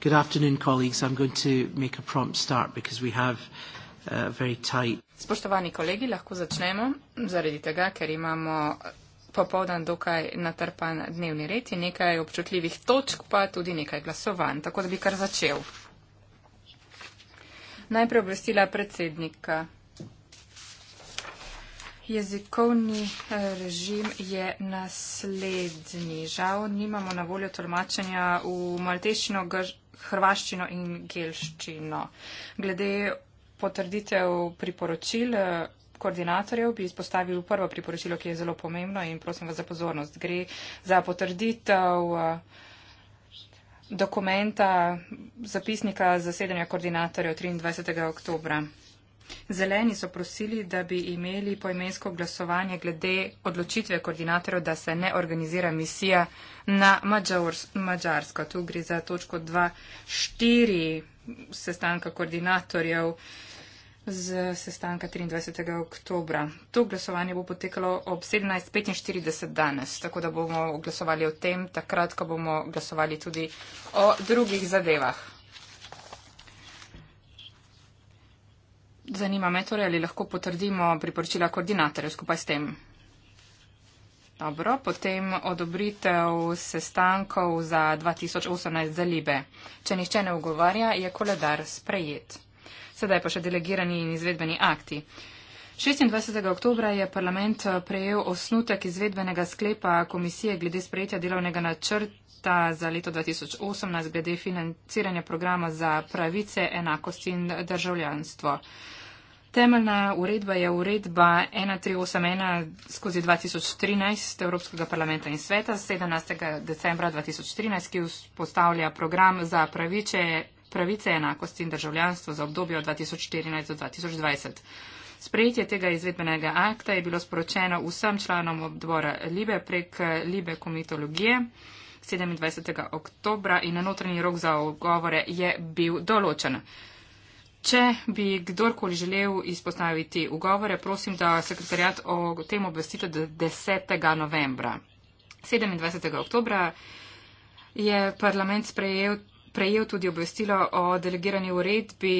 Good afternoon, colleagues. I'm going to make a prompt start because we have uh, very tight. Spoštovani kolegi, lahko začnemo zaradi tega, ker imamo uh, popovdan dokaj natrpan dnevni red in nekaj občutljivih točk, pa tudi nekaj glasovanj. Tako da bi kar začel. Najprej obvestila predsednika. Jezikovni eh, režim je naslednji. Žal nimamo na voljo tolmačenja v malteščino, hrvaščino in gelščino. Glede potrditev priporočil eh, koordinatorjev bi izpostavil prvo priporočilo, ki je zelo pomembno in prosim vas za pozornost. Gre za potrditev eh, dokumenta zapisnika zasedanja koordinatorjev 23. oktobra. Zeleni so prosili, da bi imeli poimensko glasovanje glede odločitve koordinatorjev, da se ne organizira misija na Mađors, Mađarsko. Tu gre za točko 2.4 sestanka koordinatorjev z sestanka 23. oktobra. To glasovanje bo potekalo ob 17.45 danes, tako da bomo glasovali o tem, takrat, ko bomo glasovali tudi o drugih zadevah. Zanima me torej, ali lahko potrdimo priporočila koordinatorjev skupaj s tem. Dobro, potem odobritev sestankov za 2018 za Libe. Če nišče ne ugovarja, je koledar sprejet. Sedaj pa še delegirani in izvedbeni akti. 26. oktobra je parlament prejel osnutek izvedbenega sklepa komisije glede sprejetja delovnega načrta sta za leto 2018 glede financiranja programa za pravice, enakost in državljanstvo. Temeljna uredba je uredba 1381 skozi 2013 Evropskega parlamenta in sveta 17. decembra 2013, ki vzpostavlja program za pravice, pravice enakost in državljanstvo za obdobje od 2014 do 2020. Sprejetje tega izvedbenega akta je bilo sporočeno vsem članom obdvora Libe prek Libe komitologije. 27. oktobra in notranji rok za ogovore je bil določen. Če bi kdorkoli želel izpostaviti ugovore, prosim, da sekretarjat o tem obvestite 10. novembra. 27. oktobra je parlament sprejel, prejel tudi obvestilo o delegirani uredbi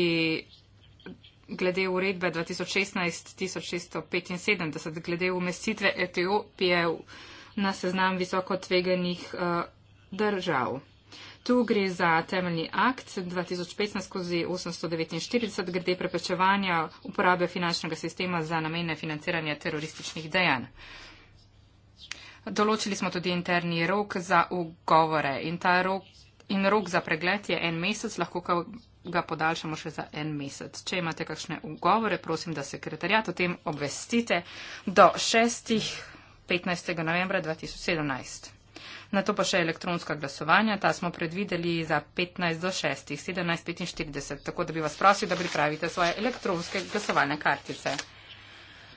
glede uredbe 2016-1675 glede umestitve Etiopije v na seznam visoko tveganih uh, držav. Tu gre za temeljni akt 2015 skozi 849 glede preprečevanja uporabe finančnega sistema za namene financiranja terorističnih dejanj. Določili smo tudi interni rok za ugovore in, rok, in rok za pregled je en mesec, lahko ga podaljšamo še za en mesec. Če imate kakšne ugovore, prosim, da sekretarjat o tem obvestite do šestih. 15. novembra 2017. Na to pa še elektronska glasovanja, ta smo predvideli za 15 do 6, 17, 45, tako da bi vas prosil, da pripravite svoje elektronske glasovalne kartice.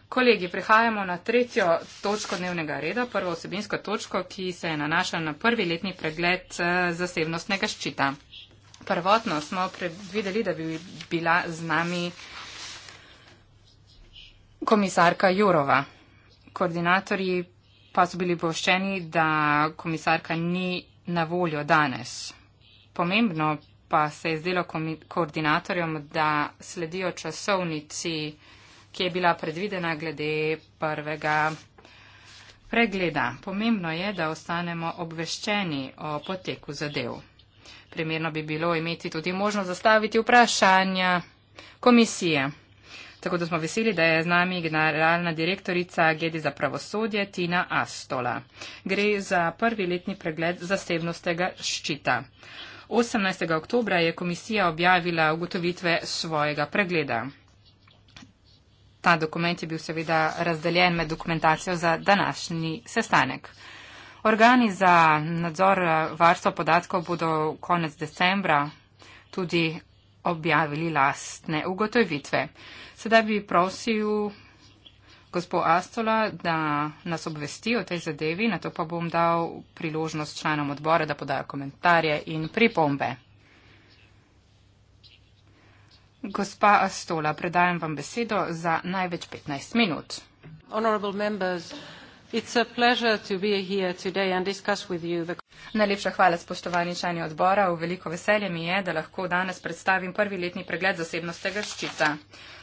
Kolegi, prihajamo na tretjo točko dnevnega reda, prvo osebinsko točko, ki se nanaša na prvi letni pregled eh, zasebnostnega ščita. Prvotno smo predvideli, da bi bila z nami komisarka Jurova koordinatorji pa so bili boščeni, da komisarka ni na voljo danes. Pomembno pa se je zdelo koordinatorjem, da sledijo časovnici, ki je bila predvidena glede prvega pregleda. Pomembno je, da ostanemo obveščeni o poteku zadev. Primerno bi bilo imeti tudi možnost zastaviti vprašanja komisije. Tako da smo veseli, da je z nami generalna direktorica Gedi za pravosodje Tina Astola. Gre za prvi letni pregled zasebnostega ščita. 18. oktober je komisija objavila ugotovitve svojega pregleda. Ta dokument je bil seveda razdeljen med dokumentacijo za današnji sestanek. Organi za nadzor eh, varstva podatkov bodo konec decembra tudi objavili lastne ugotovitve. Sedaj bi prosil gospod Astola, da nas obvesti o tej zadevi, na to pa bom dal priložnost članom odbora, da podajo komentarje in pripombe. Gospa Astola, predajam vam besedo za največ 15 minut. Najlepša hvala, spoštovani člani odbora. V veliko veselje mi je, da lahko danes predstavim prvi letni pregled zasebnostega ščita.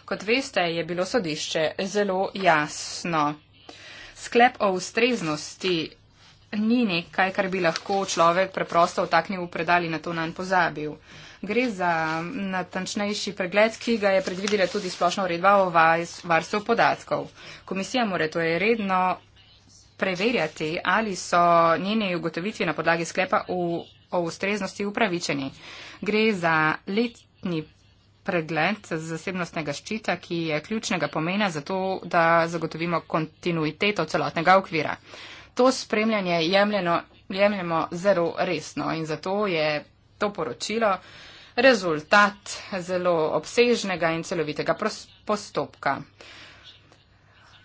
Kot veste, je bilo sodišče zelo jasno. Sklep o ustreznosti ni nekaj, kar bi lahko človek preprosto vtaknil v predali na to nanj pozabil. Gre za natančnejši pregled, ki ga je predvidela tudi splošna uredba o varstvu podatkov. Komisija mora to torej je redno preverjati, ali so njene ugotovitve na podlagi sklepa v, o ustreznosti upravičeni. Gre za letni pregled zasebnostnega ščita, ki je ključnega pomena za to, da zagotovimo kontinuiteto celotnega okvira. To spremljanje jemljeno, jemljamo zelo resno in zato je to poročilo rezultat zelo obsežnega in celovitega postopka.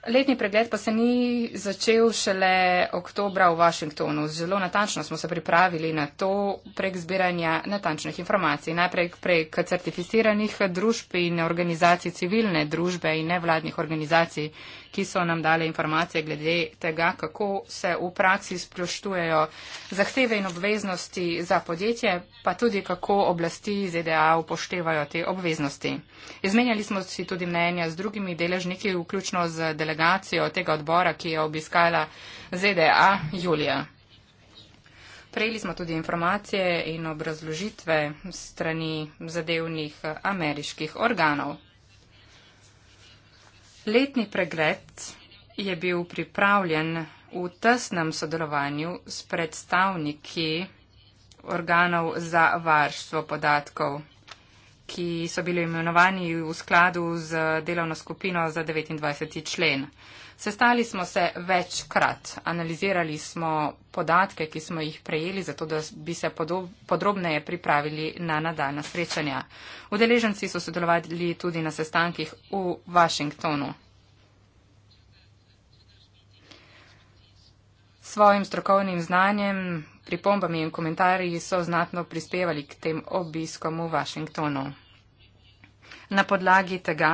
Letni pregled pa se ni začel šele oktobra v Washingtonu. Zelo natančno smo se pripravili na to prek zbiranja natančnih informacij. Najprej prek certificiranih družb in organizacij civilne družbe in nevladnih organizacij, ki so nam dali informacije glede tega, kako se v praksi sproštujejo zahteve in obveznosti za podjetje, pa tudi kako oblasti ZDA upoštevajo te obveznosti. Izmenjali smo si tudi mnenja z drugimi deležniki, vključno z delegacijo tega odbora, ki je obiskala ZDA Julija. Prejeli smo tudi informacije in obrazložitve strani zadevnih ameriških organov. Letni pregled je bil pripravljen v tesnem sodelovanju s predstavniki organov za varstvo podatkov, ki so bili imenovani v skladu z delovno skupino za 29. člen. Sestali smo se večkrat, analizirali smo podatke, ki smo jih prejeli, zato da bi se podrobneje pripravili na nadaljna srečanja. Udeleženci so sodelovali tudi na sestankih v Washingtonu. Svojim strokovnim znanjem, pripombami in komentarji so znatno prispevali k tem obiskom v Washingtonu. Na podlagi tega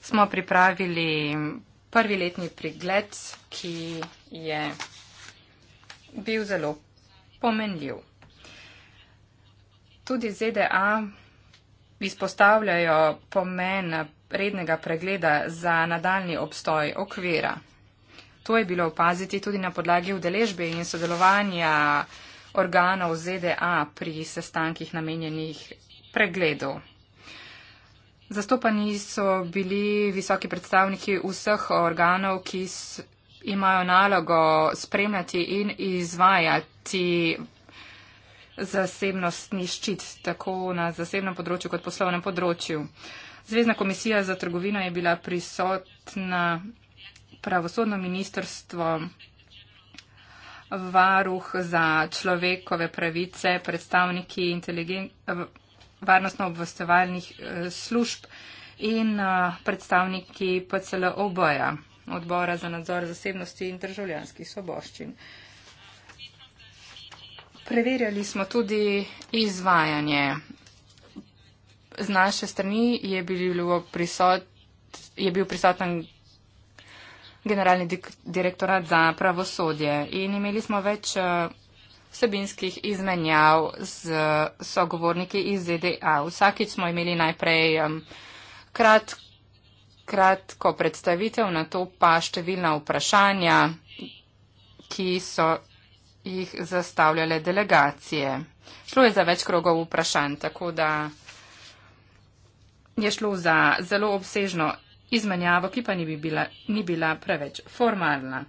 smo pripravili prvi letni pregled, ki je bil zelo pomenljiv. Tudi ZDA izpostavljajo pomen rednega pregleda za nadaljni obstoj okvira. To je bilo opaziti tudi na podlagi udeležbe in sodelovanja organov ZDA pri sestankih namenjenih pregledov. Zastopani so bili visoki predstavniki vseh organov, ki imajo nalogo spremljati in izvajati zasebnostni ščit, tako na zasebnem področju kot poslovnem področju. Zvezdna komisija za trgovino je bila prisotna, pravosodno ministrstvo, varuh za človekove pravice, predstavniki inteligencije varnostno-obvestovalnih eh, služb in eh, predstavniki PCL OB-ja, odbora za nadzor zasebnosti in državljanskih soboščin. Preverjali smo tudi izvajanje. Z naše strani je, bilo prisot, je bil prisoten generalni direktorat za pravosodje in imeli smo več eh, vsebinskih izmenjav z sogovorniki iz ZDA. Vsakič smo imeli najprej krat, kratko predstavitev, na to pa številna vprašanja, ki so jih zastavljale delegacije. Šlo je za več krogov vprašanj, tako da je šlo za zelo obsežno izmenjavo, ki pa ni bila, ni bila preveč formalna.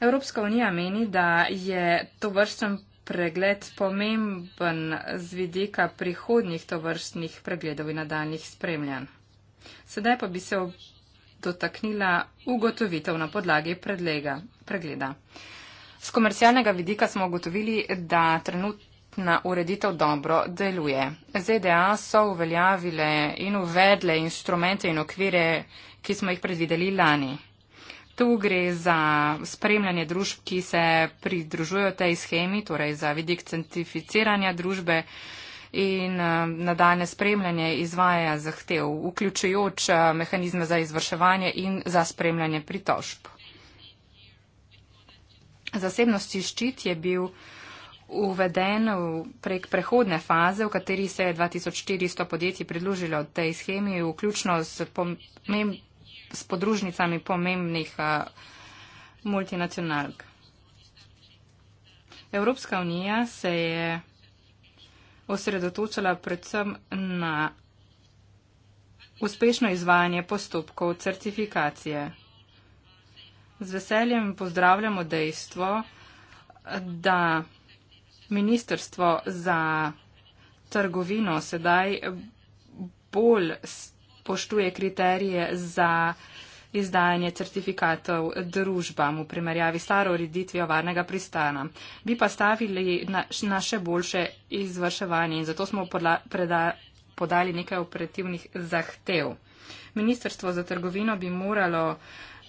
Evropska unija meni, da je to vrsten pregled pomemben z vidika prihodnjih tovrstnih pregledov in nadaljnih spremljanj. Sedaj pa bi se dotaknila ugotovitev na podlagi predlega, pregleda. Z komercialnega vidika smo ugotovili, da trenutna ureditev dobro deluje. ZDA so uveljavile in uvedle instrumente in okvire, ki smo jih predvideli lani. Tu gre za spremljanje družb, ki se pridružujo tej schemi, torej za vidik certificiranja družbe in eh, nadaljne spremljanje izvaja zahtev, vključujoč eh, mehanizme za izvrševanje in za spremljanje pritožb. Zasebnosti ščit je bil uveden prek prehodne faze, v kateri se je 2400 podjetij pridružilo tej schemi, vključno s pomembnim s podružnicami pomembnih multinacionalk. Evropska unija se je osredotočala predvsem na uspešno izvajanje postopkov certifikacije. Z veseljem pozdravljamo dejstvo, da Ministrstvo za trgovino sedaj bolj poštuje kriterije za izdajanje certifikatov družbam v primerjavi s staro ureditvijo varnega pristana. Bi pa stavili na, na še boljše izvrševanje in zato smo podla, preda, podali nekaj operativnih zahtev. Ministrstvo za trgovino bi moralo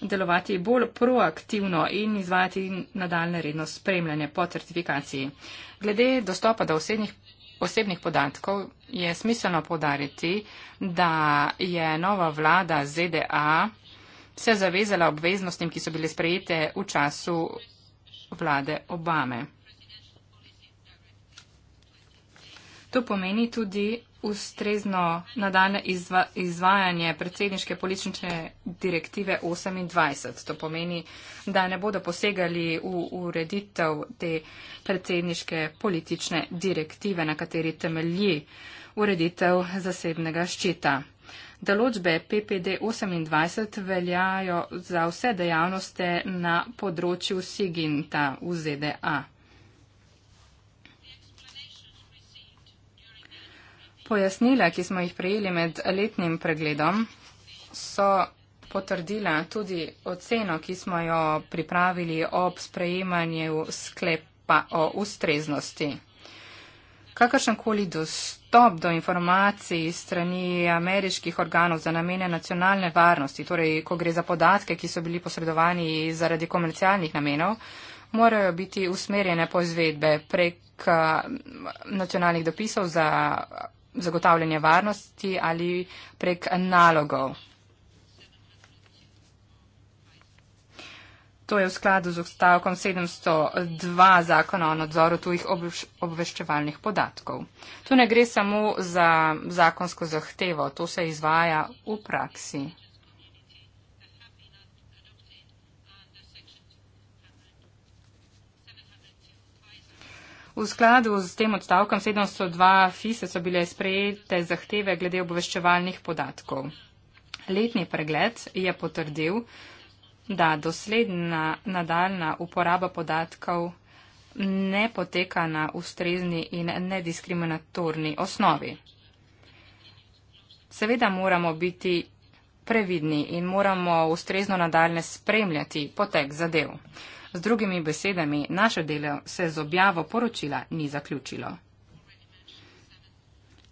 delovati bolj proaktivno in izvajati nadaljne redno spremljanje po certifikaciji. Glede dostopa do osebnih osebnih podatkov je smiselno povdariti, da je nova vlada ZDA se zavezala obveznostim, ki so bile sprejete v času vlade Obame. To pomeni tudi ustrezno nadaljne izva, izvajanje predsedniške politične direktive 28. To pomeni, da ne bodo posegali v ureditev te predsedniške politične direktive, na kateri temelji ureditev zasebnega ščita. Določbe PPD 28 veljajo za vse dejavnosti na področju Siginta v ZDA. Pojasnila, ki smo jih prejeli med letnim pregledom, so potrdila tudi oceno, ki smo jo pripravili ob sprejemanju sklepa o ustreznosti. Kakršenkoli dostop do informacij strani ameriških organov za namene nacionalne varnosti, torej ko gre za podatke, ki so bili posredovani zaradi komercialnih namenov, morajo biti usmerjene po izvedbe prek eh, nacionalnih dopisov za zagotavljanje varnosti ali prek nalogov. To je v skladu z ustavkom 702 zakona o nadzoru tujih obveščevalnih podatkov. Tu ne gre samo za zakonsko zahtevo, to se izvaja v praksi. V skladu z tem odstavkom 702 FISA e so bile sprejete zahteve glede obveščevalnih podatkov. Letni pregled je potrdil, da dosledna nadaljna uporaba podatkov ne poteka na ustrezni in nediskriminatorni osnovi. Seveda moramo biti previdni in moramo ustrezno nadaljne spremljati potek zadev. Z drugimi besedami, naše delo se z objavo poročila ni zaključilo.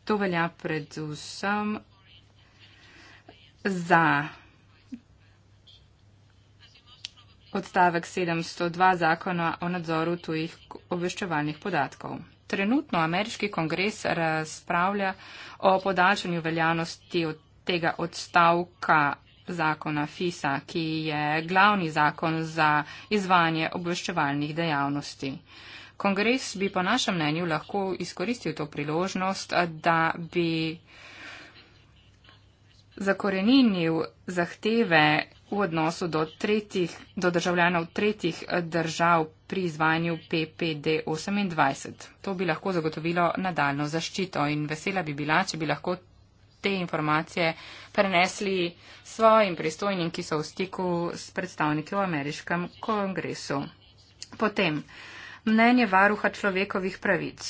To velja predvsem za odstavek 702 zakona o nadzoru tujih obveščevalnih podatkov. Trenutno ameriški kongres razpravlja o podaljšanju veljavnosti od tega odstavka zakona FISA, ki je glavni zakon za izvajanje obveščevalnih dejavnosti. Kongres bi po našem mnenju lahko izkoristil to priložnost, da bi zakoreninil zahteve v odnosu do, tretjih, do državljanov tretjih eh, držav pri izvajanju PPD 28. To bi lahko zagotovilo nadaljno zaščito in vesela bi bila, če bi lahko te informacije prenesli svojim pristojnim, ki so v stiku s predstavniki v ameriškem kongresu. Potem, mnenje varuha človekovih pravic.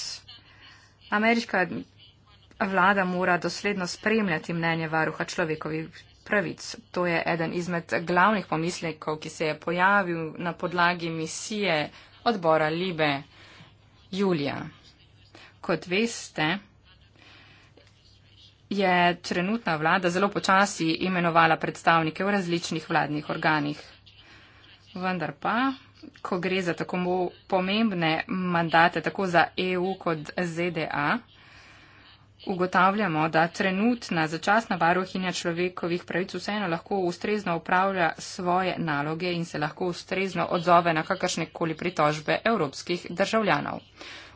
Ameriška vlada mora dosledno spremljati mnenje varuha človekovih pravic. To je eden izmed glavnih pomislekov, ki se je pojavil na podlagi misije odbora Libe Julija. Kot veste, je trenutna vlada zelo počasi imenovala predstavnike v različnih vladnih organih. Vendar pa, ko gre za tako pomembne mandate, tako za EU kot ZDA, ugotavljamo, da trenutna začasna varuhinja človekovih pravic vseeno lahko ustrezno upravlja svoje naloge in se lahko ustrezno odzove na kakršne koli pritožbe evropskih državljanov.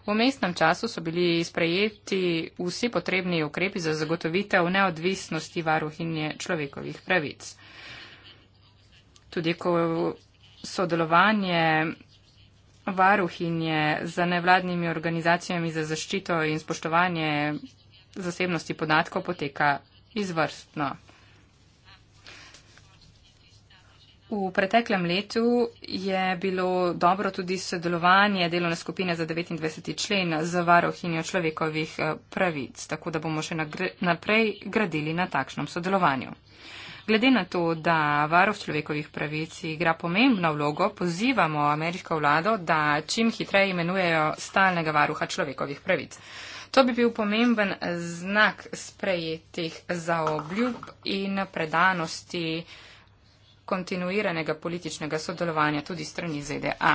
V mestnem času so bili sprejeti vsi potrebni ukrepi za zagotovitev neodvisnosti varuhinje človekovih pravic. Tudi ko sodelovanje varuhinje za nevladnimi organizacijami za zaščito in spoštovanje zasebnosti podatkov poteka izvrstno. V preteklem letu je bilo dobro tudi sodelovanje delovne skupine za 29. člen z varohinjo človekovih eh, pravic, tako da bomo še naprej gradili na takšnem sodelovanju. Glede na to, da varoh človekovih pravic igra pomembno vlogo, pozivamo ameriško vlado, da čim hitreje imenujejo stalnega varuha človekovih pravic. To bi bil pomemben znak sprejetih za obljub in predanosti kontinuiranega političnega sodelovanja tudi strani ZDA.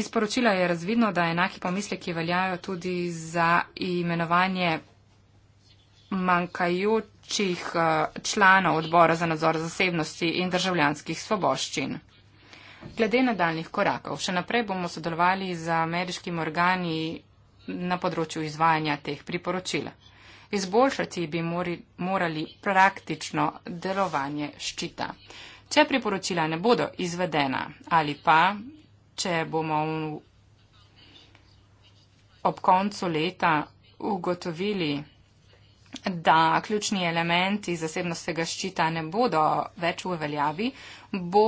Iz poročila je razvidno, da enaki pomisleki veljajo tudi za imenovanje manjkajočih eh, članov odbora za nadzor zasebnosti in državljanskih svoboščin. Glede nadaljnih korakov, še naprej bomo sodelovali z ameriškim organi na področju izvajanja teh priporočila. Izboljšati bi morali praktično delovanje ščita. Če priporočila ne bodo izvedena ali pa, če bomo ob koncu leta ugotovili, da ključni elementi zasebnostega ščita ne bodo več v veljavi, bo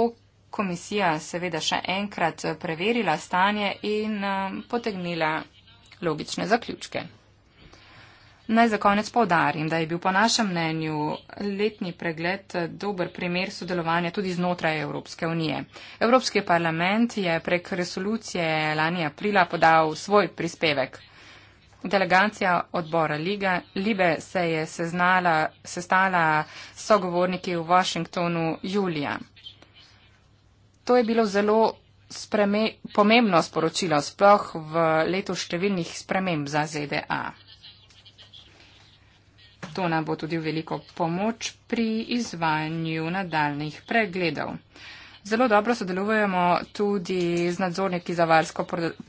komisija seveda še enkrat preverila stanje in potegnila logične zaključke. Naj za konec povdarim, da je bil po našem mnenju letni pregled dober primer sodelovanja tudi znotraj Evropske unije. Evropski parlament je prek resolucije lani aprila podal svoj prispevek. Delegacija odbora Liga, Libe se je seznala, sestala s sogovorniki v Washingtonu julija. To je bilo zelo spreme, pomembno sporočilo, sploh v letu številnih sprememb za ZDA. To nam bo tudi veliko pomoč pri izvajanju nadaljnih pregledov. Zelo dobro sodelujemo tudi z nadzorniki za varsko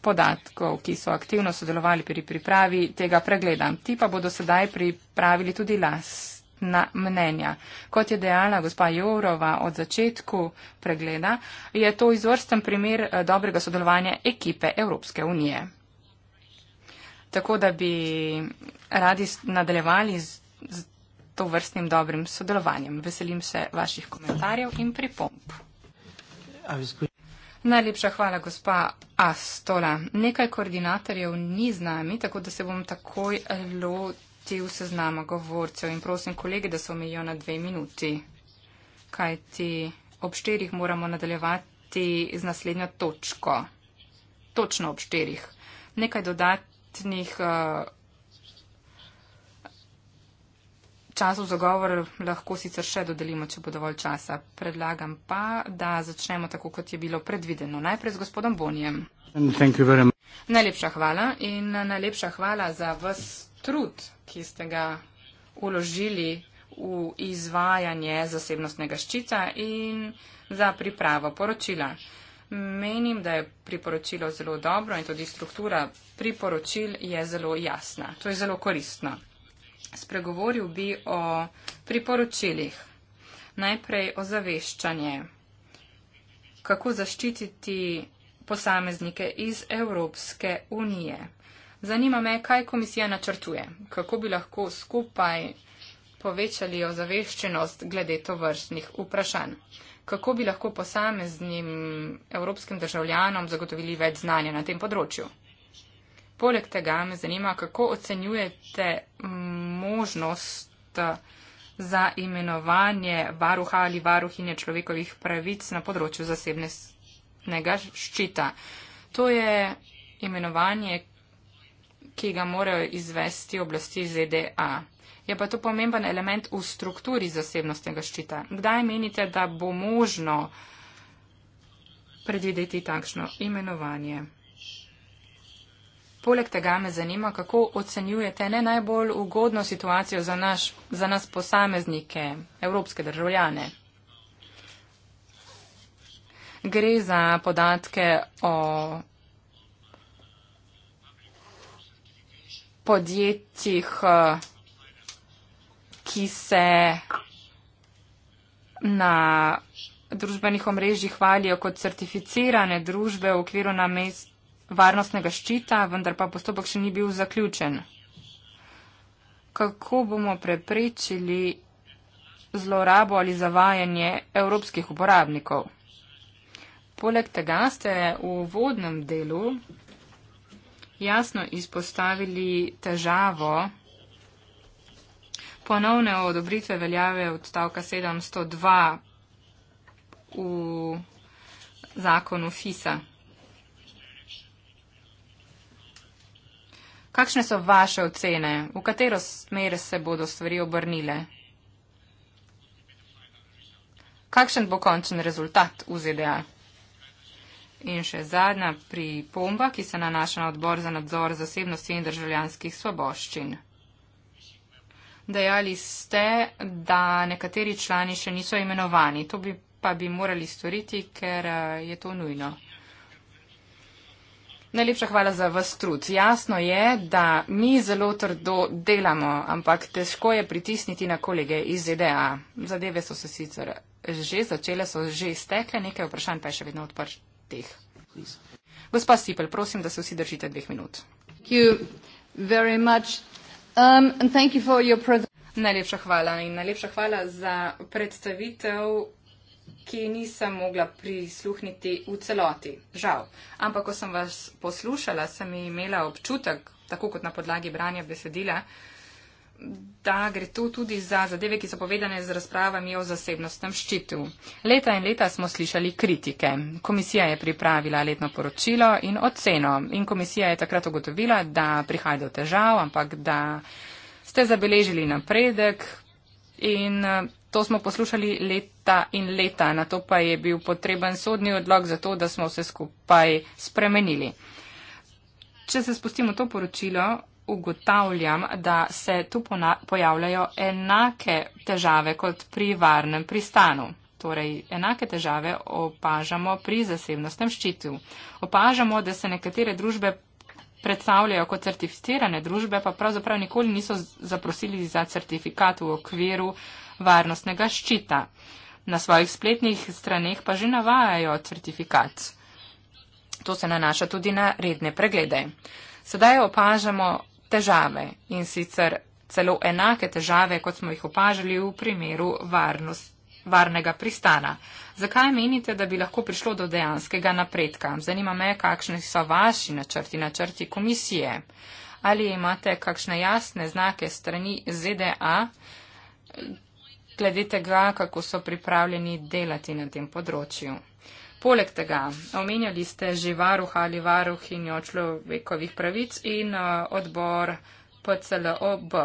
podatkov, ki so aktivno sodelovali pri pripravi tega pregleda. Ti pa bodo sedaj pripravili tudi lastna mnenja. Kot je dejala gospa Jourova od začetku pregleda, je to izvrsten primer eh, dobrega sodelovanja ekipe Evropske unije. Tako da bi radi nadaljevali z z to vrstnim dobrim sodelovanjem. Veselim se vaših komentarjev in pripomp. Najlepša hvala, gospa Astola. Nekaj koordinatorjev ni z nami, tako da se bom takoj lotil seznama govorcev in prosim kolege, da se omejijo na dve minuti, kajti ob štirih moramo nadaljevati z naslednjo točko. Točno ob štirih. Nekaj dodatnih. Uh, času za govor lahko sicer še dodelimo, če bo dovolj časa. Predlagam pa, da začnemo tako, kot je bilo predvideno. Najprej z gospodom Bonijem. Najlepša hvala in najlepša hvala za vas trud, ki ste ga uložili v izvajanje zasebnostnega ščita in za pripravo poročila. Menim, da je priporočilo zelo dobro in tudi struktura priporočil je zelo jasna. To je zelo koristno spregovoril bi o priporočilih. Najprej o zaveščanje, kako zaščititi posameznike iz Evropske unije. Zanima me, kaj komisija načrtuje, kako bi lahko skupaj povečali ozaveščenost glede to vrstnih vprašanj, kako bi lahko posameznim evropskim državljanom zagotovili več znanja na tem področju. Poleg tega me zanima, kako ocenjujete možnost eh, za imenovanje varuha ali varuhinje človekovih pravic na področju zasebnega ščita. To je imenovanje, ki ga morajo izvesti oblasti ZDA. Je pa to pomemben element v strukturi zasebnostnega ščita. Kdaj menite, da bo možno predvideti takšno imenovanje? Poleg tega me zanima, kako ocenjujete ne najbolj ugodno situacijo za, naš, za nas posameznike, evropske državljane. Gre za podatke o podjetjih, eh, ki se na družbenih omrežjih hvalijo kot certificirane družbe v okviru namest varnostnega ščita, vendar pa postopek še ni bil zaključen. Kako bomo preprečili zlorabo ali zavajanje evropskih uporabnikov? Poleg tega ste v vodnem delu jasno izpostavili težavo ponovne odobritve veljave odstavka 702 v zakonu FISA. Kakšne so vaše ocene? V katero smer se bodo stvari obrnile? Kakšen bo končen rezultat v ZDA? In še zadnja pripomba, ki se nanaša na odbor za nadzor zasebnosti in državljanskih svoboščin. Dejali ste, da nekateri člani še niso imenovani. To bi pa bi morali storiti, ker eh, je to nujno. Najlepša hvala za vas trud. Jasno je, da mi zelo trdo delamo, ampak težko je pritisniti na kolege iz ZDA. Zadeve so se sicer že začele, so že stekle, nekaj vprašanj pa je še vedno odprtih. Gospa Sipel, prosim, da se vsi držite dveh minut. Um, najlepša hvala in najlepša hvala za predstavitev ki nisem mogla prisluhniti v celoti. Žal. Ampak, ko sem vas poslušala, sem imela občutek, tako kot na podlagi branja besedila, da gre tu tudi za zadeve, ki so povedane z razpravami o zasebnostnem ščitu. Leta in leta smo slišali kritike. Komisija je pripravila letno poročilo in oceno in komisija je takrat ugotovila, da prihaja do težav, ampak da ste zabeležili napredek in To smo poslušali leta in leta, na to pa je bil potreben sodni odlog za to, da smo vse skupaj spremenili. Če se spustimo to poročilo, ugotavljam, da se tu pojavljajo enake težave kot pri varnem pristanu. Torej, enake težave opažamo pri zasebnostnem ščitu. Opažamo, da se nekatere družbe predstavljajo kot certificirane družbe, pa pravzaprav nikoli niso zaprosili za certifikat v okviru varnostnega ščita. Na svojih spletnih straneh pa že navajajo certifikat. To se nanaša tudi na redne preglede. Sedaj opažamo težave in sicer celo enake težave, kot smo jih opažali v primeru varnost, varnega pristana. Zakaj menite, da bi lahko prišlo do dejanskega napredka? Zanima me, kakšni so vaši načrti, načrti komisije. Ali imate kakšne jasne znake strani ZDA, glede tega, kako so pripravljeni delati na tem področju. Poleg tega, omenjali ste že varuha ali varuhinjo človekovih pravic in eh, odbor PCLOB.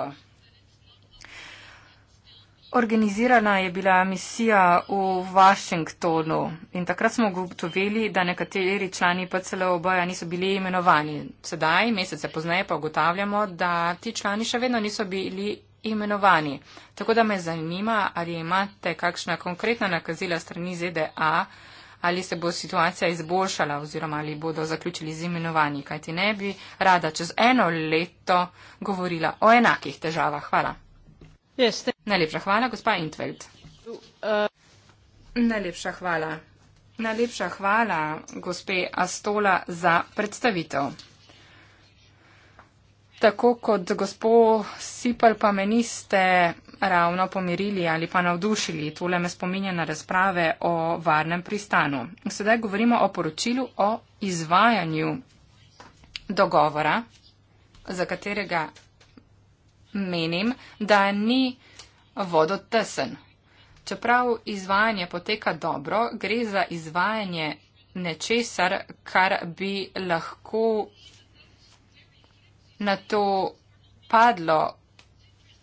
Organizirana je bila misija v Washingtonu in takrat smo ugotovili, da nekateri člani PCLOB-ja niso bili imenovani. Sedaj, mesece pozneje, pa ugotavljamo, da ti člani še vedno niso bili imenovani. Tako da me zanima, ali imate kakšna konkretna nakazila strani ZDA, ali se bo situacija izboljšala oziroma ali bodo zaključili z imenovanji, kajti ne bi rada čez eno leto govorila o enakih težavah. Hvala. Yes, Najlepša hvala, gospa Intveld. Uh, Najlepša hvala. Najlepša hvala, gospe Astola, za predstavitev tako kot gospod Sipel, pa me niste ravno pomirili ali pa navdušili. Tole me spominja na razprave o varnem pristanu. Sedaj govorimo o poročilu o izvajanju dogovora, za katerega menim, da ni vodotesen. Čeprav izvajanje poteka dobro, gre za izvajanje nečesar, kar bi lahko na to padlo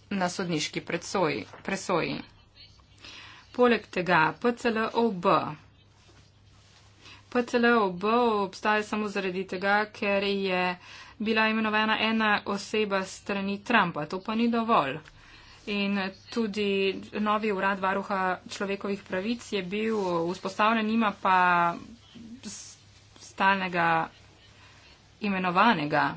na sodniški predsoji, presoji. Poleg tega PCLOB. PCLOB obstaja samo zaradi tega, ker je bila imenovana ena oseba strani Trumpa. To pa ni dovolj. In tudi novi urad varuha človekovih pravic je bil vzpostavljen, nima pa stalnega imenovanega.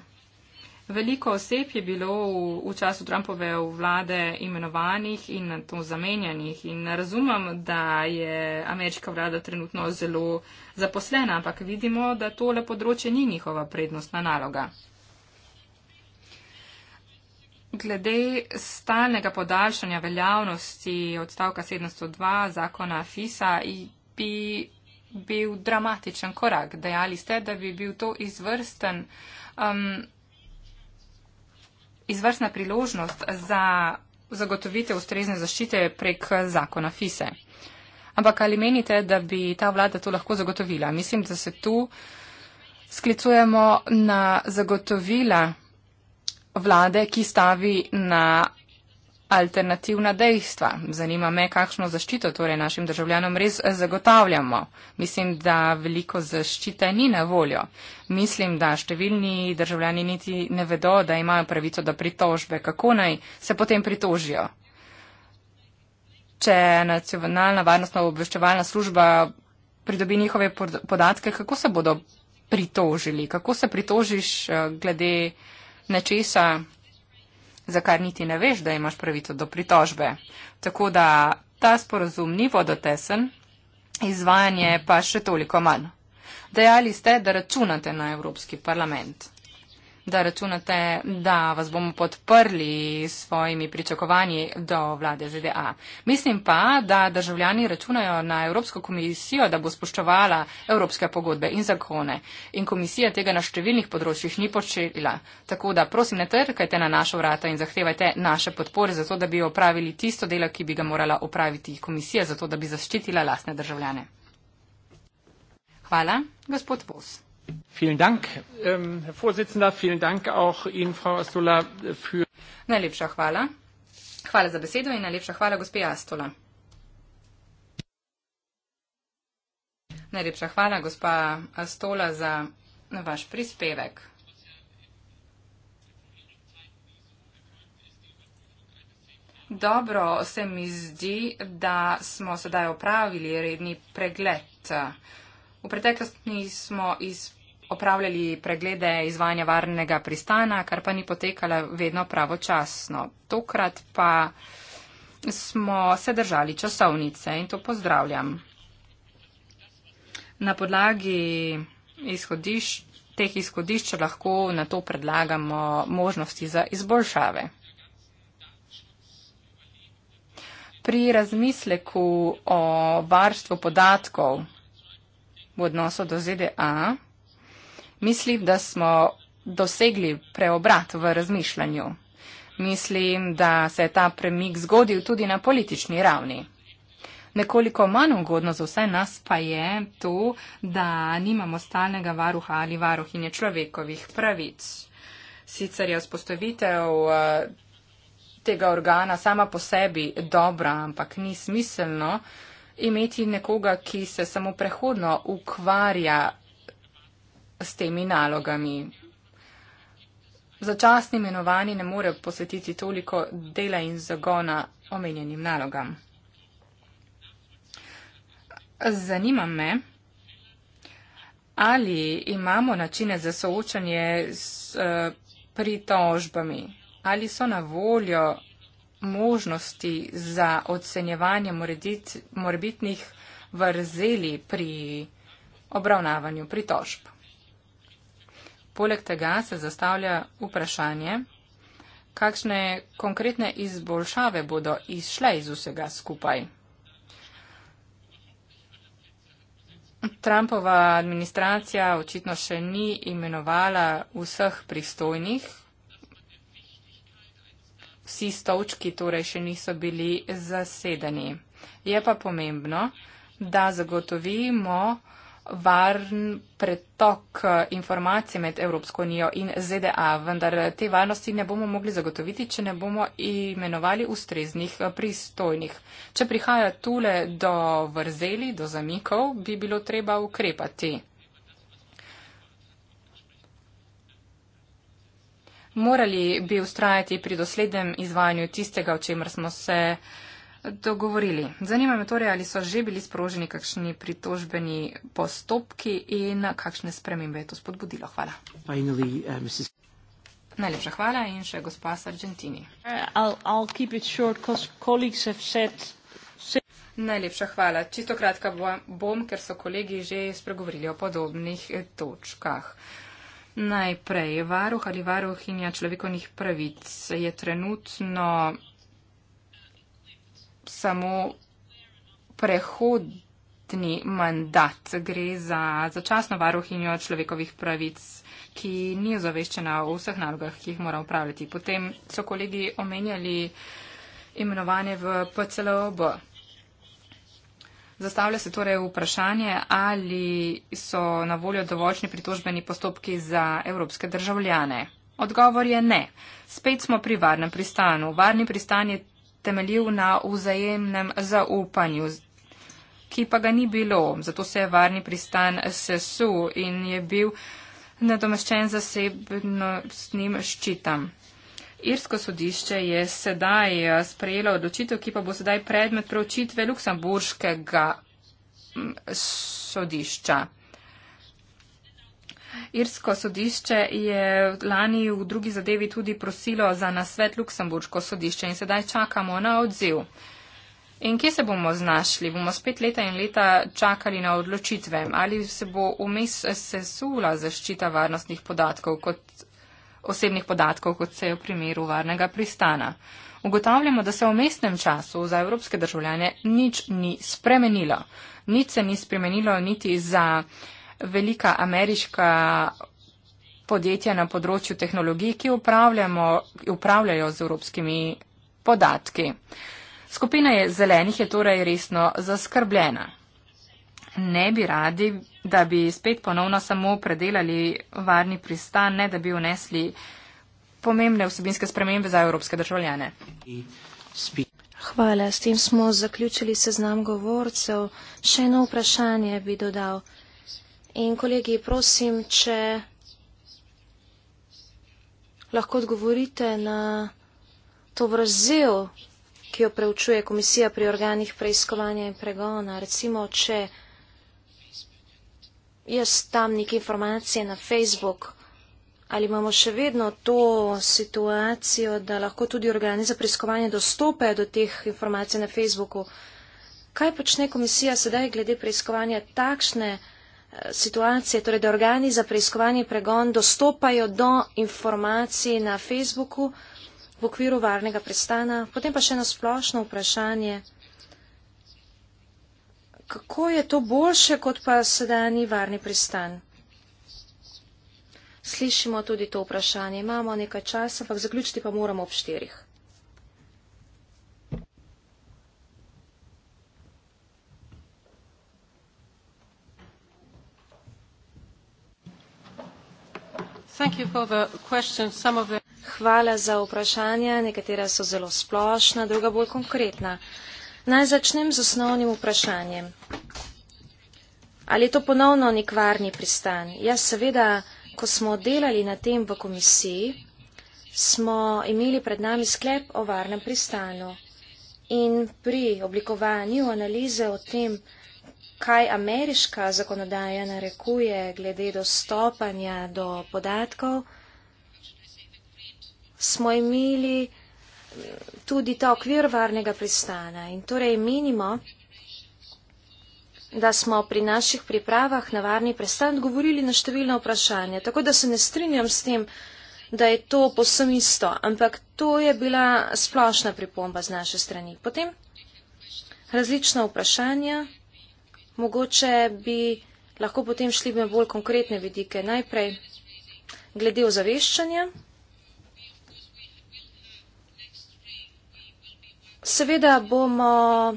Veliko oseb je bilo v, v času Trumpove vlade imenovanih in to zamenjanih. In razumem, da je ameriška vlada trenutno zelo zaposlena, ampak vidimo, da tole področje ni njihova prednostna naloga. Glede stalnega podaljšanja veljavnosti odstavka 702 zakona FISA bi bil dramatičen korak. Dejali ste, da bi bil to izvrsten. Um, izvrstna priložnost za zagotovitev ustrezne zaščite prek zakona FISE. Ampak ali menite, da bi ta vlada to lahko zagotovila? Mislim, da se tu sklicujemo na zagotovila vlade, ki stavi na alternativna dejstva. Zanima me, kakšno zaščito torej našim državljanom res zagotavljamo. Mislim, da veliko zaščite ni na voljo. Mislim, da številni državljani niti ne vedo, da imajo pravico do pritožbe. Kako naj se potem pritožijo? Če nacionalna varnostna obveščevalna služba pridobi njihove podatke, kako se bodo pritožili? Kako se pritožiš eh, glede nečesa, za kar niti ne veš, da imaš pravico do pritožbe. Tako da ta sporozum ni vodotesen, izvajanje pa še toliko manj. Dejali ste, da računate na Evropski parlament da računate, da vas bomo podprli s svojimi pričakovanji do vlade ZDA. Mislim pa, da državljani računajo na Evropsko komisijo, da bo spoščevala evropske pogodbe in zakone. In komisija tega na številnih področjih ni počela. Tako da prosim, ne trkajte na našo vrata in zahtevajte naše podpore za to, da bi opravili tisto delo, ki bi ga morala opraviti komisija, za to, da bi zaščitila lastne državljane. Hvala, gospod Vos. Vielen Dank, ähm, Herr Vorsitzender. Vielen Dank auch Ihnen, Frau Astola, für. Najlepša hvala. Hvala za besedo in najlepša hvala, gospe Astola. Najlepša hvala, gospa Astola, za vaš prispevek. Dobro se mi zdi, da smo sedaj opravili redni pregled. V preteklosti smo iz, opravljali preglede izvajanja varnega pristana, kar pa ni potekalo vedno pravočasno. Tokrat pa smo se držali časovnice in to pozdravljam. Na podlagi izhodiš, teh izhodišč lahko na to predlagamo možnosti za izboljšave. Pri razmisleku o varstvu podatkov v odnosu do ZDA, mislim, da smo dosegli preobrat v razmišljanju. Mislim, da se je ta premik zgodil tudi na politični ravni. Nekoliko manj ugodno za vse nas pa je to, da nimamo stalnega varuha ali varuhinje človekovih pravic. Sicer je vzpostavitev eh, tega organa sama po sebi dobra, ampak ni smiselno, imeti nekoga, ki se samo prehodno ukvarja s temi nalogami. Začasni imenovani ne more posvetiti toliko dela in zagona omenjenim nalogam. Zanima me, ali imamo načine za soočanje s eh, pritožbami, ali so na voljo možnosti za ocenjevanje morebit, morebitnih vrzeli pri obravnavanju pritožb. Poleg tega se zastavlja vprašanje, kakšne konkretne izboljšave bodo izšle iz vsega skupaj. Trumpova administracija očitno še ni imenovala vseh pristojnih vsi stolčki torej še niso bili zasedeni. Je pa pomembno, da zagotovimo varen pretok eh, informacij med Evropsko unijo in ZDA, vendar te varnosti ne bomo mogli zagotoviti, če ne bomo imenovali ustreznih eh, pristojnih. Če prihaja tule do vrzeli, do zamikov, bi bilo treba ukrepati. morali bi ustrajati pri doslednem izvajanju tistega, o čemer smo se dogovorili. Zanima me torej, ali so že bili sproženi kakšni pritožbeni postopki in kakšne spremembe je to spodbudilo. Hvala. Finally, uh, Mrs. Najlepša hvala in še gospa Sargentini. Uh, Najlepša hvala. Čisto kratka bom, ker so kolegi že spregovorili o podobnih točkah. Najprej, varuh ali varuhinja človekovnih pravic je trenutno samo prehodni mandat. Gre za začasno varuhinjo človekovih pravic, ki ni ozaveščena o vseh nalogah, ki jih mora upravljati. Potem so kolegi omenjali imenovanje v PCLOB. Zastavlja se torej vprašanje, ali so na voljo dovoljšni pritožbeni postopki za evropske državljane. Odgovor je ne. Spet smo pri varnem pristanu. Varni pristan je temeljil na vzajemnem zaupanju, ki pa ga ni bilo. Zato se je varni pristan sesul in je bil nadomeščen zasebno s njim ščitam. Irsko sodišče je sedaj eh, sprejelo odločitev, ki pa bo sedaj predmet preučitve Luksemburškega mm, sodišča. Irsko sodišče je lani v drugi zadevi tudi prosilo za nasvet Luksemburško sodišče in sedaj čakamo na odziv. In kje se bomo znašli? Bomo spet leta in leta čakali na odločitve? Ali se bo vmes sesula zaščita varnostnih podatkov, kot osebnih podatkov, kot se je v primeru varnega pristana. Ugotavljamo, da se v mestnem času za evropske državljane nič ni spremenilo. Nič se ni spremenilo niti za velika ameriška podjetja na področju tehnologij, ki upravljajo z evropskimi podatki. Skupina je zelenih je torej resno zaskrbljena ne bi radi, da bi spet ponovno samo predelali varni pristan, ne da bi vnesli pomembne vsebinske spremembe za evropske državljane. Hvala, s tem smo zaključili seznam govorcev. Še eno vprašanje bi dodal. In kolegi, prosim, če lahko odgovorite na to vrzel, ki jo preučuje komisija pri organih preiskovanja in pregona. Recimo, če jaz tam neke informacije na Facebook. Ali imamo še vedno to situacijo, da lahko tudi organi za preiskovanje dostopajo do teh informacij na Facebooku? Kaj počne komisija sedaj glede preiskovanja takšne eh, situacije, torej da organi za preiskovanje pregon dostopajo do informacij na Facebooku v okviru varnega prestana? Potem pa še eno splošno vprašanje kako je to boljše kot pa sedajni varni pristan? Slišimo tudi to vprašanje. Imamo nekaj časa, ampak zaključiti pa moramo ob štirih. Hvala za vprašanja. Nekatera so zelo splošna, druga bolj konkretna. Naj začnem z osnovnim vprašanjem. Ali je to ponovno nek varni pristan? Ja, seveda, ko smo delali na tem v komisiji, smo imeli pred nami sklep o varnem pristanu. In pri oblikovanju analize o tem, kaj ameriška zakonodaja narekuje glede dostopanja do podatkov, smo imeli tudi ta okvir varnega pristana. In torej menimo, da smo pri naših pripravah na varni pristan odgovorili na številna vprašanja. Tako da se ne strinjam s tem, da je to posem isto, ampak to je bila splošna pripomba z naše strani. Potem različna vprašanja. Mogoče bi lahko potem šli na bolj konkretne vidike. Najprej glede ozaveščanja. Seveda bomo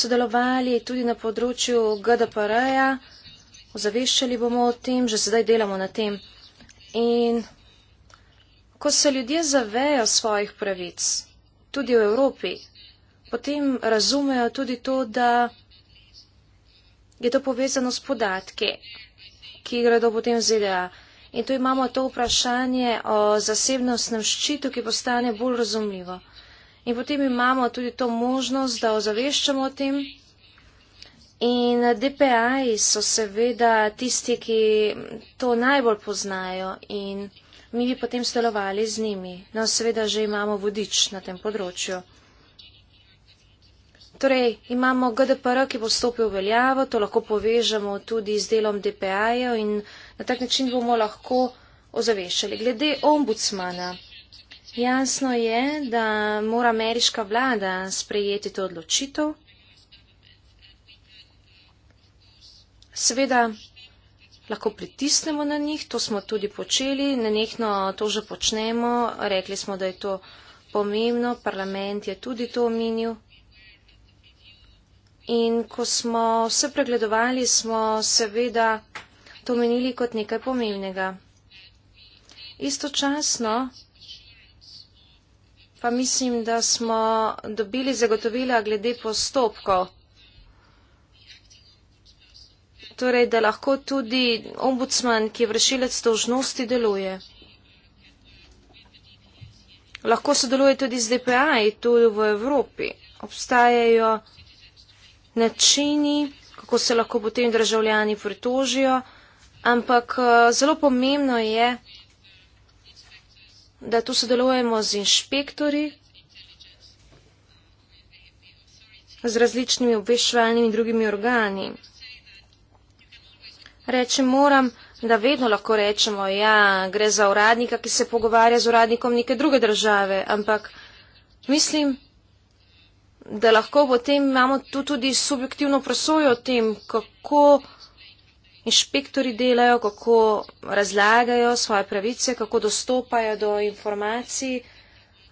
sodelovali tudi na področju GDPR-ja, ozaveščali bomo o tem, že sedaj delamo na tem. In ko se ljudje zavejo svojih pravic, tudi v Evropi, potem razumejo tudi to, da je to povezano s podatki, ki gredo potem v ZDA. In tu imamo to vprašanje o zasebnostnem ščitu, ki postane bolj razumljivo. In potem imamo tudi to možnost, da ozaveščamo o tem. In DPI so seveda tisti, ki to najbolj poznajo in mi bi potem stelovali z njimi. No, seveda že imamo vodič na tem področju. Torej, imamo GDPR, ki bo stopil v veljavo, to lahko povežemo tudi z delom DPI-ja in na tak način bomo lahko ozaveščali. Glede ombudsmana. Jasno je, da mora ameriška vlada sprejeti to odločitev. Seveda lahko pritisnemo na njih, to smo tudi počeli, nenehno to že počnemo, rekli smo, da je to pomembno, parlament je tudi to omenil. In ko smo vse pregledovali, smo seveda to omenili kot nekaj pomembnega. Istočasno pa mislim, da smo dobili zagotovila glede postopkov. Torej, da lahko tudi ombudsman, ki je vršilec dožnosti, deluje. Lahko sodeluje tudi z DPI, tudi v Evropi. Obstajajo načini, kako se lahko potem državljani pritožijo, ampak eh, zelo pomembno je, da tu sodelujemo z inšpektori, z različnimi obveščevalnimi drugimi organi. Reči moram, da vedno lahko rečemo, ja, gre za uradnika, ki se pogovarja z uradnikom neke druge države, ampak mislim, da lahko potem imamo tu tudi subjektivno presojo o tem, kako inšpektori delajo, kako razlagajo svoje pravice, kako dostopajo do informacij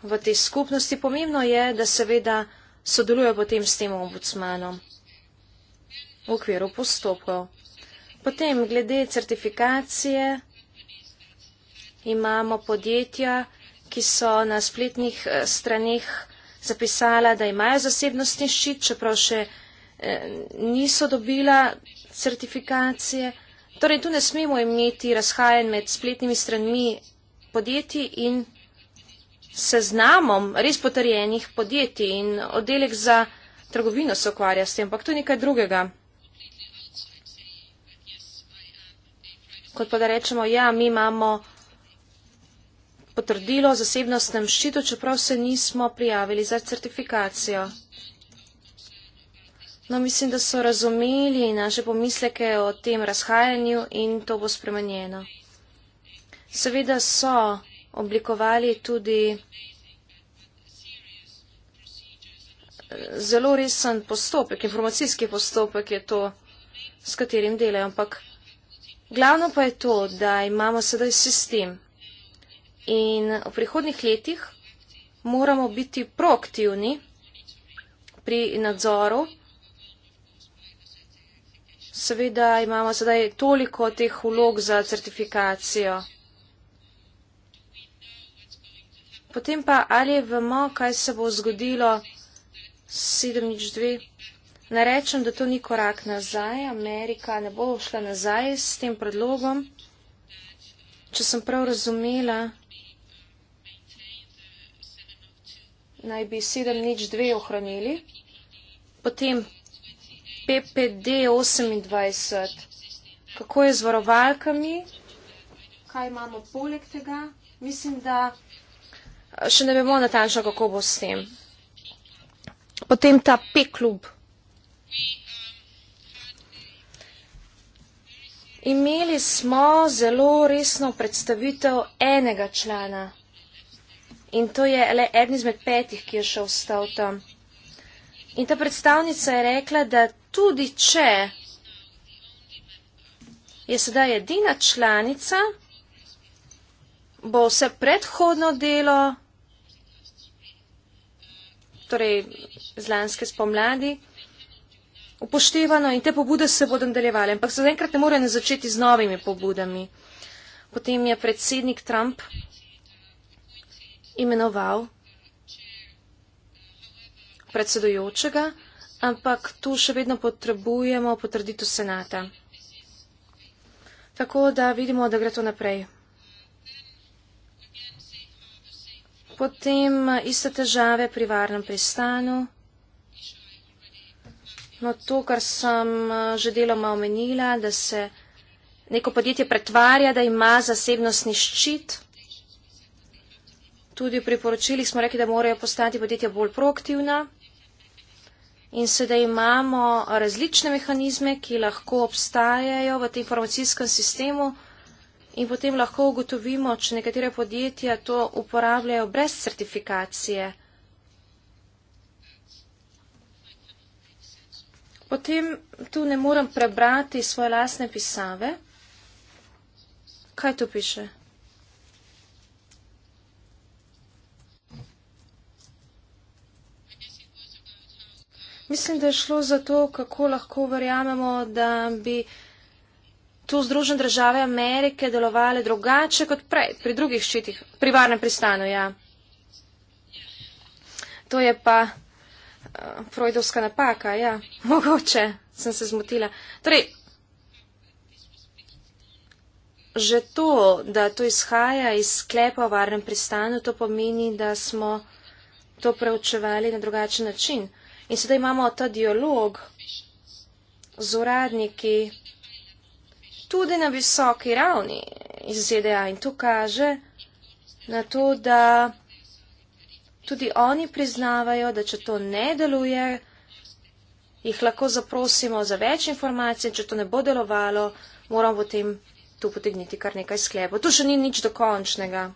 v tej skupnosti. Pomembno je, da seveda sodelujo potem s tem ombudsmanom v okviru postopkov. Potem, glede certifikacije, imamo podjetja, ki so na spletnih straneh zapisala, da imajo zasebnostni ščit, čeprav še niso dobila certifikacije. Torej, tu ne smemo imeti razhajen med spletnimi stranmi podjetij in seznamom res potrjenih podjetij in oddelek za trgovino se ukvarja s tem, ampak to je nekaj drugega. Kot pa da rečemo, ja, mi imamo potrdilo o zasebnostnem ščitu, čeprav se nismo prijavili za certifikacijo. No, mislim, da so razumeli naše pomisleke o tem razhajanju in to bo spremenjeno. Seveda so oblikovali tudi eh, zelo resen postopek, informacijski postopek je to, s katerim delajo, ampak glavno pa je to, da imamo sedaj sistem in v prihodnih letih moramo biti proaktivni pri nadzoru seveda imamo sedaj toliko teh vlog za certifikacijo. Potem pa ali vemo, kaj se bo zgodilo 7.2. Ne rečem, da to ni korak nazaj. Amerika ne bo šla nazaj s tem predlogom. Če sem prav razumela, naj bi 7.2 ohranili. Potem PPD 28. Kako je z varovalkami? Kaj imamo poleg tega? Mislim, da eh, še ne vemo natančno, kako bo s tem. Potem ta P-klub. Imeli smo zelo resno predstavitev enega člana. In to je le eden izmed petih, ki je še ostal tam. In ta predstavnica je rekla, da tudi če je sedaj edina članica, bo vse predhodno delo, torej zlanske spomladi, upoštevano in te pobude se bodo nadaljevale. Ampak za enkrat ne morejo začeti z novimi pobudami. Potem je predsednik Trump imenoval predsedujočega, ampak tu še vedno potrebujemo potrditev senata. Tako da vidimo, da gre to naprej. Potem iste težave pri varnem pristanu. No, to, kar sem eh, že deloma omenila, da se neko podjetje pretvarja, da ima zasebnostni ščit. Tudi v priporočilih smo rekli, da morajo postati podjetja bolj proaktivna in sedaj imamo različne mehanizme, ki lahko obstajajo v tem informacijskem sistemu in potem lahko ugotovimo, če nekatere podjetja to uporabljajo brez certifikacije. Potem tu ne morem prebrati svoje lasne pisave. Kaj tu piše? Mislim, da je šlo za to, kako lahko verjamemo, da bi tu Združene države Amerike delovale drugače kot prej, pri drugih ščitih, pri varnem pristanu. Ja. To je pa uh, Freudovska napaka, ja, mogoče sem se zmotila. Torej, že to, da to izhaja iz sklepa o varnem pristanu, to pomeni, da smo to preučevali na drugačen način. In sedaj imamo ta dialog z uradniki tudi na visoki ravni iz ZDA in to kaže na to, da tudi oni priznavajo, da če to ne deluje, jih lahko zaprosimo za več informacij, če to ne bo delovalo, moramo potem tu potegniti kar nekaj sklepov. Tu še ni nič dokončnega.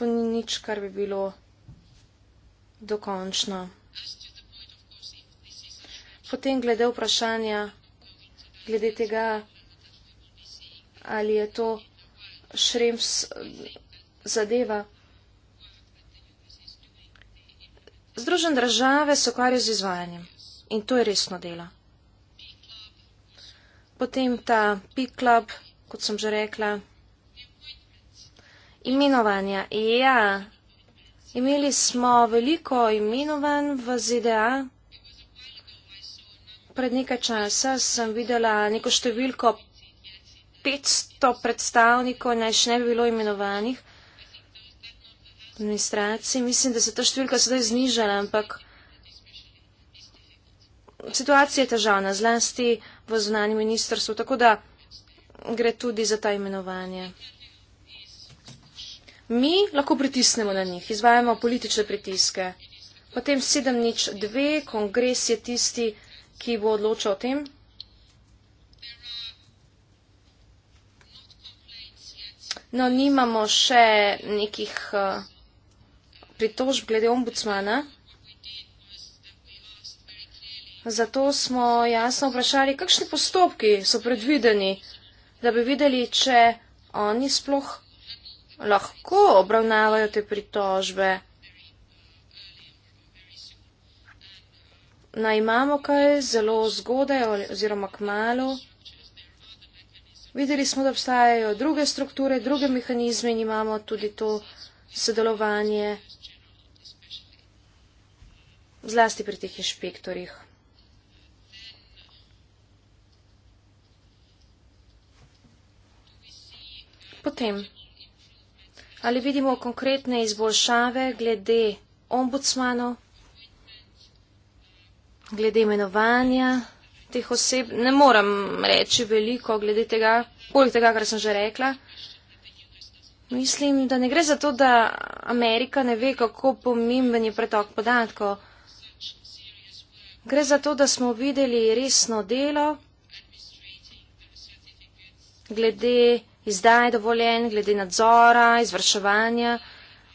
To ni nič, kar bi bilo dokončno. Potem glede vprašanja, glede tega, ali je to šrems eh, zadeva. Združen države se ukvarjajo z izvajanjem in to je resno delo. Potem ta piklub, kot sem že rekla. Imenovanja. Ja, Imeli smo veliko imenovanj v ZDA. Pred nekaj časa sem videla neko številko 500 predstavnikov, naj še ne bi bilo imenovanih v administraciji. Mislim, da se ta številka sedaj znižala, ampak situacija je težavna, zlasti v zunanjem ministrstvu, tako da gre tudi za ta imenovanje mi lahko pritisnemo na njih, izvajamo politične pritiske. Potem 7.02, kongres je tisti, ki bo odločal o tem. No, nimamo še nekih uh, pritožb glede ombudsmana. Zato smo jasno vprašali, kakšni postopki so predvideni, da bi videli, če oni sploh lahko obravnavajo te pritožbe. Naj imamo kaj zelo zgodaj oziroma k malu. Videli smo, da obstajajo druge strukture, druge mehanizme in imamo tudi to sodelovanje zlasti pri teh inšpektorjih. Potem Ali vidimo konkretne izboljšave glede ombudsmanov, glede imenovanja teh oseb? Ne moram reči veliko glede tega, poleg tega, kar sem že rekla. Mislim, da ne gre za to, da Amerika ne ve, kako pomemben je pretok podatkov. Gre za to, da smo videli resno delo glede izdaje dovoljen, glede nadzora, izvrševanja.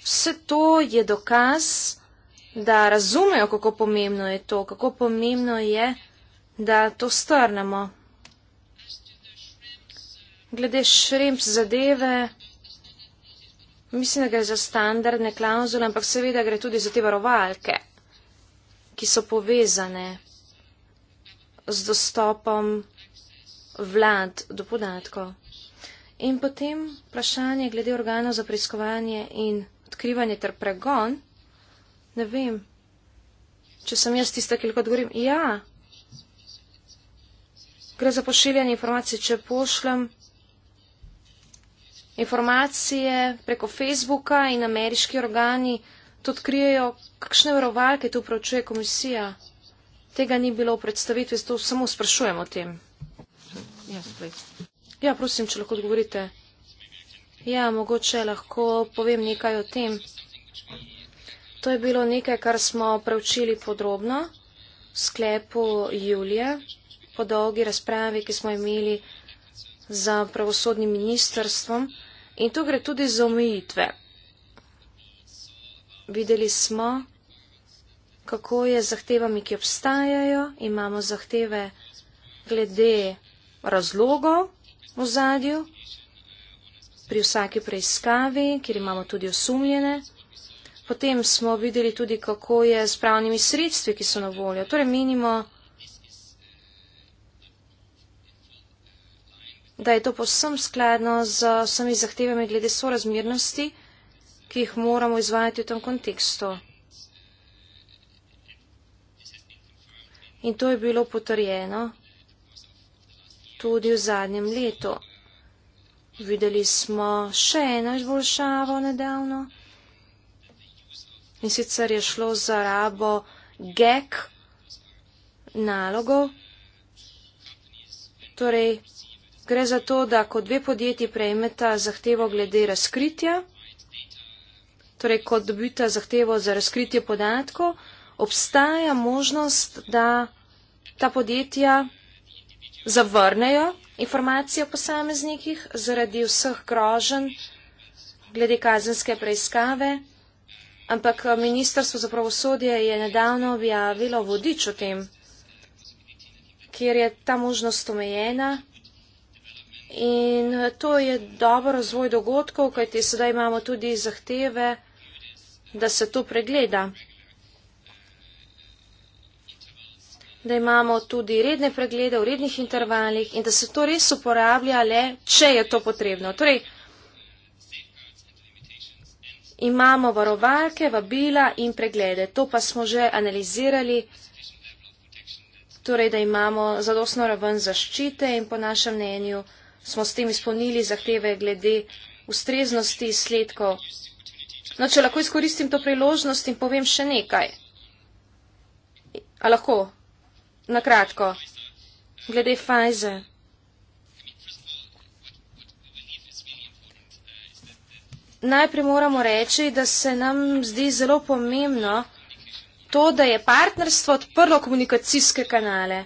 Vse to je dokaz, da razumejo, kako pomembno je to, kako pomembno je, da to strnemo. Glede šrimp zadeve, mislim, da gre za standardne klauzule, ampak seveda gre tudi za te varovalke, ki so povezane z dostopom vlad do podatkov. In potem vprašanje glede organov za preiskovanje in odkrivanje ter pregon. Ne vem, če sem jaz tista, ki lahko odgovorim. Ja, gre za pošiljanje informacij, če pošljem informacije preko Facebooka in ameriški organi, to odkrijejo, kakšne verovalke tu pravčuje komisija. Tega ni bilo v predstavitvi, zato samo sprašujem o tem. Yes, Ja, prosim, če lahko odgovorite. Ja, mogoče lahko povem nekaj o tem. To je bilo nekaj, kar smo preučili podrobno v sklepu julija, po dolgi razpravi, ki smo imeli za pravosodnim ministrstvom. In to gre tudi za omejitve. Videli smo, kako je z zahtevami, ki obstajajo. Imamo zahteve glede razlogov, v zadju, pri vsaki preiskavi, kjer imamo tudi osumljene. Potem smo videli tudi, kako je s pravnimi sredstvi, ki so na voljo. Torej menimo, da je to posem skladno z vsemi zahtevami glede sorazmernosti, ki jih moramo izvajati v tem kontekstu. In to je bilo potrjeno tudi v zadnjem letu. Videli smo še eno izboljšavo nedavno in sicer je šlo za rabo gek nalogov. Torej, gre za to, da ko dve podjetji prejmeta zahtevo glede razkritja, torej, ko dobita zahtevo za razkritje podatkov, obstaja možnost, da ta podjetja zavrnejo informacije o posameznikih zaradi vseh grožen glede kazenske preiskave, ampak eh, Ministrstvo za pravosodje je nedavno objavilo vodič o tem, kjer je ta možnost omejena. In eh, to je dober razvoj dogodkov, kajti sedaj imamo tudi zahteve, da se to pregleda. da imamo tudi redne preglede v rednih intervalih in da se to res uporablja le, če je to potrebno. Torej, imamo varovalke, vabila in preglede. To pa smo že analizirali, torej, da imamo zadostno raven zaščite in po našem mnenju smo s tem izpolnili zahteve glede ustreznosti sledkov. No, če lahko izkoristim to priložnost in povem še nekaj. A lahko? na kratko, glede faze. Najprej moramo reči, da se nam zdi zelo pomembno to, da je partnerstvo odprlo komunikacijske kanale.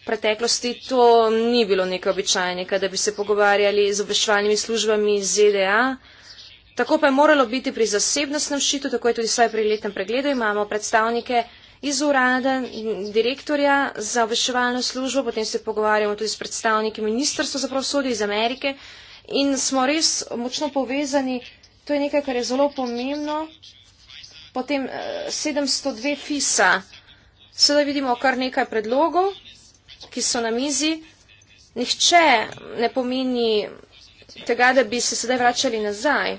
V preteklosti to ni bilo nekaj običajnega, da bi se pogovarjali z obveščevalnimi službami iz ZDA. Tako pa je moralo biti pri zasebnostnem šitu, tako je tudi vsaj pri letnem pregledu, imamo predstavnike iz urada direktorja za obveščevalno službo, potem se pogovarjamo tudi s predstavniki ministrstva za pravosodje iz Amerike in smo res močno povezani, to je nekaj, kar je zelo pomembno, potem 702 eh, FISA, sedaj vidimo kar nekaj predlogov, ki so na mizi, nihče ne pomeni tega, da bi se sedaj vračali nazaj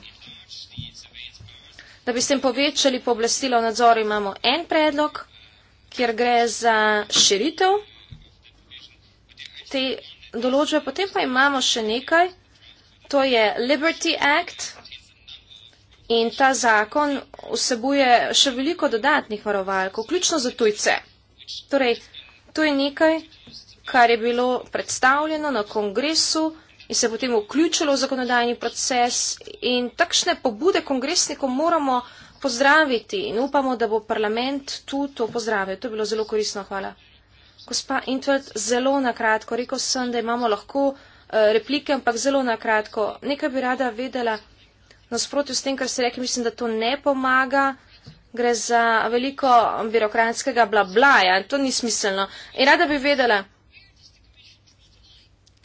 da bi s tem povečali pooblastilo v nadzoru, imamo en predlog, kjer gre za širitev te določbe. Potem pa imamo še nekaj, to je Liberty Act in ta zakon vsebuje še veliko dodatnih varovalk, vključno za tujce. Torej, to je nekaj, kar je bilo predstavljeno na kongresu in se je potem vključilo v zakonodajni proces in takšne pobude kongresnikom moramo vsebiti pozdraviti in upamo, da bo parlament tu to pozdravil. To je bilo zelo korisno, hvala. Gospa Intvet, zelo nakratko, rekel sem, da imamo lahko eh, replike, ampak zelo nakratko. Nekaj bi rada vedela, nasprotju s tem, kar ste rekli, mislim, da to ne pomaga. Gre za veliko birokratskega blablaja, to ni smiselno. In rada bi vedela,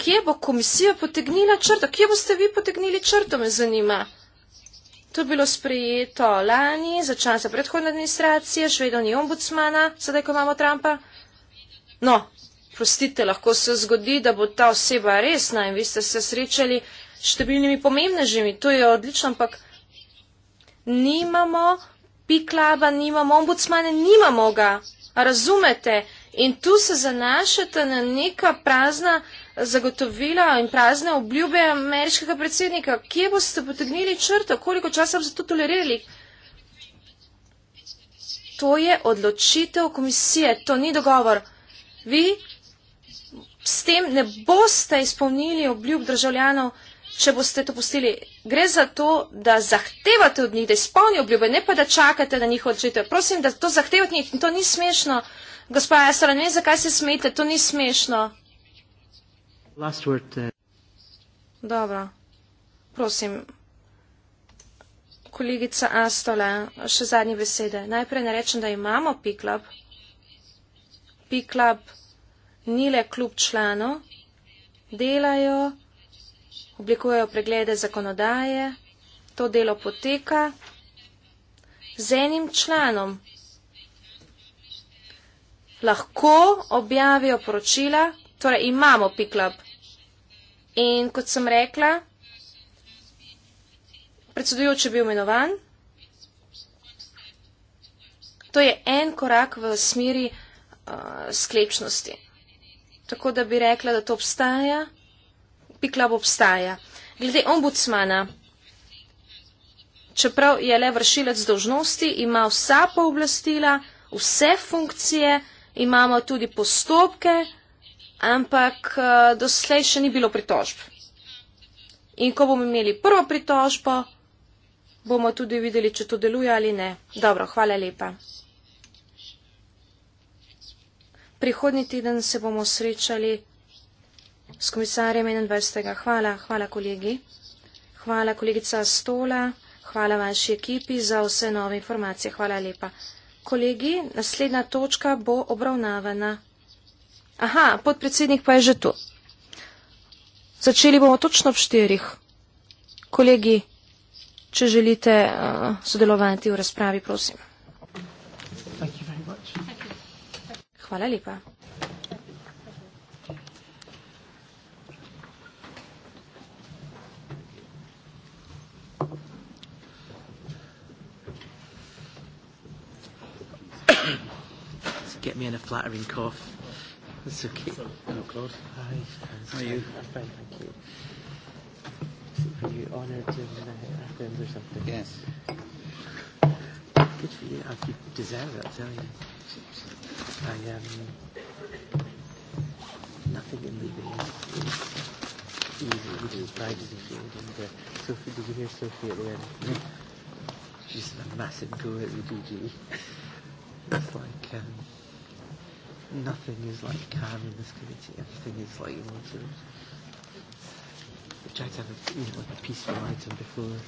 kje bo komisija potegnila črto, kje boste vi potegnili črto, me zanima. To je bilo sprejeto lani za časa predhodne administracije, še vedno ni ombudsmana, sedaj, ko imamo Trumpa. No, prostite, lahko se zgodi, da bo ta oseba resna in vi ste se srečali s številnimi pomembnežimi. To je odlično, ampak nimamo piklaba, nimamo ombudsmane, nimamo ga. A razumete? In tu se zanašate na neka prazna zagotovila in prazne obljube ameriškega predsednika. Kje boste potegnili črto? Koliko časa boste to tolerirali? To je odločitev komisije, to ni dogovor. Vi s tem ne boste izpolnili obljub državljanov, če boste to pustili. Gre za to, da zahtevate od njih, da izpolnijo obljube, ne pa da čakate na njihovo odločitev. Prosim, da to zahtevate od njih. To ni smešno, gospod Astor, ne vem, zakaj se smete, to ni smešno. Last word. Uh, Dobro. Prosim. Kolegica Astola, še zadnje besede. Najprej ne rečem, da imamo P-Club. P-Club ni le klub članov. Delajo, oblikujejo preglede zakonodaje. To delo poteka z enim članom. Lahko objavijo poročila, torej imamo P-Club. In kot sem rekla, predsedujoči bi omenovan. To je en korak v smeri uh, sklepčnosti. Tako da bi rekla, da to obstaja, piklab obstaja. Glede ombudsmana, čeprav je le vršilec dožnosti, ima vsa pooblastila, vse funkcije, imamo tudi postopke ampak eh, doslej še ni bilo pritožb. In ko bomo imeli prvo pritožbo, bomo tudi videli, če to deluje ali ne. Dobro, hvala lepa. Prihodnji teden se bomo srečali s komisarjem 21. Hvala, hvala kolegi. Hvala kolegica Stola, hvala vaši ekipi za vse nove informacije. Hvala lepa. Kolegi, naslednja točka bo obravnavana. Aha, podpredsednik pa je že tu. Začeli bomo točno ob štirih. Kolegi, če želite uh, sodelovati v razpravi, prosim. Hvala lepa. Get me in a flattering cough. That's okay. Hello, Claude. Hi. How are you? I'm fine, thank you. Are you honored to have been at Athens or something? Yes. Good for you. You deserve it, I tell you. I am um, nothing in leaving. Easy, easy, pride is easy. And, uh, Sophie, did you hear Sophie at the end? No. She's a massive go at the DG. it's like, um, nothing is like calm in this community. Everything is like you know, to, we try to have a, you know, like a peaceful item before.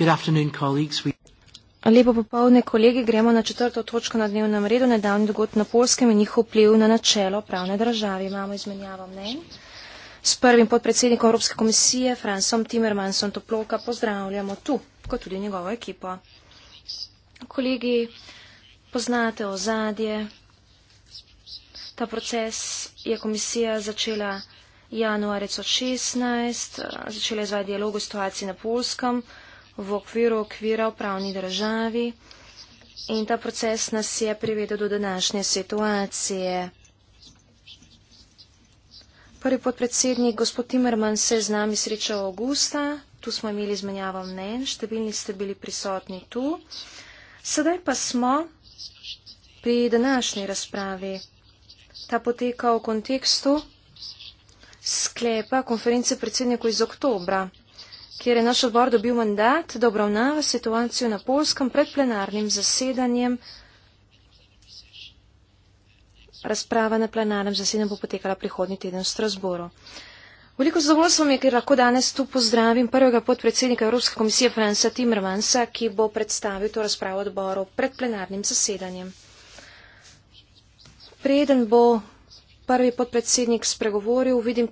Good afternoon, colleagues. We Lepo popovdne, kolegi. Gremo na četrto točko na dnevnem redu, nedavni dogod na Polskem in njihov vpliv na načelo pravne države. Imamo izmenjavo mnenj. S prvim podpredsednikom Evropske komisije, Fransom Timmermansom Toploka, pozdravljamo tu, kot tudi njegovo ekipo. Kolegi, poznate ozadje. Ta proces je komisija začela januarja 2016, začela je izvajati dialog o situaciji na Polskem v okviru okvira v pravni državi in ta proces nas je privedel do današnje situacije. Prvi podpredsednik, gospod Timerman, se je z nami srečal avgusta, tu smo imeli izmenjavo mnen, številni ste bili prisotni tu. Sedaj pa smo pri današnji razpravi. Ta poteka v kontekstu sklepa konference predsednikov iz oktobra kjer je naš odbor dobil mandat, da obravnava situacijo na polskem pred plenarnim zasedanjem. Razprava na plenarnem zasedanju bo potekala prihodnji teden v Strasboru. Veliko zadovoljstvo mi je, ker lahko danes tu pozdravim prvega podpredsednika Evropske komisije Franca Timmermansa, ki bo predstavil to razpravo odboru pred plenarnim zasedanjem. Preden bo prvi podpredsednik spregovoril, vidim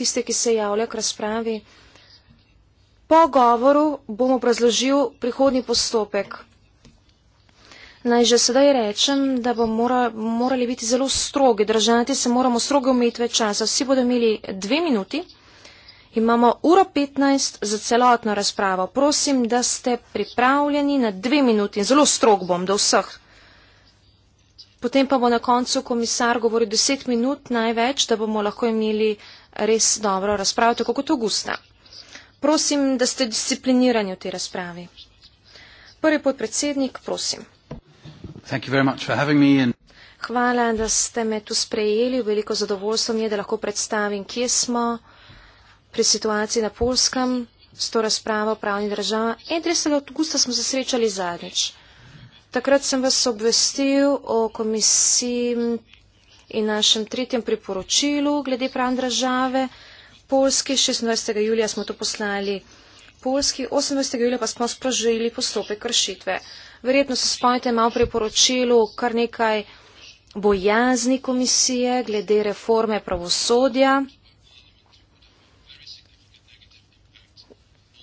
tiste, ki se javljajo k razpravi. Po govoru bom obrazložil prihodni postopek. Naj že sedaj rečem, da bomo mora, morali biti zelo strogi, držati se moramo stroge omejitve časa. Vsi bodo imeli dve minuti. Imamo uro 15 za celotno razpravo. Prosim, da ste pripravljeni na dve minuti. Zelo strog bom do vseh. Potem pa bo na koncu komisar govoril deset minut največ, da bomo lahko imeli res dobro razpravo, tako kot avgusta. Prosim, da ste disciplinirani v tej razpravi. Prvi podpredsednik, prosim. Hvala, da ste me tu sprejeli. Veliko zadovoljstvo mi je, da lahko predstavim, kje smo pri situaciji na Polskem s to razpravo o pravni državi. 31. augusta smo se srečali zadnjič. Takrat sem vas obvestil o komisiji in našem tretjem priporočilu glede pravne države. Polski 16. julija smo to poslali. Polski 18. julija pa smo sprožili postopek kršitve. Verjetno se spomnite malo priporočilo, kar nekaj bojazni komisije glede reforme pravosodja.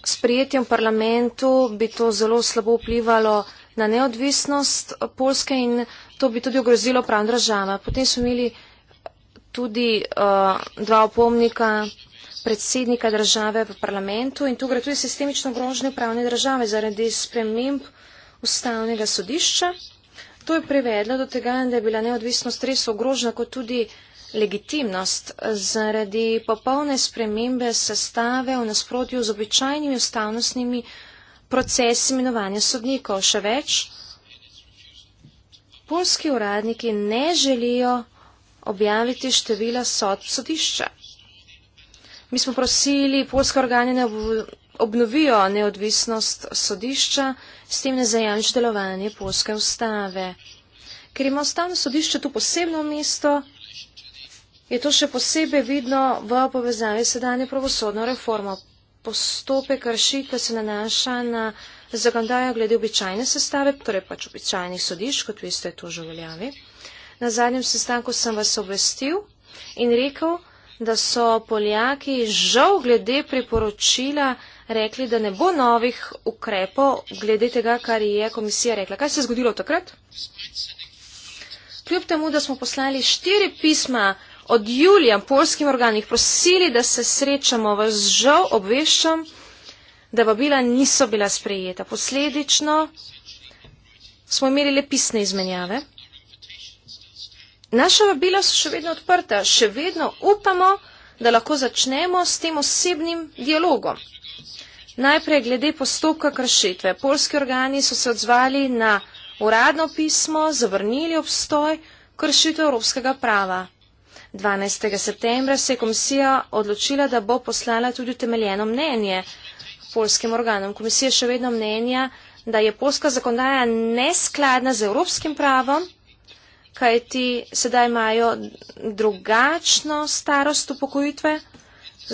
S prijetjem parlamentu bi to zelo slabo vplivalo na neodvisnost Polske in to bi tudi ogrozilo pravno državo. Potem smo imeli tudi uh, dva opomnika predsednika države v parlamentu in tu gre tudi sistemično grožnje pravne države zaradi sprememb ustavnega sodišča. To je privedlo do tega, da je bila neodvisnost res ogrožena kot tudi legitimnost zaradi popolne spremembe sestave v nasprotju z običajnimi ustavnostnimi procesi imenovanja sodnikov. Še več, polski uradniki ne želijo objaviti števila sodb sodišča. Mi smo prosili polske organe, da obnovijo neodvisnost sodišča, s tem ne zajamč delovanje polske ustave. Ker ima ustavno sodišče tu posebno mesto, je to še posebej vidno v povezavi sedanje pravosodno reformo. Postopek rešitve se nanaša na zagondajo glede običajne sestave, torej pač običajnih sodišč, kot veste, to že veljavi. Na zadnjem sestanku sem vas obvestil in rekel, da so Poljaki žal glede priporočila rekli, da ne bo novih ukrepov glede tega, kar je komisija rekla. Kaj se je zgodilo takrat? Kljub temu, da smo poslali štiri pisma od Julija polskim organih, prosili, da se srečamo, vas žal obveščam, da vabila niso bila sprejeta. Posledično smo imeli le pisne izmenjave. Naša vabila so še vedno odprta, še vedno upamo, da lahko začnemo s tem osebnim dialogom. Najprej glede postopka kršitve. Polski organi so se odzvali na uradno pismo, zavrnili obstoj kršitev evropskega prava. 12. septembra se je komisija odločila, da bo poslala tudi temeljeno mnenje polskim organom. Komisija še vedno mnenja, da je polska zakonodaja neskladna z evropskim pravom kaj ti sedaj imajo drugačno starost upokojitve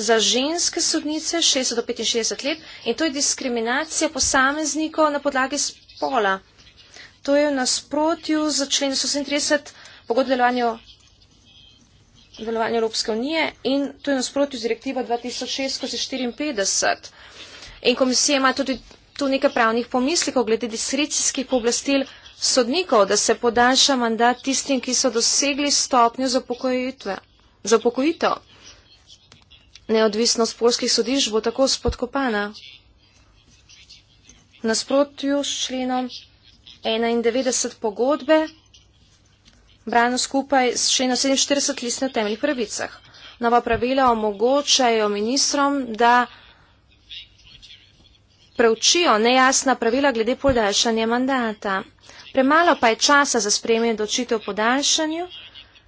za ženske sodnice 60 do 65 let in to je diskriminacija posameznikov na podlagi spola. To je v nasprotju z členom 37 pogodbe delovanja delovanje Evropske unije in to je nasprotju z direktivo 2006-54. In komisija ima tudi tu nekaj pravnih pomislekov glede diskricijskih pooblastil sodnikov, da se podaljša mandat tistim, ki so dosegli stopnjo za pokojitev. Neodvisnost polskih sodišč bo tako spodkopana. Nasprotju s členom 91 pogodbe, brano skupaj s členom 47 list na temeljih pravicah. Nova pravila omogočajo ministrom, da preučijo nejasna pravila glede podaljšanja mandata premalo pa je časa za spremljanje odločitev po daljšanju,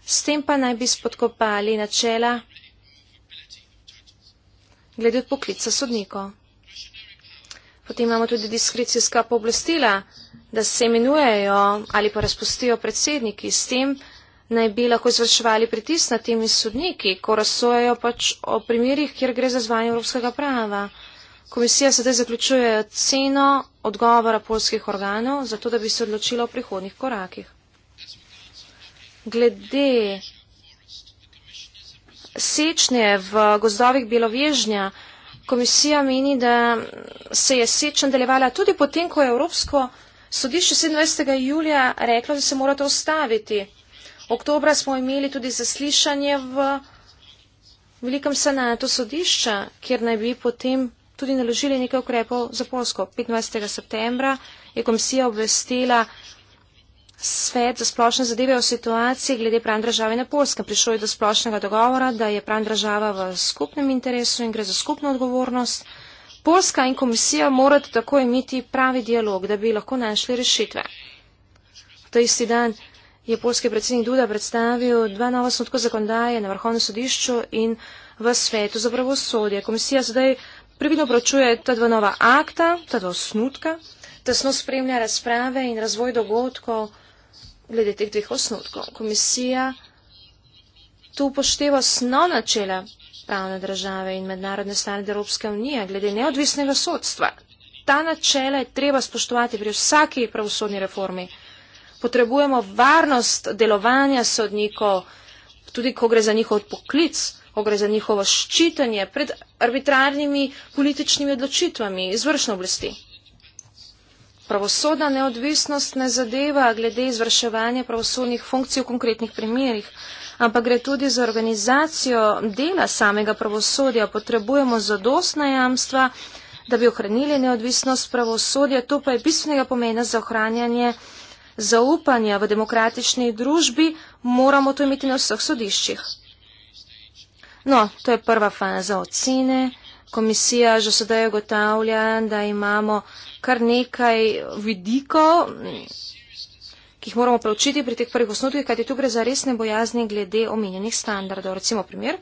s tem pa naj bi spodkopali načela glede odpoklica sodnikov. Potem imamo tudi diskricijska pooblastila, da se imenujejo ali pa razpustijo predsedniki, s tem naj bi lahko izvrševali pritisk na temi sodniki, ko razsojajo pač o primerjih, kjer gre za zvanje evropskega prava. Komisija sedaj zaključuje ceno odgovora polskih organov, zato da bi se odločila o prihodnih korakih. Glede sečnje v gozdovih Belovežnja, komisija meni, da se je sečen delevala tudi potem, ko je Evropsko sodišče 27. julija reklo, da se mora to ustaviti. Oktobra smo imeli tudi zaslišanje v Velikem senatu sodišča, kjer naj bi potem tudi naložili nekaj ukrepov za Polsko. 25. septembra je komisija obvestila svet za splošne zadeve o situaciji glede pravne države na Polskem. Prišlo je do splošnega dogovora, da je pravna država v skupnem interesu in gre za skupno odgovornost. Polska in komisija morata tako imeti pravi dialog, da bi lahko našli rešitve. V ta isti dan je polski predsednik Duda predstavil dva nova snotka zakonodaje na vrhovnem sodišču in v svetu za pravosodje. Komisija zdaj Previdno pročuje ta dva nova akta, ta dva osnutka, tesno spremlja razprave in razvoj dogodkov glede teh dveh osnutkov. Komisija tu upošteva osnovna načela pravne države in mednarodne standarde Evropske unije glede neodvisnega sodstva. Ta načela je treba spoštovati pri vsaki pravosodni reformi. Potrebujemo varnost delovanja sodnikov, tudi ko gre za njihov poklic ogre za njihovo ščitanje pred arbitrarnimi političnimi odločitvami izvršne oblasti. Pravosodna neodvisnost ne zadeva glede izvrševanja pravosodnih funkcij v konkretnih primerih, ampak gre tudi za organizacijo dela samega pravosodja. Potrebujemo zadostna jamstva, da bi ohranili neodvisnost pravosodja, to pa je bistvenega pomena za ohranjanje zaupanja v demokratični družbi, moramo to imeti na vseh sodiščih. No, to je prva faza ocene. Komisija že sedaj ugotavlja, da imamo kar nekaj vidikov, ki jih moramo preučiti pri teh prvih osnutkih, kajti tu gre za resne bojazni glede omenjenih standardov. Recimo primer,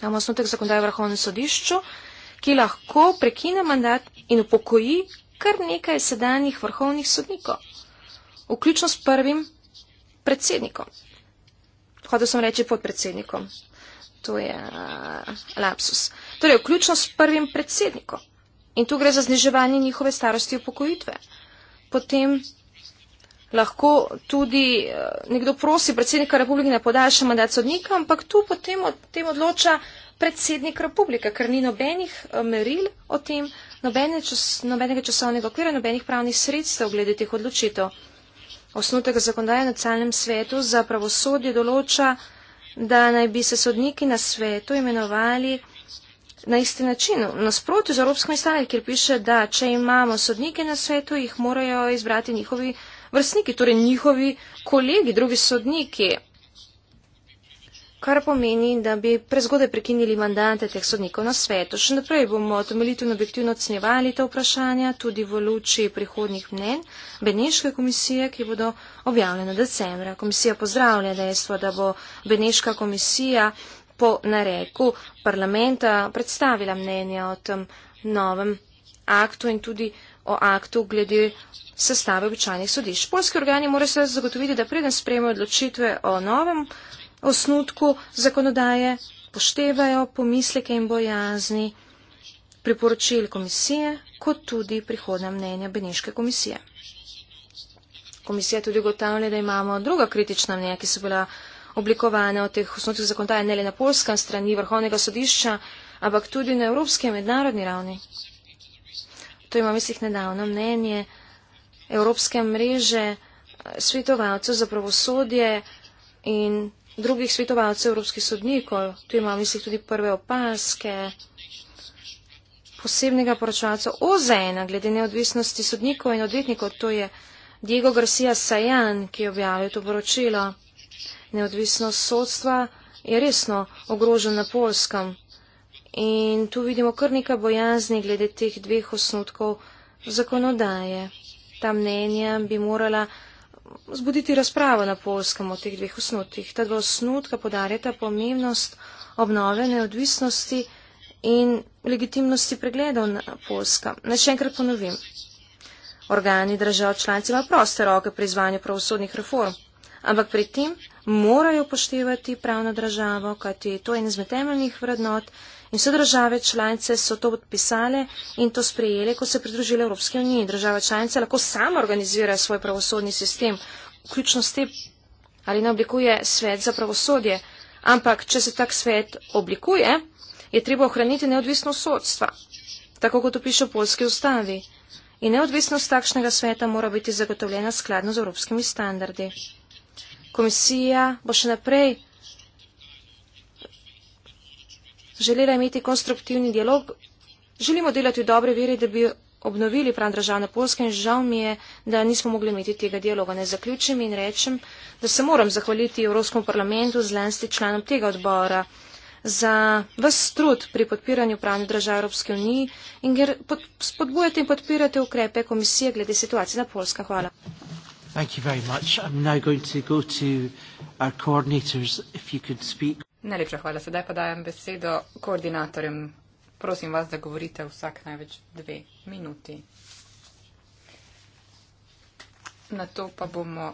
imamo osnutek zakonodaje vrhovnem sodišču, ki lahko prekine mandat in upokoji kar nekaj sedanjih vrhovnih sodnikov, vključno s prvim predsednikom. Hodil sem reči podpredsednikom, to je uh, lapsus. Torej, vključno s prvim predsednikom. In tu gre za zniževanje njihove starosti v pokojitve. Potem lahko tudi uh, nekdo prosi predsednika republike, da podaljša mandat sodnika, ampak tu potem o tem odloča predsednik republike, ker ni nobenih uh, meril o tem, nobene čas, nobenega časovnega okvira, nobenih pravnih sredstev glede teh odločitev. Osnutek zakonodaje na celnem svetu za pravosodje določa, da naj bi se sodniki na svetu imenovali na isti način. Nasprotju z Evropskim stanjem, kjer piše, da če imamo sodnike na svetu, jih morajo izbrati njihovi vrstniki, torej njihovi kolegi, drugi sodniki kar pomeni, da bi prezgode prekinili mandate teh sodnikov na svetu. Še naprej bomo temeljito in objektivno ocenjevali ta vprašanja tudi v luči prihodnih mnen Beneške komisije, ki bodo objavljene decembra. Komisija pozdravlja dejstvo, da bo Beneška komisija po nareku parlamenta predstavila mnenje o tem novem aktu in tudi o aktu glede sestave običajnih sodišč. Polski organi morajo se zagotoviti, da preden sprejme odločitve o novem osnutku zakonodaje poštevajo pomisleke in bojazni priporočil komisije, kot tudi prihodna mnenja Beneške komisije. Komisija tudi ugotavlja, da imamo druga kritična mnenja, ki so bila oblikovane od teh osnutkov zakonodaje ne le na polskem strani Vrhovnega sodišča, ampak tudi na evropski in mednarodni ravni. To ima, mislim, nedavno mnenje Evropske mreže svetovalcev za pravosodje in drugih svetovalcev Evropskih sodnikov. Tu imam, mislim, tudi prve opaske posebnega poročevalca OZN-a glede neodvisnosti sodnikov in odvetnikov. To je Diego Garcia Sajan, ki je objavil to poročilo. Neodvisnost sodstva je resno ogrožen na polskem. In tu vidimo kar nekaj bojazni glede teh dveh osnutkov zakonodaje. Ta mnenja bi morala zbuditi razpravo na polskem o teh dveh osnutkih. Ta dva osnutka podarjata pomembnost obnove neodvisnosti in legitimnosti pregledov na polska. Naj še enkrat ponovim. Organi držav članic imajo proste roke pri izvanju pravosodnih reform, ampak pri tem morajo poštevati pravno državo, kajti to je en izmed temeljnih vrednot In vse države članice so to podpisale in to sprejele, ko se pridružile Evropske unije. Država članica lahko sama organizira svoj pravosodni sistem, vključno s tem, ali ne oblikuje svet za pravosodje. Ampak, če se tak svet oblikuje, je treba ohraniti neodvisnost sodstva, tako kot opiše v polski ustavi. In neodvisnost takšnega sveta mora biti zagotovljena skladno z evropskimi standardi. Komisija bo še naprej želela imeti konstruktivni dialog. Želimo delati v dobre veri, da bi obnovili pravno državo na Polske in žal mi je, da nismo mogli imeti tega dialoga. Ne zaključim in rečem, da se moram zahvaliti Evropskom parlamentu z lansti članom tega odbora za vas trud pri podpiranju pravne države Evropske unije in ker spodbujate in podpirate ukrepe komisije glede situacije na Polska. Hvala. Thank you very much. I'm now going to go to our coordinators, if you could speak. Najlepša hvala. Sedaj pa dajem besedo koordinatorjem. Prosim vas, da govorite vsak največ dve minuti. Na to pa bomo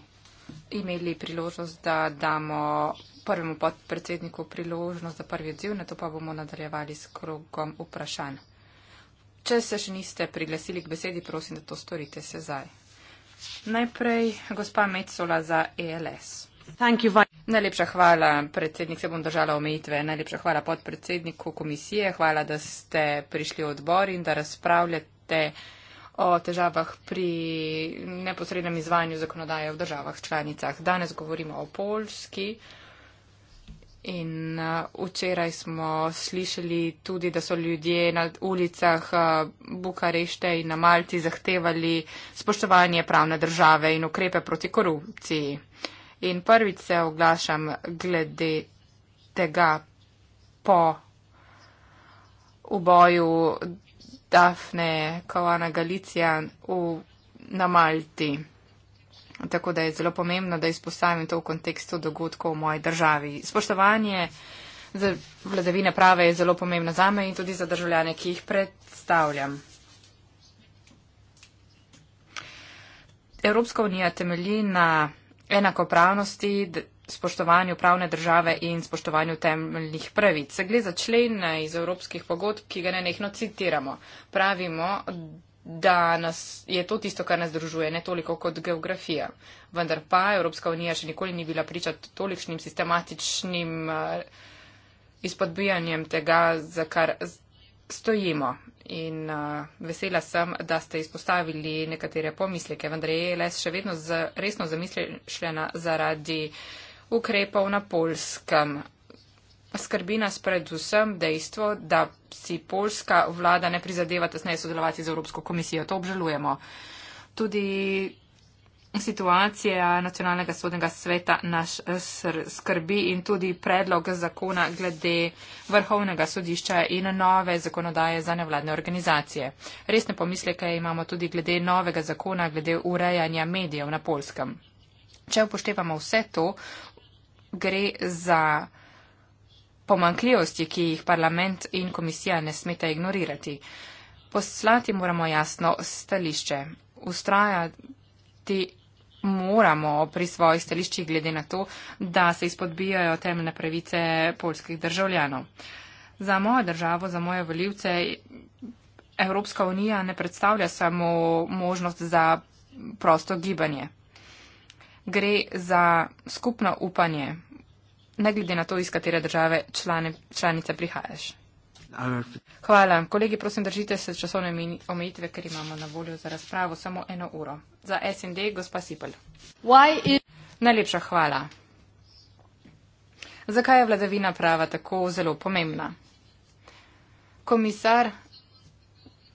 imeli priložnost, da damo prvemu podpredsedniku priložnost za prvi odziv, na to pa bomo nadaljevali s krogom vprašanj. Če se še niste priglasili k besedi, prosim, da to storite se zdaj. Najprej gospa Metzola za ELS. Najlepša hvala, predsednik, se bom držala omejitve. Najlepša hvala podpredsedniku komisije, hvala, da ste prišli v odbor in da razpravljate o težavah pri neposrednem izvajanju zakonodaje v državah članicah. Danes govorimo o Polski. In uh, včeraj smo slišali tudi, da so ljudje na ulicah uh, Bukarešte in na Malti zahtevali spoštovanje pravne države in ukrepe proti korupciji. In prvič se oglašam glede tega po uboju Dafne Kovana Galicija v, na Malti. Tako da je zelo pomembno, da izpostavim to v kontekstu dogodkov v moji državi. Spoštovanje vladavine prave je zelo pomembno za me in tudi za državljane, ki jih predstavljam. Evropska unija temelji na enakopravnosti, spoštovanju pravne države in spoštovanju temeljnih pravic. Gre za člen eh, iz evropskih pogodb, ki ga nenehno citiramo. Pravimo, da nas je to tisto, kar nas združuje, ne toliko kot geografija. Vendar pa Evropska unija še nikoli ni bila priča tolikšnim sistematičnim uh, izpodbijanjem tega, za kar stojimo. In uh, vesela sem, da ste izpostavili nekatere pomisleke, vendar je ELS še vedno z, resno zamišljena zaradi ukrepov na polskem skrbi nas predvsem dejstvo, da si polska vlada ne prizadeva tesneje sodelovati z Evropsko komisijo. To obžalujemo. Tudi situacija nacionalnega sodnega sveta nas eh, skrbi in tudi predlog zakona glede vrhovnega sodišča in nove zakonodaje za nevladne organizacije. Resne pomisleke imamo tudi glede novega zakona, glede urejanja medijev na polskem. Če upoštevamo vse to, gre za pomankljivosti, ki jih parlament in komisija ne smeta ignorirati. Poslati moramo jasno stališče. Ustrajati moramo pri svojih stališčih glede na to, da se izpodbijajo temeljne pravice polskih državljanov. Za mojo državo, za moje voljivce, Evropska unija ne predstavlja samo možnost za prosto gibanje. Gre za skupno upanje, ne glede na to, iz katere države člane, članice prihajaš. Hvala. Kolegi, prosim, držite se časovne omejitve, ker imamo na voljo za razpravo samo eno uro. Za SND, gospa Sipel. Najlepša hvala. Zakaj je vladavina prava tako zelo pomembna? Komisar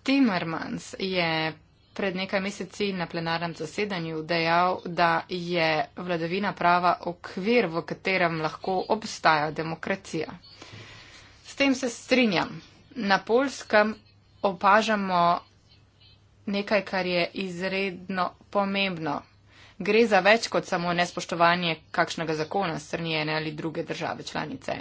Timmermans je pred nekaj meseci na plenarnem zasedanju dejal, da je vladavina prava okvir, v katerem lahko obstaja demokracija. S tem se strinjam. Na polskem opažamo nekaj, kar je izredno pomembno. Gre za več kot samo nespoštovanje kakšnega zakona strani ene ali druge države članice.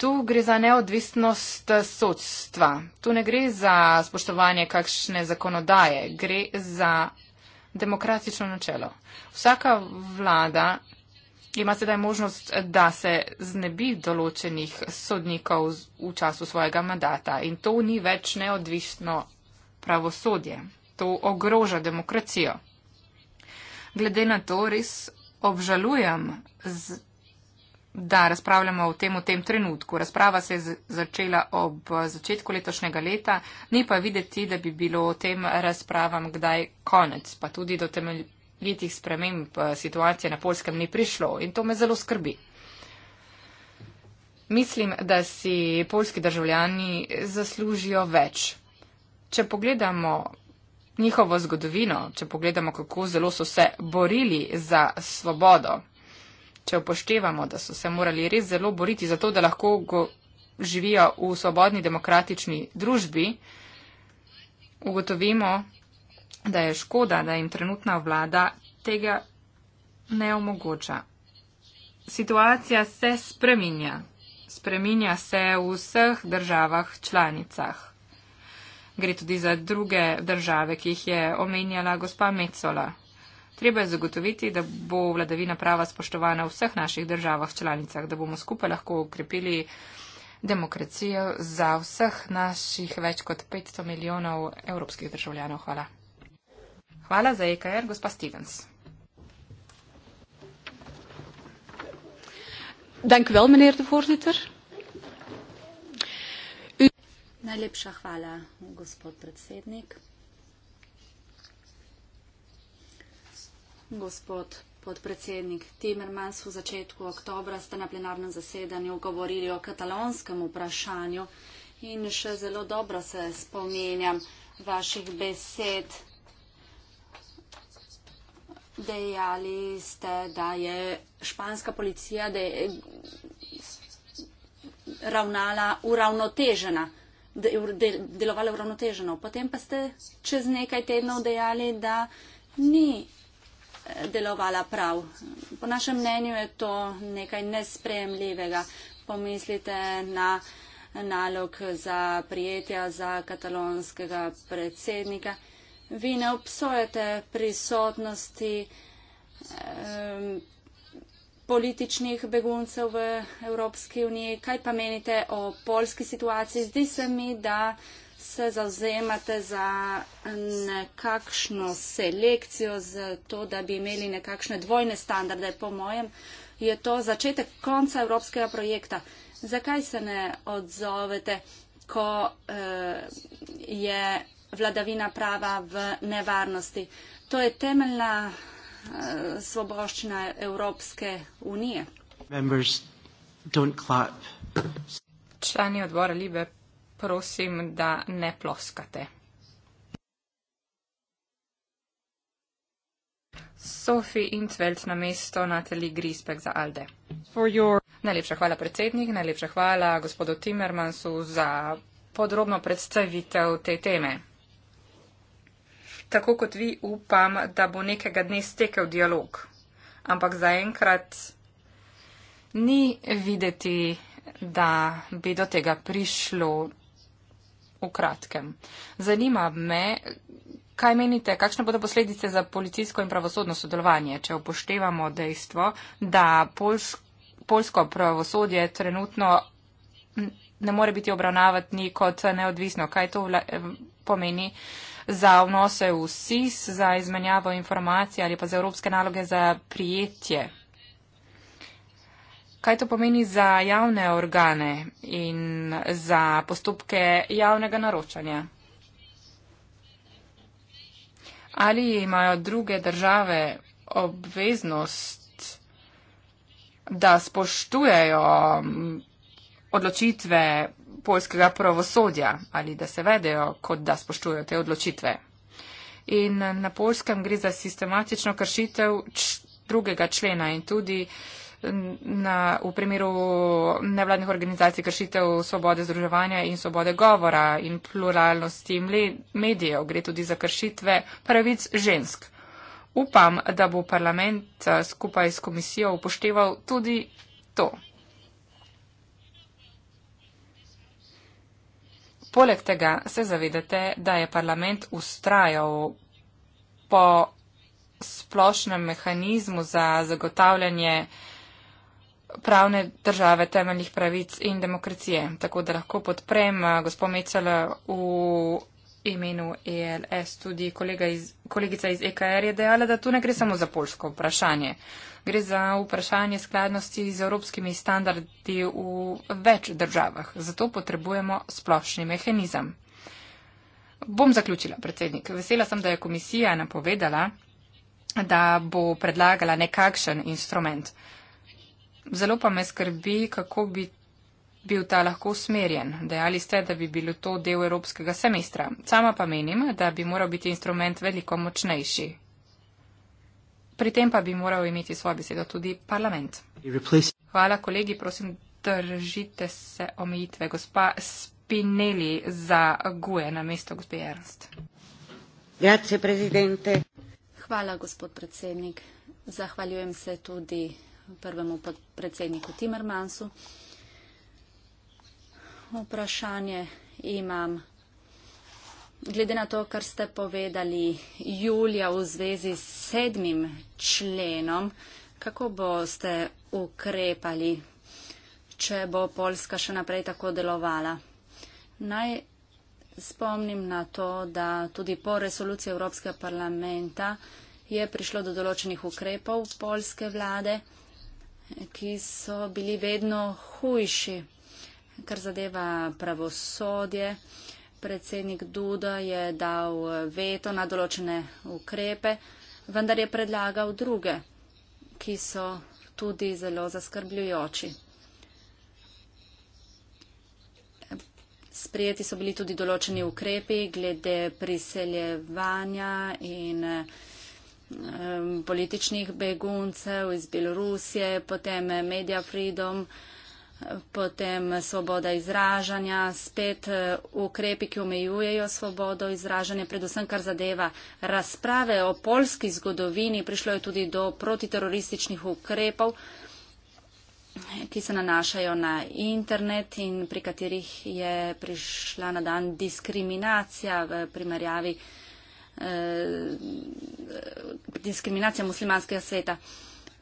Tu gre za neodvisnost eh, sodstva. Tu ne gre za spoštovanje kakšne zakonodaje, gre za demokratično načelo. Vsaka vlada ima sedaj možnost, da se znebi določenih sodnikov v času svojega mandata in to ni več neodvisno pravosodje. To ogroža demokracijo. Glede na to res obžalujem da razpravljamo o tem v tem trenutku. Razprava se je začela ob začetku letošnjega leta, ni pa videti, da bi bilo o tem razpravam kdaj konec, pa tudi do temeljitih sprememb eh, situacije na polskem ni prišlo in to me zelo skrbi. Mislim, da si polski državljani zaslužijo več. Če pogledamo njihovo zgodovino, če pogledamo, kako zelo so se borili za svobodo, če upoštevamo, da so se morali res zelo boriti za to, da lahko živijo v svobodni demokratični družbi, ugotovimo, da je škoda, da jim trenutna vlada tega ne omogoča. Situacija se spreminja. Spreminja se v vseh državah članicah. Gre tudi za druge države, ki jih je omenjala gospa Mecola. Treba je zagotoviti, da bo vladavina prava spoštovana v vseh naših državah članicah, da bomo skupaj lahko ukrepili demokracijo za vseh naših več kot 500 milijonov evropskih državljanov. Hvala. Hvala za EKR, gospa Stevens. Dankjewel, meneer de voorzitter. U... Najlepša hvala, gospod predsednik. gospod podpredsednik Timerman, v začetku oktobra ste na plenarnem zasedanju govorili o katalonskem vprašanju in še zelo dobro se spominjam vaših besed. Dejali ste, da je španska policija de, ravnala uravnotežena, de, de, delovala uravnoteženo. Potem pa ste čez nekaj tednov dejali, da ni delovala prav. Po našem mnenju je to nekaj nesprejemljivega. Pomislite na nalog za prijetja za katalonskega predsednika. Vi ne obsojate prisotnosti um, političnih beguncev v Evropski uniji. Kaj pa menite o polski situaciji? Zdi se mi, da uh, se zauzemate za nekakšno selekcijo, za to, da bi imeli nekakšne dvojne standarde. Po mojem je to začetek konca evropskega projekta. Zakaj se ne odzovete, ko eh, je vladavina prava v nevarnosti? To je temeljna eh, svoboščina Evropske unije. Člani odbora Libe prosim, da ne ploskate. Sofi Intveld na mesto Nateli Grispek za Alde. Your... Najlepša hvala predsednik, najlepša hvala gospodu Timmermansu za podrobno predstavitev te teme. Tako kot vi upam, da bo nekega dne stekel dialog, ampak zaenkrat ni videti, da bi do tega prišlo v kratkem. Zanima me, kaj menite, kakšne bodo posledice za policijsko in pravosodno sodelovanje, če upoštevamo dejstvo, da polsko, polsko pravosodje trenutno ne more biti obravnavati kot neodvisno. Kaj to vla, eh, pomeni za vnose v SIS, za izmenjavo informacij ali pa za evropske naloge za prijetje Kaj to pomeni za javne organe in za postopke javnega naročanja? Ali imajo druge države obveznost, da spoštujejo odločitve polskega pravosodja ali da se vedejo, kot da spoštujejo te odločitve? In na polskem gre za sistematično kršitev drugega člena in tudi na, v primeru nevladnih organizacij kršitev svobode združevanja in svobode govora in pluralnosti medijev. Gre tudi za kršitve pravic žensk. Upam, da bo parlament eh, skupaj s komisijo upošteval tudi to. Poleg tega se zavedate, da je parlament ustrajal po splošnem mehanizmu za zagotavljanje uh, pravne države, temeljnih pravic in demokracije. Tako da lahko podprem eh, gospod Mecela v imenu ELS, tudi iz, kolegica iz EKR je dejala, da tu ne gre samo za polsko vprašanje. Gre za vprašanje skladnosti z evropskimi standardi v več državah. Zato potrebujemo splošni mehanizem. Bom zaključila, predsednik. Vesela sem, da je komisija napovedala, da bo predlagala nekakšen instrument zelo pa me skrbi, kako bi bil ta lahko usmerjen. Dejali ste, da bi bilo to del evropskega semestra. Sama pa menim, da bi moral biti instrument veliko močnejši. Pri tem pa bi moral imeti svojo besedo tudi parlament. Hvala, kolegi, prosim, držite se omejitve. Gospa Spinelli za GUE na mesto gospe Ernst. Hvala, gospod predsednik. Zahvaljujem se tudi prvemu predsedniku Timmermansu. Vprašanje imam. Glede na to, kar ste povedali julija v zvezi s sedmim členom, kako boste ukrepali, če bo Poljska še naprej tako delovala? Naj spomnim na to, da tudi po resoluciji Evropskega parlamenta je prišlo do določenih ukrepov polske vlade ki so bili vedno hujši, kar zadeva pravosodje. Predsednik Duda je dal veto na določene ukrepe, vendar je predlagal druge, ki so tudi zelo zaskrbljujoči. Sprijeti so bili tudi določeni ukrepi glede priseljevanja in um, političnih beguncev iz Belorusije, potem Media Freedom, potem svoboda izražanja, spet eh, ukrepi, ki omejujejo svobodo izražanja, predvsem kar zadeva razprave o polski zgodovini, prišlo je tudi do protiterorističnih ukrepov ki se nanašajo na internet in pri katerih je prišla na dan diskriminacija v primerjavi uh, eh, diskriminacija muslimanskega sveta.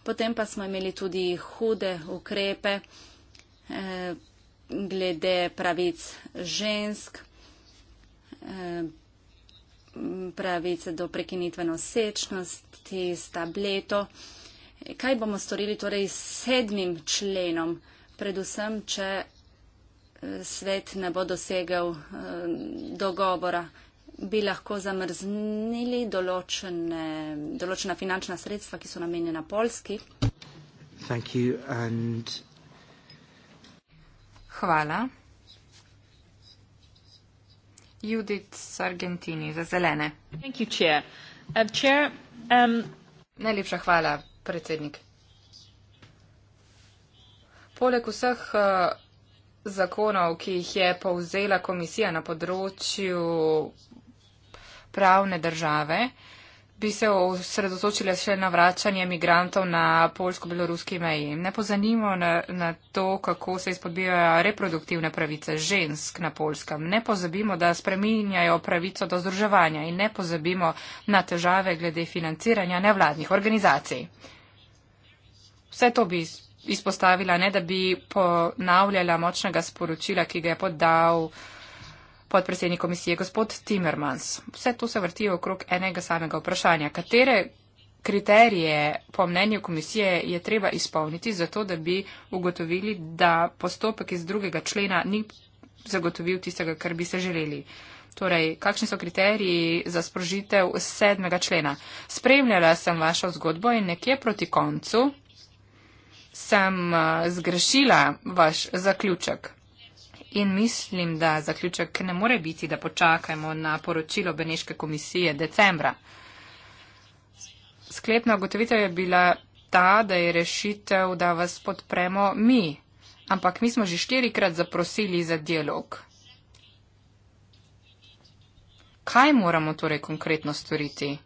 Potem pa smo imeli tudi hude ukrepe eh, glede pravic žensk, eh, pravice do prekinitve nosečnosti s tableto. Kaj bomo storili torej s sedmim členom, predvsem, če eh, svet ne bo dosegel eh, dogovora? bi lahko zamrznili določene, določena finančna sredstva, ki so namenjena Polski. And... Hvala. Judith Sargentini za zelene. You, chair. Uh, chair, um... Najlepša hvala, predsednik. Poleg vseh uh, zakonov, ki jih je povzela komisija na področju pravne države, bi se osredotočile še na vračanje migrantov na polsko-beloruski meji. Ne pozanimo na, na to, kako se izpodbijajo reproduktivne pravice žensk na polskem. Ne pozabimo, da spreminjajo pravico do združevanja in ne pozabimo na težave glede financiranja nevladnih organizacij. Vse to bi izpostavila, ne da bi ponavljala močnega sporočila, ki ga je podal podpredsednik komisije gospod Timmermans. Vse to se vrti okrog enega samega vprašanja. Katere kriterije po mnenju komisije je treba izpolniti za to, da bi ugotovili, da postopek iz drugega člena ni zagotovil tistega, kar bi se želeli? Torej, kakšni so kriteriji za sprožitev sedmega člena? Spremljala sem vašo zgodbo in nekje proti koncu sem eh, zgrešila vaš zaključek in mislim, da zaključek ne more biti, da počakajmo na poročilo Beneške komisije decembra. Sklepna ugotovitev je bila ta, da je rešitev, da vas podpremo mi, ampak mi smo že štirikrat zaprosili za dialog. Kaj moramo torej konkretno storiti?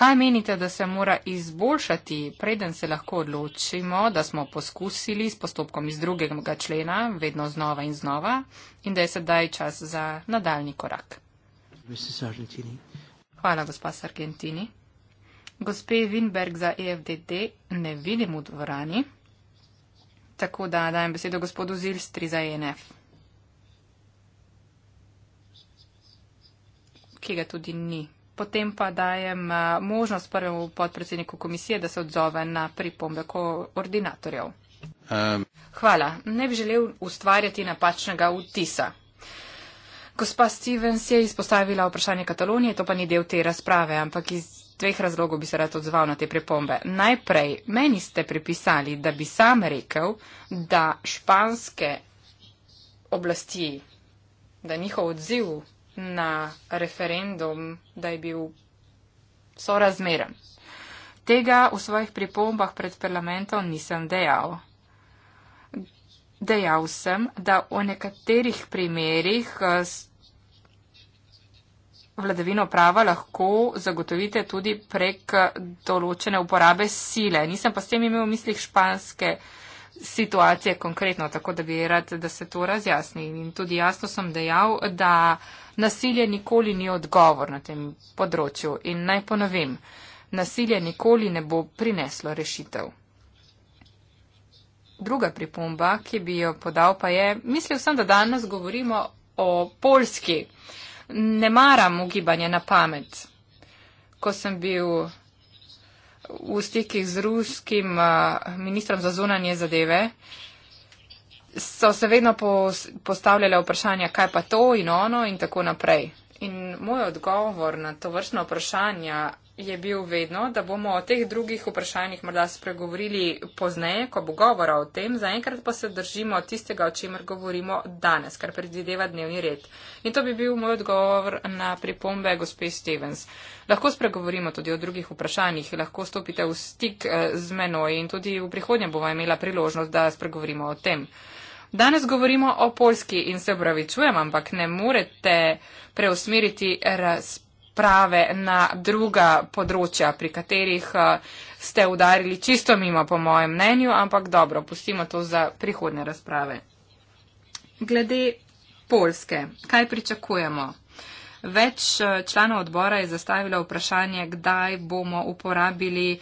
Kaj menite, da se mora izboljšati, preden se lahko odločimo, da smo poskusili s postopkom iz drugega člena, vedno znova in znova, in da je sedaj čas za nadaljni korak? Hvala, gospa Sargentini. Gospe Winberg za EFDD ne vidim v dvorani, tako da dajem besedo gospodu Zilstri za ENF, ki ga tudi ni Potem pa dajem eh, možnost prvemu podpredsedniku komisije, da se odzove na pripombe koordinatorjev. Um. Hvala. Ne bi želel ustvarjati napačnega vtisa. Gospa Stevens je izpostavila vprašanje Katalonije, to pa ni del te razprave, ampak iz dveh razlogov bi se rad odzval na te pripombe. Najprej, meni ste pripisali, da bi sam rekel, da španske oblasti, da njihov odziv na referendum, da je bil sorazmeren. Tega v svojih pripombah pred parlamentom nisem dejal. Dejal sem, da v nekaterih primerjih eh, vladavino prava lahko zagotovite tudi prek določene uporabe sile. Nisem pa s tem imel v mislih španske uh, situacije konkretno, tako da bi rad, da se to razjasni. In tudi jasno sem dejal, da nasilje nikoli ni odgovor na tem področju. In naj ponovim, nasilje nikoli ne bo prineslo rešitev. Druga pripomba, ki bi jo podal, pa je, mislil sem, da danes govorimo o Polski. Ne maram ugibanja na pamet. Ko sem bil v stikih z ruskim ministrom za zunanje zadeve, so se vedno postavljale vprašanja, kaj pa to in ono in tako naprej. In moj odgovor na to vrstno vprašanje je bil vedno, da bomo o teh drugih vprašanjih morda spregovorili pozneje, ko bo govora o tem, zaenkrat pa se držimo tistega, o čemer govorimo danes, kar predvideva dnevni red. In to bi bil moj odgovor na pripombe gospe Stevens. Lahko spregovorimo tudi o drugih vprašanjih, lahko stopite v stik eh, z menoj in tudi v prihodnje bova imela priložnost, da spregovorimo o tem. Danes govorimo o Polski in se upravičujem, ampak ne morete preusmeriti razpravljati razprave na druga področja, pri katerih eh, ste udarili čisto mimo, po mojem mnenju, ampak dobro, pustimo to za prihodne razprave. Glede Polske, kaj pričakujemo? Več eh, članov odbora je zastavilo vprašanje, kdaj bomo uporabili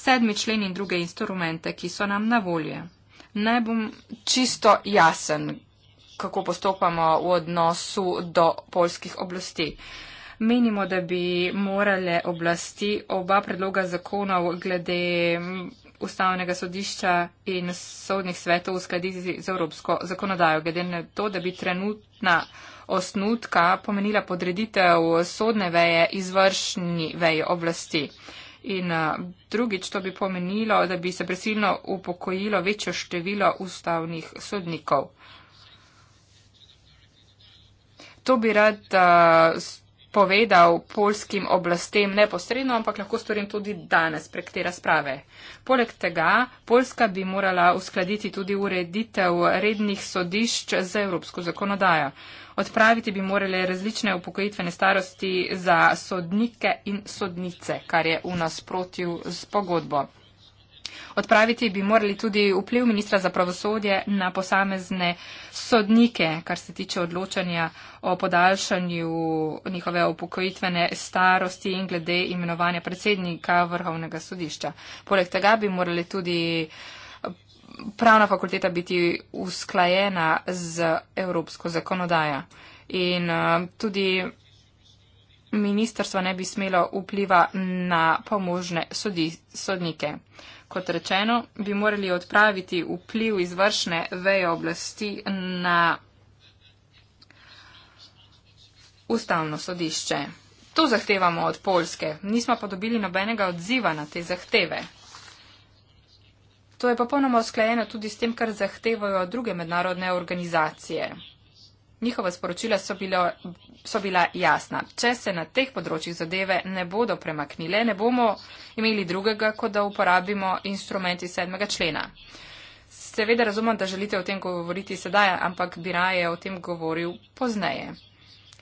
sedmi člen in druge instrumente, ki so nam na volje. Naj bom čisto jasen, kako postopamo v odnosu do polskih oblasti. Uh, Menimo, da bi morale oblasti oba predloga zakonov glede ustavnega sodišča in sodnih svetov uskladiti z evropsko zakonodajo, glede na to, da bi trenutna osnutka pomenila podreditev sodne veje izvršni veji oblasti. In drugič, to bi pomenilo, da bi se presilno upokojilo večjo število ustavnih sodnikov. To bi rad uh, povedal polskim oblastem neposredno, ampak lahko storim tudi danes prek te razprave. Poleg tega, Polska bi morala uskladiti tudi ureditev rednih sodišč za evropsko zakonodajo. Odpraviti bi morali različne upokojitvene starosti za sodnike in sodnice, kar je v nasprotju s pogodbo. Odpraviti bi morali tudi vpliv ministra za pravosodje na posamezne sodnike, kar se tiče odločanja o podaljšanju njihove upokojitvene starosti in glede imenovanja predsednika vrhovnega sodišča. Poleg tega bi morali tudi eh, pravna fakulteta biti usklajena z evropsko zakonodajo. In eh, tudi ministrstvo ne bi smelo vpliva na pomožne sodi, sodnike. Kot rečeno, bi morali odpraviti vpliv izvršne veje oblasti na ustavno sodišče. To zahtevamo od Polske. Nismo pa dobili nobenega odziva na te zahteve. To je popolnoma usklajeno tudi s tem, kar zahtevajo druge mednarodne organizacije. Njihova sporočila so, bilo, so bila jasna. Če se na teh področjih zadeve ne bodo premaknile, ne bomo imeli drugega, kot da uporabimo instrumenti sedmega člena. Seveda razumem, da želite o tem govoriti sedaj, ampak bi raje o tem govoril pozneje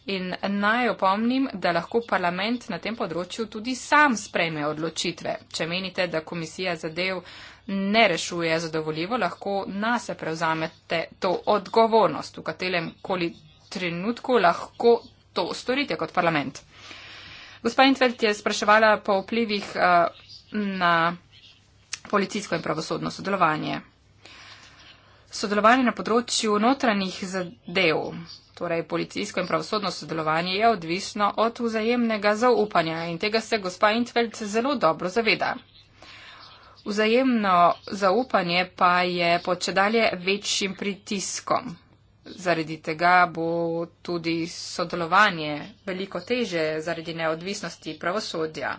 in naj opomnim, da lahko parlament na tem področju tudi sam sprejme odločitve. Če menite, da komisija zadev ne rešuje zadovoljivo, lahko nase prevzamete to odgovornost, v katerem koli trenutku lahko to storite kot parlament. Gospa Intvert je spraševala po vplivih eh, na policijsko in pravosodno sodelovanje. Sodelovanje na področju notranjih zadev. Torej, policijsko in pravosodno sodelovanje je odvisno od vzajemnega zaupanja in tega se gospa Intveld zelo dobro zaveda. Vzajemno zaupanje pa je pod čedalje večjim pritiskom. Zaradi tega bo tudi sodelovanje veliko teže zaradi neodvisnosti pravosodja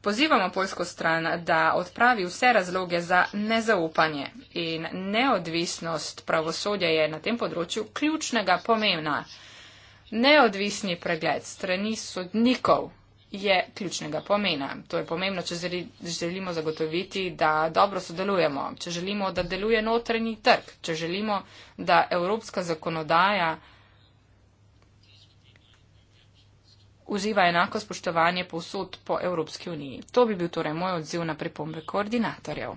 pozivamo polsko stran, da odpravi vse razloge za nezaupanje in neodvisnost pravosodja je na tem področju ključnega pomena. Neodvisni pregled strani sodnikov je ključnega pomena. To je pomembno, če želimo zagotoviti, da dobro sodelujemo, če želimo, da deluje notranji trg, če želimo, da evropska zakonodaja uživa enako spoštovanje povsod po Evropski uniji. To bi bil torej moj odziv na pripombe koordinatorjev.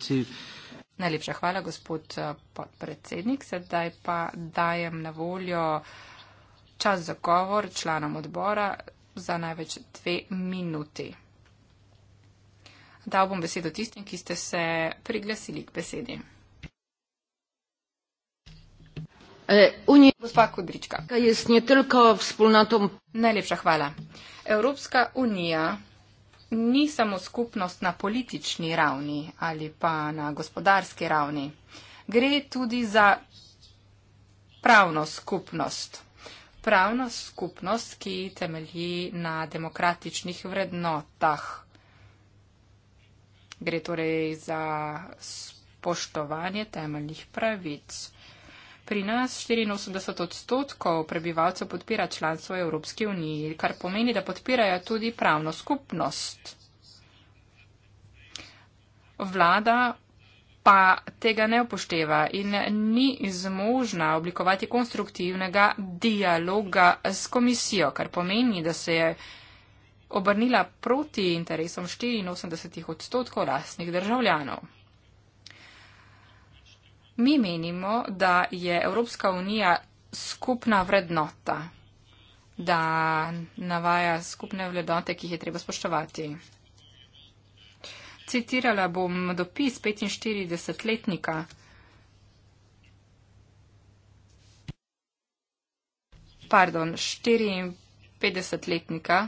Si. Najlepša hvala, gospod eh, podpredsednik. Sedaj pa dajem na voljo čas za govor članom odbora za največ dve minuti. Dal bom besedo tistim, ki ste se priglasili k besedi. E, Unia... Gospa Kudrička. ...jest nie tylko wspólnotą... Najlepsza chwala. Europejska Unia ni samo skupność na polityczni rawni, ali pa na gospodarskiej rawni. Gre tudi za pravno skupnost. Pravno skupnost, ki temelji na demokratičnih vrednotah. Gre torej za spoštovanje temeljnih pravic. Pri nas 84 odstotkov prebivalcev podpira članstvo Evropske unije, kar pomeni, da podpirajo tudi pravno skupnost. Vlada pa tega ne upošteva in ni zmožna oblikovati konstruktivnega dialoga s komisijo, kar pomeni, da se je obrnila proti interesom 84 odstotkov lastnih državljanov. Mi menimo, da je Evropska unija skupna vrednota, da navaja skupne vrednote, ki jih je treba spoštovati. Citirala bom dopis 45-letnika. Pardon, 54-letnika,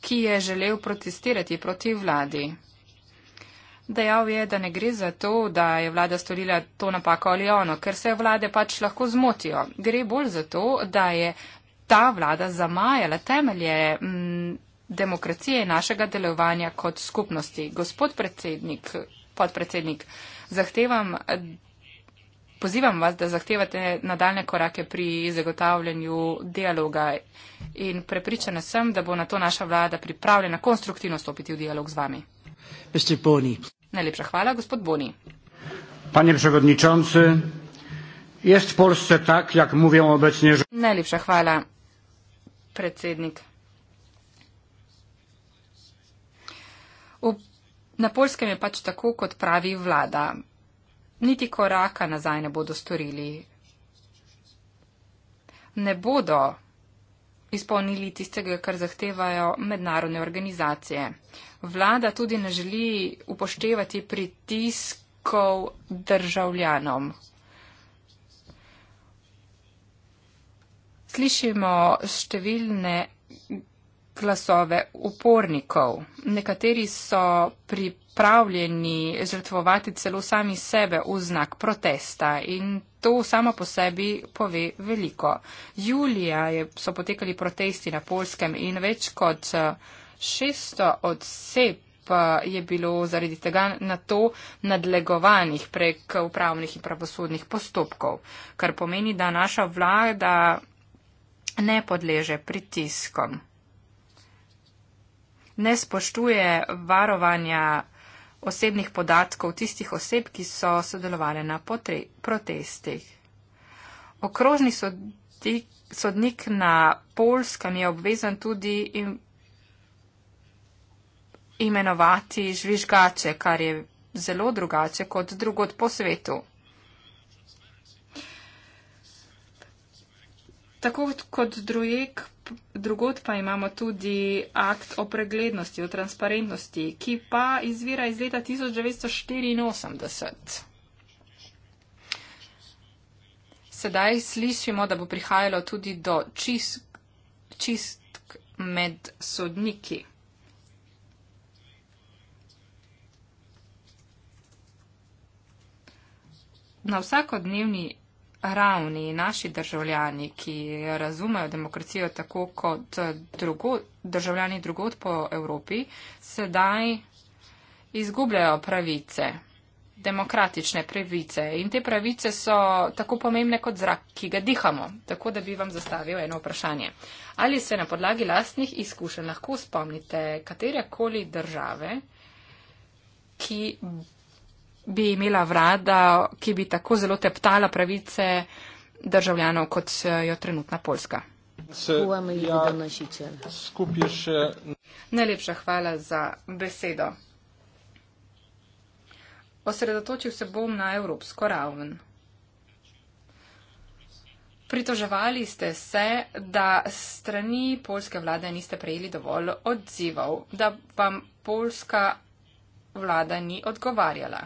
ki je želel protestirati proti vladi. Dejal je, da ne gre za to, da je vlada storila to napako ali ono, ker se vlade pač lahko zmotijo. Gre bolj za to, da je ta vlada zamajala temelje m, mm, demokracije in našega delovanja kot skupnosti. Gospod predsednik, podpredsednik, zahtevam, pozivam vas, da zahtevate nadaljne korake pri zagotavljanju dialoga in prepričana sem, da bo na to naša vlada pripravljena konstruktivno stopiti v dialog z vami. Mr. Boni. Najlepša hvala, gospod Boni. Panie przewodniczący, jest w Polsce tak, jak mówią obecnie. Najlepsza chwała, predsednik. U, na Polskim jest pač tak, kot prawi vlada. Niti koraka nazaj ne bodo storili. Ne bodo izpolnili tistega, kar zahtevajo mednarodne organizacije vlada tudi ne želi upoštevati pritiskov državljanom. Slišimo številne glasove upornikov. Nekateri so pripravljeni žrtvovati celo sami sebe v znak protesta in to samo po sebi pove veliko. Julija je, so potekali protesti na Polskem in več kot eh, 600 oseb eh, je bilo zaradi tega na to nadlegovanih prek upravnih in pravosodnih postopkov, kar pomeni, da naša vlada ne podleže pritiskom, ne spoštuje varovanja osebnih podatkov tistih oseb, ki so sodelovali na protestih. Okrožni sodnik na Polskem je obvezan tudi in imenovati žvižgače, kar je zelo drugače kot drugod po svetu. Tako kot drujek, drugod pa imamo tudi akt o preglednosti, o transparentnosti, ki pa izvira iz leta 1984. Sedaj slišimo, da bo prihajalo tudi do čist, čistk med sodniki. na vsakodnevni ravni naši državljani, ki razumejo demokracijo tako kot drugo, državljani drugot po Evropi, sedaj izgubljajo pravice, demokratične pravice. In te pravice so tako pomembne kot zrak, ki ga dihamo. Tako da bi vam zastavil eno vprašanje. Ali se na podlagi lastnih izkušenj lahko spomnite katerekoli države, ki bi imela vlada, ki bi tako zelo teptala pravice državljanov, kot eh, jo trenutna Poljska. Ja Najlepša hvala za besedo. Osredotočil se bom na evropsko raven. Pritoževali ste se, da strani polske vlade niste prejeli dovolj odzivov, da vam polska vlada ni odgovarjala.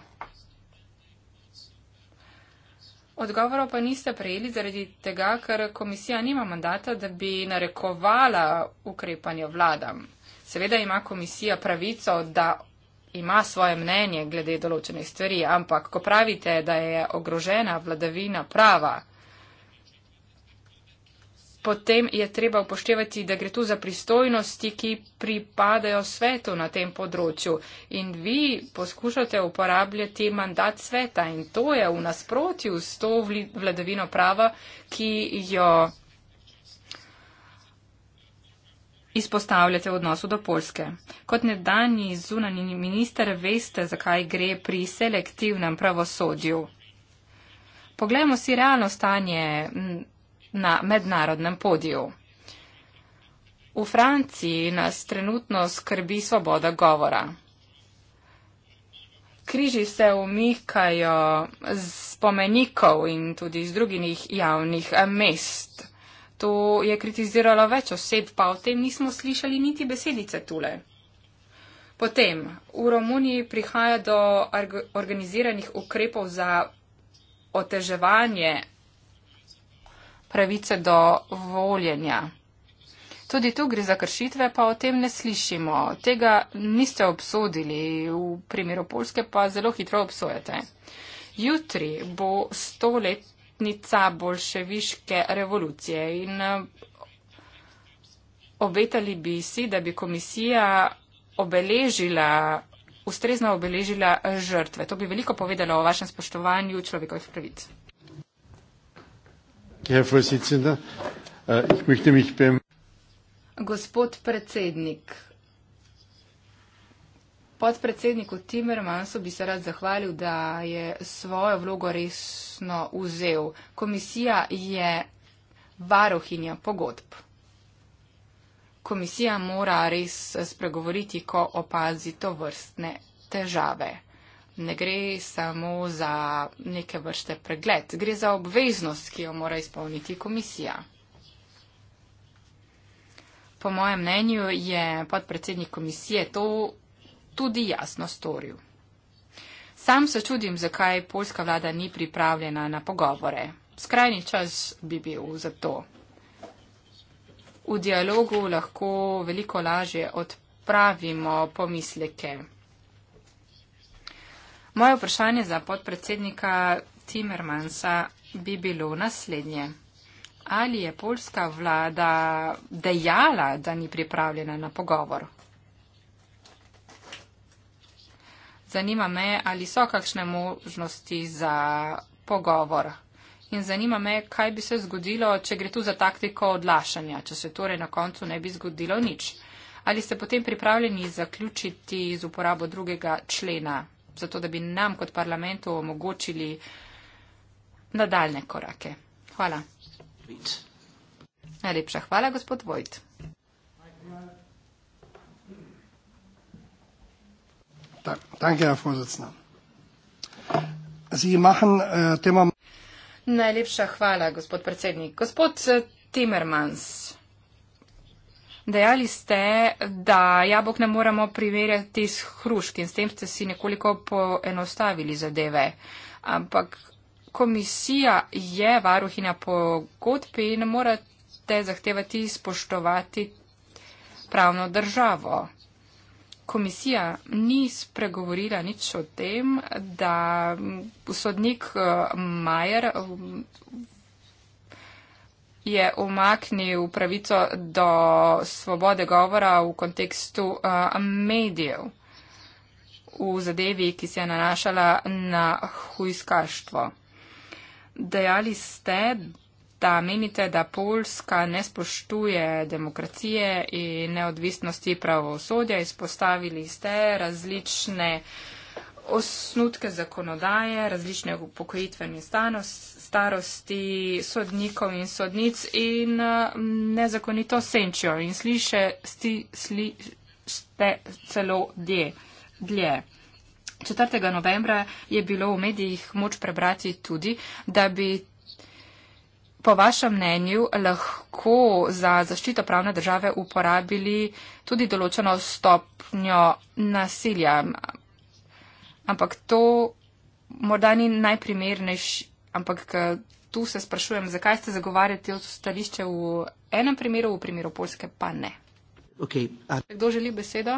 Odgovorov pa niste prejeli zaradi tega, ker komisija nima mandata, da bi narekovala ukrepanje vladam. Seveda ima komisija pravico, da ima svoje mnenje glede določenih stvari, ampak ko pravite, da je ogrožena vladavina prava, potem je treba upoštevati, da gre tu za pristojnosti, ki pripadajo svetu na tem področju. In vi poskušate uporabljati mandat sveta in to je v nasprotju s to vladavino prava, ki jo izpostavljate v odnosu do Polske. Kot nedani zunani minister veste, zakaj gre pri selektivnem pravosodju. Poglejmo si realno stanje na mednarodnem podiju. V Franciji nas trenutno skrbi svoboda govora. Križi se umikajo z spomenikov in tudi z drugih javnih eh, mest. To je kritiziralo več oseb, pa o tem nismo slišali niti besedice tule. Potem, v Romuniji prihaja do organiziranih ukrepov za oteževanje pravice do voljenja. Tudi tu gre za kršitve, pa o tem ne slišimo. Tega niste obsodili, v primeru Polske pa zelo hitro obsojate. Jutri bo stoletnica bolševiške revolucije in eh, obetali bi si, da bi komisija obeležila, ustrezno obeležila žrtve. To bi veliko povedalo o vašem spoštovanju človekovih pravic. Herr Vorsitzender, äh, ich möchte mich beim Gospod predsednik, podpredsedniku Timmermansu bi se rad zahvalil, da je svojo vlogo resno vzel. Komisija je varohinja pogodb. Komisija mora res spregovoriti, ko opazi to vrstne težave ne gre samo za neke vrste pregled, gre za obveznost, ki jo mora izpolniti komisija. Po mojem mnenju je podpredsednik komisije to tudi jasno storil. Sam se čudim, zakaj polska vlada ni pripravljena na pogovore. Skrajni čas bi bil za to. V dialogu lahko veliko lažje odpravimo pomisleke. Moje vprašanje za podpredsednika Timmermansa bi bilo naslednje. Ali je polska vlada dejala, da ni pripravljena na pogovor? Zanima me, ali so kakšne možnosti za pogovor. In zanima me, kaj bi se zgodilo, če gre tu za taktiko odlašanja, če se torej na koncu ne bi zgodilo nič. Ali ste potem pripravljeni zaključiti z uporabo drugega člena zato da bi nam kot parlamentu omogočili nadaljne korake. Hvala. Najlepša hvala, gospod Vojt. Äh, Najlepša hvala, gospod predsednik. Gospod äh, Timmermans, Dejali ste, da jabolk ne moremo primerjati s hruški in s tem ste si nekoliko poenostavili zadeve. Ampak komisija je varuhina pogodb in morate zahtevati spoštovati pravno državo. Komisija ni spregovorila nič o tem, da sodnik eh, Majer je omaknil pravico do svobode govora v kontekstu uh, medijev v zadevi, ki se je nanašala na hujskaštvo. Dejali ste, da menite, da Poljska ne spoštuje demokracije in neodvisnosti pravosodja, izpostavili ste različne osnutke zakonodaje, različne upokojitvene stanosti starosti sodnikov in sodnic in eh, nezakonito senčijo in sliše, sti, sli, ste celo dje, dlje. 4. novembra je bilo v medijih moč prebrati tudi, da bi po vašem mnenju lahko za zaščito pravne države uporabili tudi določeno stopnjo nasilja. Ampak to morda ni najprimernejši ampak eh, tu se sprašujem, zakaj ste zagovarjali to stališče v enem primeru, v primeru Polske pa ne. Okay, a... Kdo želi besedo?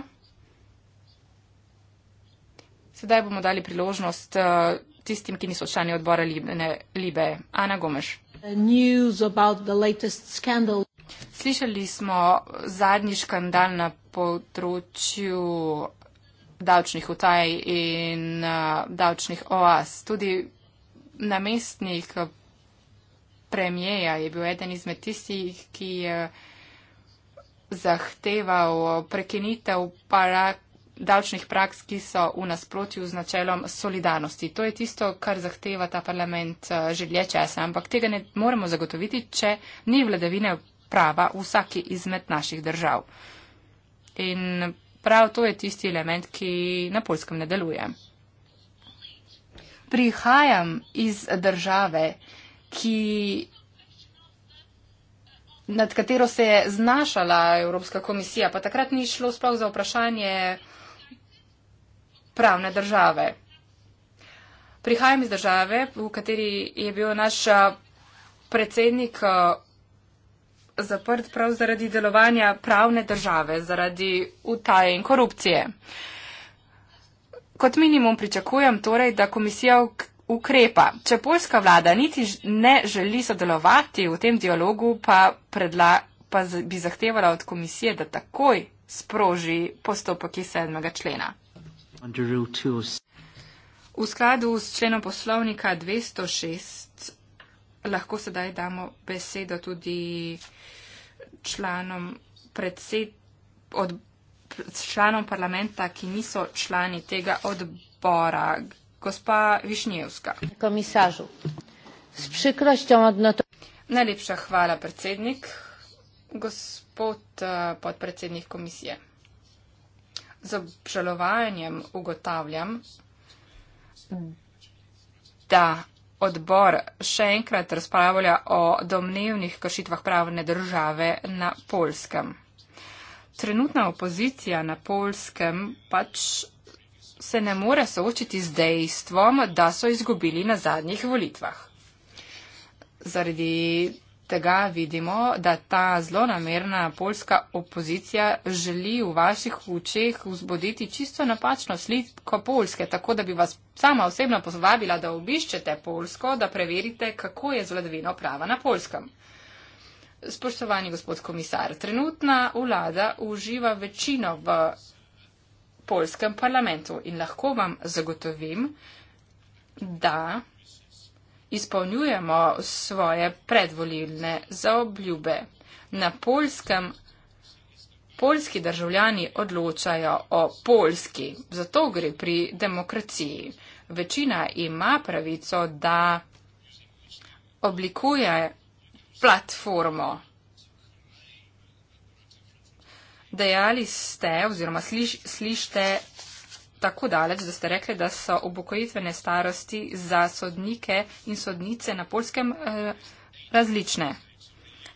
Sedaj bomo dali priložnost uh, tistim, ki niso člani odbora Libene, Libe. Ana Gomeš. Slišali smo zadnji škandal na področju davčnih utaj in uh, davčnih oas. Tudi namestnik premijeja je bil eden izmed tistih, ki je zahteval prekinitev parak, davčnih praks, ki so v nasprotju z načelom solidarnosti. To je tisto, kar zahteva ta parlament eh, že dlje časa, ampak tega ne moremo zagotoviti, če ni vladavine prava v vsaki izmed naših držav. In prav to je tisti element, ki na polskem ne deluje prihajam iz države, ki, nad katero se je znašala Evropska komisija, pa takrat ni šlo sploh za vprašanje pravne države. Prihajam iz države, v kateri je bil naš predsednik zaprt prav zaradi delovanja pravne države, zaradi utaje in korupcije. Kot minimum pričakujem torej, da komisija ukrepa. Če polska vlada niti ne želi sodelovati v tem dialogu, pa, predla, pa bi zahtevala od komisije, da takoj sproži postopek iz sedmega člena. V skladu s členom poslovnika 206 lahko sedaj damo besedo tudi članom predsed, od, članom parlamenta, ki niso člani tega odbora. Gospa Višnjevska. Komisažu, s prikrošťo odnotu. Najlepša hvala, predsednik. Gospod eh, podpredsednik komisije. Z obžalovanjem ugotavljam, da odbor še enkrat razpravlja o domnevnih kršitvah pravne države na polskem trenutna opozicija na polskem pač se ne more soočiti z dejstvom, da so izgubili na zadnjih volitvah. Zaradi tega vidimo, da ta zelo namerna polska opozicija želi v vaših učeh vzbuditi čisto napačno sliko polske, tako da bi vas sama osebno pozvabila, da obiščete polsko, da preverite, kako je z vladavino prava na polskem. Spoštovani gospod komisar, trenutna vlada uživa večino v polskem parlamentu in lahko vam zagotovim, da izpolnjujemo svoje predvolilne zaobljube. Na polskem polski državljani odločajo o polski, zato gre pri demokraciji. Večina ima pravico, da oblikuje platformo. Dejali ste oziroma sliš, slište tako daleč, da ste rekli, da so upokojitvene starosti za sodnike in sodnice na polskem eh, različne.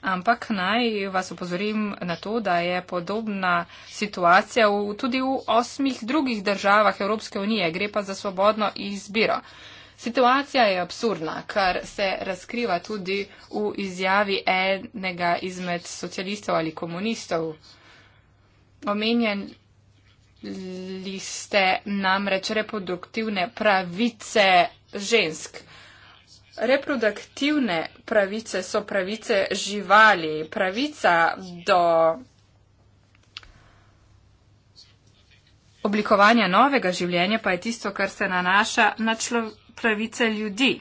Ampak naj vas upozorim na to, da je podobna situacija v, tudi v osmih drugih državah Evropske unije. Gre pa za svobodno izbiro. Eh, Situacija je absurdna, kar se razkriva tudi v izjavi enega izmed socialistov ali komunistov. Omenjeni ste namreč reproduktivne pravice žensk. Reproduktivne pravice so pravice živali, pravica do oblikovanja novega življenja pa je tisto, kar se nanaša na človeka pravice ljudi.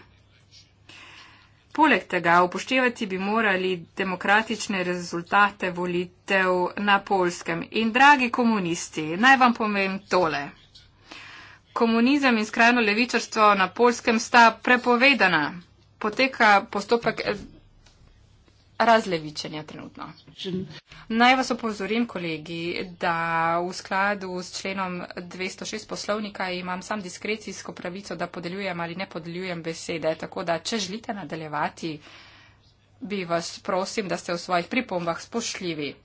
Poleg tega upoštevati bi morali demokratične rezultate volitev na polskem. In dragi komunisti, naj vam povem tole. Komunizem in skrajno levičarstvo na polskem sta prepovedana. Poteka postopek razlevičenja trenutno. Naj vas opozorim, kolegi, da v skladu s členom 206 poslovnika imam sam diskrecijsko pravico, da podeljujem ali ne podeljujem besede. Tako da, če želite nadaljevati, bi vas prosim, da ste v svojih pripombah spošljivi.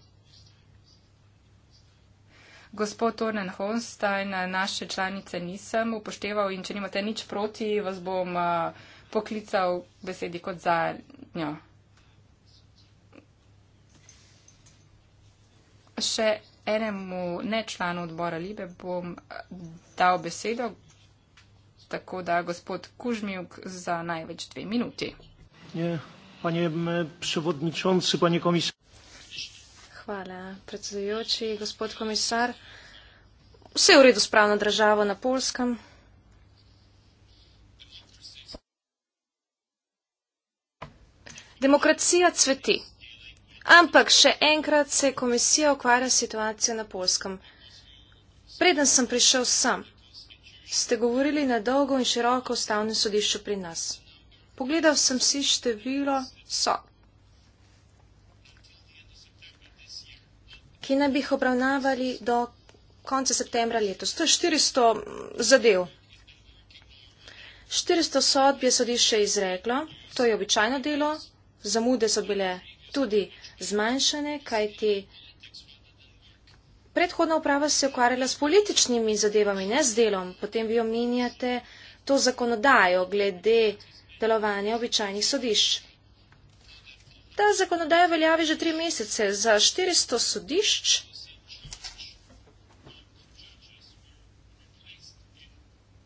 Gospod Tornen Honstein, naše članice nisem upošteval in če nimate nič proti, vas bom eh, poklical besedi kot zadnjo. še enemu ne članu odbora Libe bom eh, dal besedo, tako da gospod Kužmjuk za največ dve minuti. Ja, Hvala, predsedujoči, gospod komisar. Vse v redu s pravno državo na Polskem. Demokracija cveti. Ampak še enkrat se je komisija ukvarjala situacijo na polskem. Preden sem prišel sam, ste govorili na dolgo in široko ustavnem sodišču pri nas. Pogledal sem si število so, ki naj bi jih obravnavali do konca septembra letos. To je 400 zadev. 400 sodb je sodišče izreklo, to je običajno delo, zamude so bile tudi zmanjšane, kajti predhodna uprava se je ukvarjala s političnimi zadevami, ne z delom, potem vi omenjate to zakonodajo glede delovanja običajnih sodišč. Ta zakonodaja veljavi že tri mesece za 400 sodišč.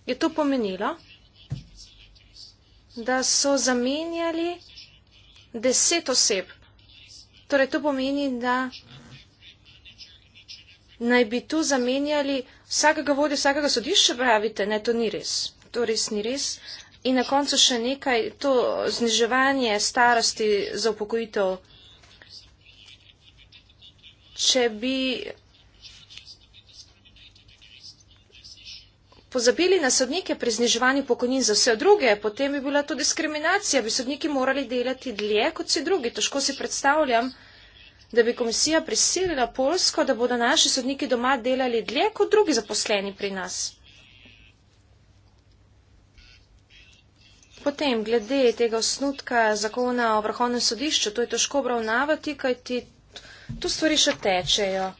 Je to pomenilo, da so zamenjali deset oseb, Torej, to pomeni, da naj bi tu zamenjali vsakega vodja, vsakega sodišča, pravite, ne, to ni res. To res ni res. In na koncu še nekaj, to zniževanje starosti za upokojitev. Če bi pozabili na sodnike pri zniževanju pokojnin za vse druge, potem bi bila to diskriminacija, bi sodniki morali delati dlje kot vsi drugi. Težko si predstavljam, da bi komisija prisilila Polsko, da bodo naši sodniki doma delali dlje kot drugi zaposleni pri nas. Potem, glede tega osnutka zakona o vrhovnem sodišču, to je težko obravnavati, kaj ti tu stvari še tečejo.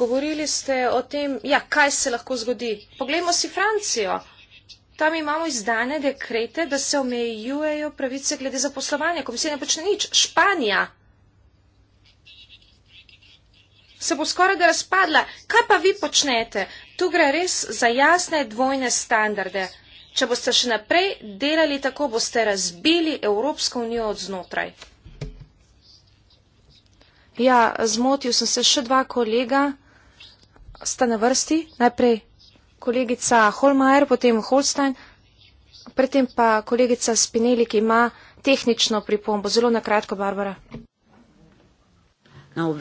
Govorili ste o tem, ja, kaj se lahko zgodi. Poglejmo si Francijo. Tam imamo izdane dekrete, da se omejujejo pravice glede zaposlovanja. Komisija ne počne nič. Španija se bo skoraj razpadla. Kaj pa vi počnete? Tu gre res za jasne dvojne standarde. Če boste še naprej delali tako, boste razbili Evropsko unijo od znotraj. Ja, zmotil sem se še dva kolega, sta na vrsti. Najprej kolegica Holmajer, potem Holstein, predtem pa kolegica Spinelli, ki ima tehnično pripombo. Zelo na kratko, Barbara. No,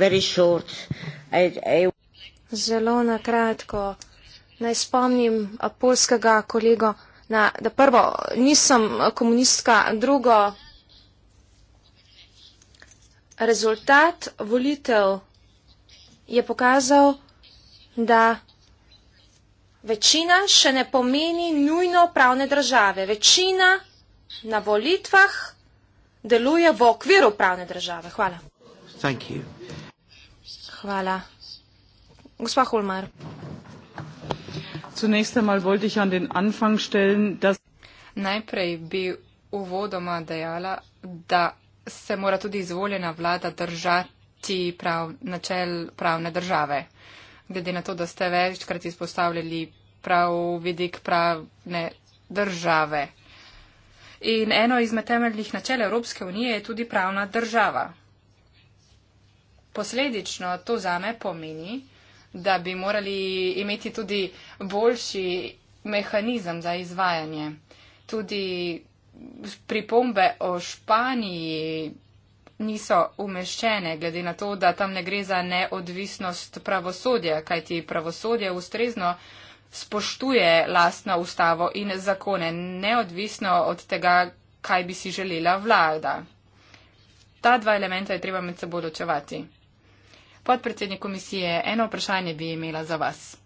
Zelo na kratko naj spomnim apolskega kolego, na, da prvo nisem komunistka, drugo rezultat volitev je pokazal, da večina še ne pomeni nujno pravne države. Večina na volitvah deluje v okviru pravne države. Hvala. Thank you. Hvala. Gospa Holmar. Najprej bi uvodoma dejala, da se mora tudi izvoljena vlada držati prav, načel pravne države. Glede na to, da ste večkrat izpostavljali prav vidik pravne države. In eno izmed temeljnih načel Evropske unije je tudi pravna država. Posledično to zame pomeni, da bi morali imeti tudi boljši mehanizem za izvajanje. Tudi pripombe o Španiji niso umeščene, glede na to, da tam ne gre za neodvisnost pravosodja, kajti pravosodje ustrezno spoštuje lastno ustavo in zakone, neodvisno od tega, kaj bi si želela vlada. Ta dva elementa je treba med seboj ločevati. Podpredsednik komisije, eno vprašanje bi imela za vas.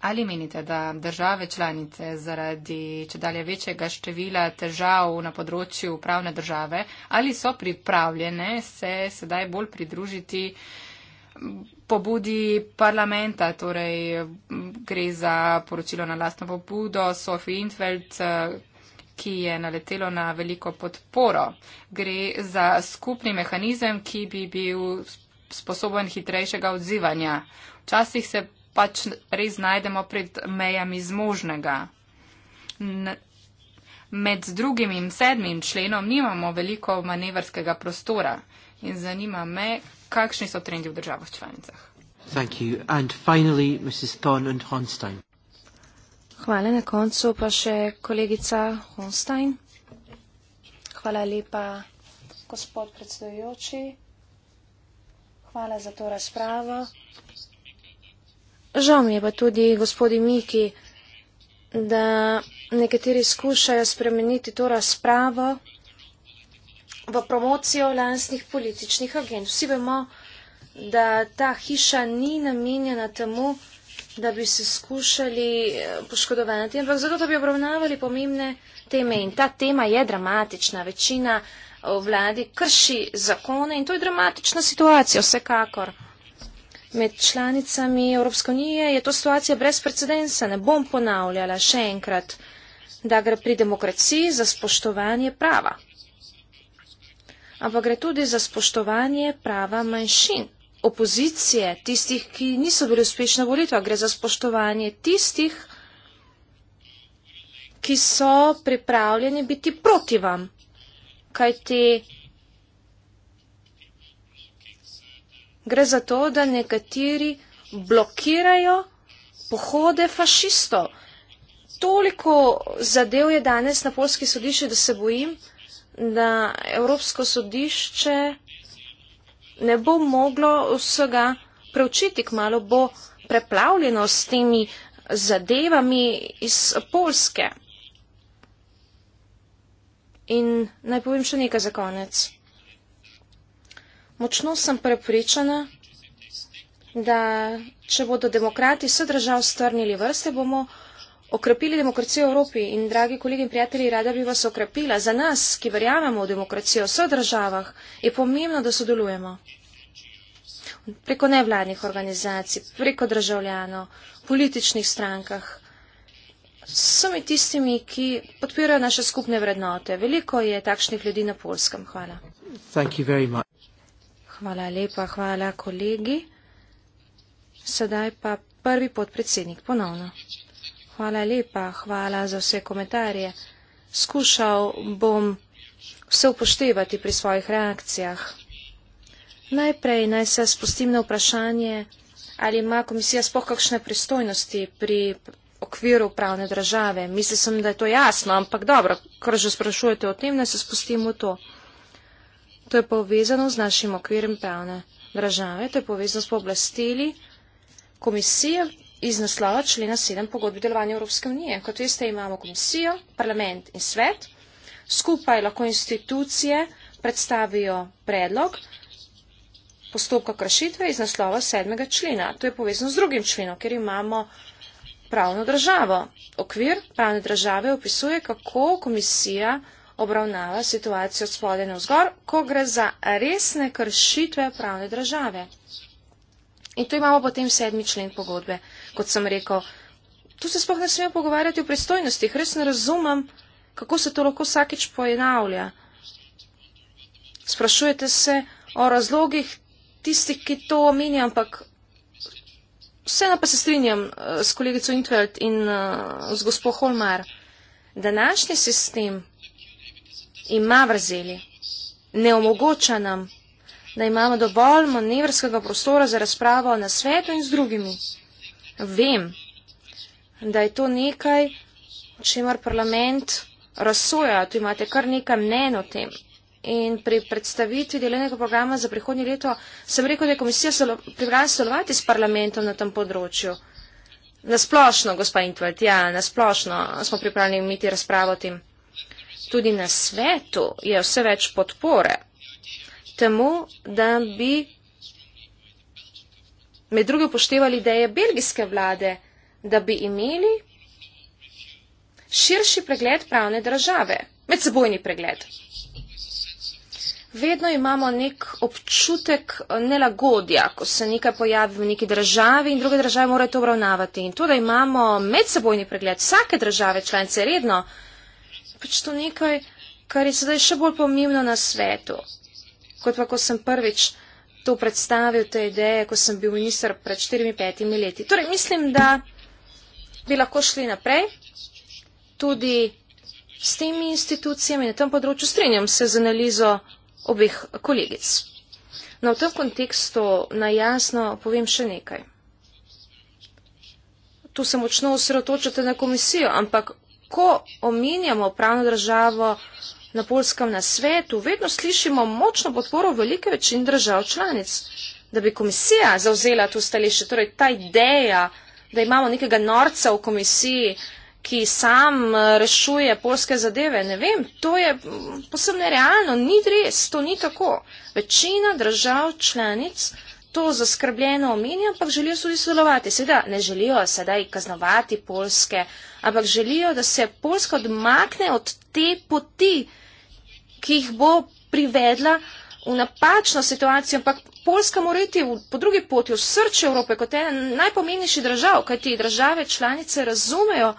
Ali menite, da države članice zaradi čedalje večjega števila težav na področju pravne države, ali so pripravljene se sedaj bolj pridružiti pobudi parlamenta, torej gre za poročilo na lastno pobudo Sofie Intveld, ki je naletelo na veliko podporo. Gre za skupni mehanizem, ki bi bil sposoben hitrejšega odzivanja. Včasih se pač res znajdemo pred mejami zmožnega. Med drugim in sedmim členom nimamo veliko manevrskega prostora in zanima me, kakšni so trendi v državah članicah. Finally, Hvala na koncu pa še kolegica Honstein. Hvala lepa, gospod predsedujoči hvala za to razpravo. Žal mi je pa tudi, gospodi Miki, da nekateri skušajo spremeniti to razpravo v promocijo lastnih političnih agent. Vsi vemo, da ta hiša ni namenjena temu, da bi se skušali eh, poškodovati, ampak zato, da bi obravnavali pomembne teme. In ta tema je dramatična. Večina v vladi krši zakone in to je dramatična situacija, vsekakor. Med članicami Evropske unije je to situacija brez precedensa, ne bom ponavljala še enkrat, da gre pri demokraciji za spoštovanje prava. Ampak gre tudi za spoštovanje prava manjšin, opozicije, tistih, ki niso bili uspešni na volitvah, gre za spoštovanje tistih, ki so pripravljeni biti proti vam kajti gre za to, da nekateri blokirajo pohode fašistov. Toliko zadev je danes na polski sodišče, da se bojim, da Evropsko sodišče ne bo moglo vsega preučiti, kmalo bo preplavljeno s temi zadevami iz Polske. In naj povem še nekaj za konec. Močno sem prepričana, da če bodo demokrati vse držav strnili vrste, bomo okrepili demokracijo v Evropi. In, dragi kolegi in prijatelji, rada bi vas okrepila. Za nas, ki verjamemo v demokracijo v vseh državah, je pomembno, da sodelujemo. Preko nevladnih organizacij, preko državljanov, političnih strankah z vsemi tistimi, ki podpirajo naše skupne vrednote. Veliko je takšnih ljudi na polskem. Hvala. Hvala lepa, hvala kolegi. Sedaj pa prvi podpredsednik ponovno. Hvala lepa, hvala za vse komentarje. Skušal bom vse upoštevati pri svojih reakcijah. Najprej naj se spustim na vprašanje, ali ima komisija spoh kakšne pristojnosti pri okviru pravne države. Mislil sem, da je to jasno, ampak dobro, kar že sprašujete o tem, da se spustimo v to. To je povezano z našim okvirem pravne države, to je povezano s pooblastili komisije iz naslova člena 7 pogodbe delovanja Evropske unije. Kot veste, imamo komisijo, parlament in svet, skupaj lahko institucije predstavijo predlog postopka kršitve iz naslova 7. člena. To je povezano z drugim členom, ker imamo pravno državo. Okvir pravne države opisuje, kako komisija obravnava situacijo od spodaj navzgor, ko gre za resne kršitve pravne države. In tu imamo potem sedmi člen pogodbe. Kot sem rekel, tu se sploh ne smemo pogovarjati o pristojnostih, res ne razumem, kako se to lahko vsakič pojenavlja. Sprašujete se o razlogih tistih, ki to omenja, ampak Vseeno pa se strinjam eh, s kolegico Intveld in s eh, gospod Holmar. Današnji sistem ima vrzeli, ne omogoča nam, da imamo dovolj manevrskega prostora za razpravo na svetu in z drugimi. Vem, da je to nekaj, čemer parlament razsoja, tu imate kar nekaj mnen o tem in pri predstavitvi delenega programa za prihodnje leto sem rekel, da je komisija pripravljena sodelovati s parlamentom na tem področju. Nasplošno, gospa Intvalt, ja, nasplošno smo pripravljeni imeti razpravo o tem. Tudi na svetu je vse več podpore temu, da bi med druge upoštevali ideje belgijske vlade, da bi imeli širši pregled pravne države, medsebojni pregled vedno imamo nek občutek eh, nelagodja, ko se nekaj pojavi v neki državi in druge države morajo to obravnavati. In to, da imamo medsebojni pregled vsake države članice redno, pač to nekaj, kar je sedaj še bolj pomembno na svetu. Kot pa, ko sem prvič to predstavil, te ideje, ko sem bil minister pred 4-5 leti. Torej, mislim, da bi lahko šli naprej tudi s temi institucijami na tem področju. Strenjam se z analizo obeh kolegic. No, v tem kontekstu najjasno povem še nekaj. Tu se močno osredotočate na komisijo, ampak ko omenjamo pravno državo na polskem na svetu, vedno slišimo močno podporo velike večine držav članic, da bi komisija zauzela to stališče, torej ta ideja, da imamo nekega norca v komisiji, ki sam eh, rešuje polske zadeve. Ne vem, to je mm, posebno nerealno, ni res, to ni tako. Večina držav članic to zaskrbljeno omenja, ampak želijo tudi sodelovati. Seveda ne želijo sedaj kaznovati polske, ampak želijo, da se Polska odmakne od te poti, ki jih bo privedla v napačno situacijo, ampak Polska mora iti po drugi poti, v srč Evrope, kot ena najpomembnejših držav, kajti države članice razumejo,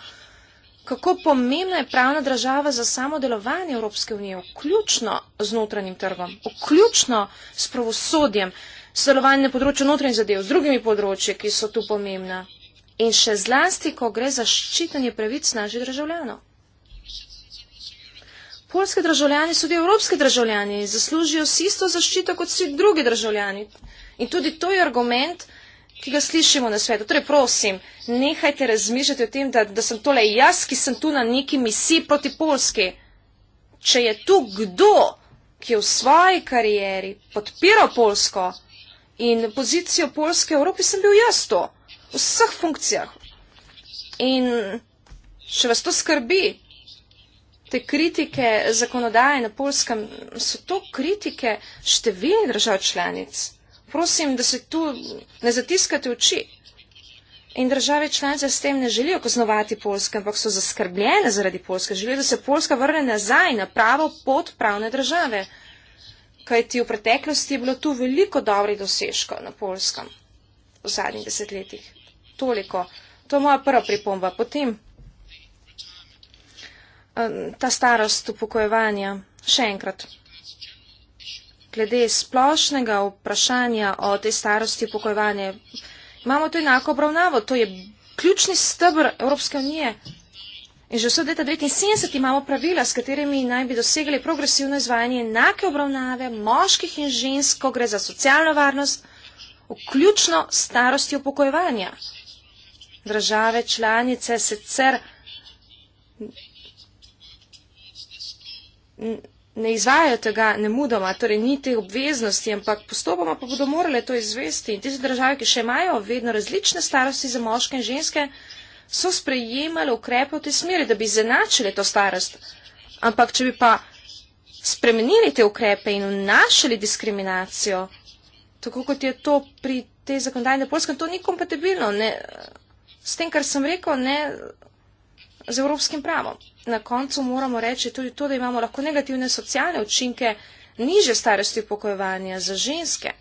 kako pomembna je pravna država za samo delovanje Evropske unije, vključno z notranjim trgom, vključno s pravosodjem, sodelovanje na področju notranjih zadev, z drugimi področji, ki so tu pomembna. In še zlasti, ko gre za ščitanje pravic naših državljanov. Polske državljani so tudi evropske državljani in zaslužijo isto zaščito kot vsi drugi državljani. In tudi to je argument, ki ga slišimo na svetu. Torej, prosim, nehajte razmišljati o tem, da, da sem tole jaz, ki sem tu na neki misiji proti Polski. Če je tu kdo, ki je v svoji karieri podpiral Polsko in pozicijo Polske v Evropi, sem bil jaz to, v vseh funkcijah. In še vas to skrbi. Te kritike zakonodaje na polskem so to kritike številnih držav članic prosim, da se tu ne zatiskate oči. In države članice s tem ne želijo kaznovati Polske, ampak so zaskrbljene zaradi Polske. Želijo, da se Polska vrne nazaj na pravo pot pravne države. Kaj ti v preteklosti je bilo tu veliko dobrih dosežkov na Polskem v zadnjih desetletjih. Toliko. To je moja prva pripomba. Potem eh, ta starost upokojevanja. Še enkrat glede splošnega vprašanja o tej starosti upokojevanja. Imamo to enako obravnavo, to je ključni stebr Evropske unije. In že vse od leta 1979 imamo pravila, s katerimi naj bi dosegali progresivno izvajanje enake obravnave moških in žensk, ko gre za socialno varnost, vključno starosti upokojevanja. Države, članice, sicer ne izvajajo tega ne mudoma, torej ni te obveznosti, ampak postopoma pa bodo morale to izvesti. In tiste države, ki še imajo vedno različne starosti za moške in ženske, so sprejemale ukrepe v tej smeri, da bi zenačile to starost. Ampak če bi pa spremenili te ukrepe in vnašali diskriminacijo, tako kot je to pri tej zakonodajni polskem, to ni kompatibilno. Ne, s tem, kar sem rekel, ne z evropskim pravom. Na koncu moramo reči tudi to, da imamo lahko negativne socialne učinke niže starosti upokojevanja za ženske.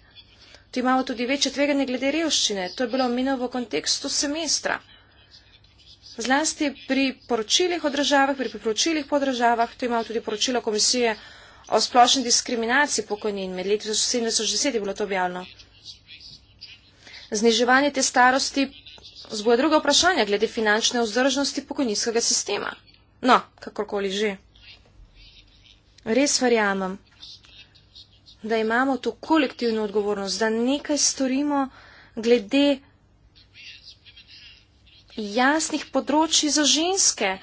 Tu imamo tudi večje tveganje glede revščine. To je bilo omenjeno v kontekstu semestra. Zlasti pri poročilih o državah, pri priporočilih po državah, tu imamo tudi poročilo komisije o splošni diskriminaciji pokojnin. Med leti 2007 in 2010 je bilo to objavljeno. Zniževanje te starosti zbuja druga vprašanja glede finančne vzdržnosti pokojninskega sistema. No, kakorkoli že. Res verjamem, da imamo to kolektivno odgovornost, da nekaj storimo glede jasnih področji za ženske.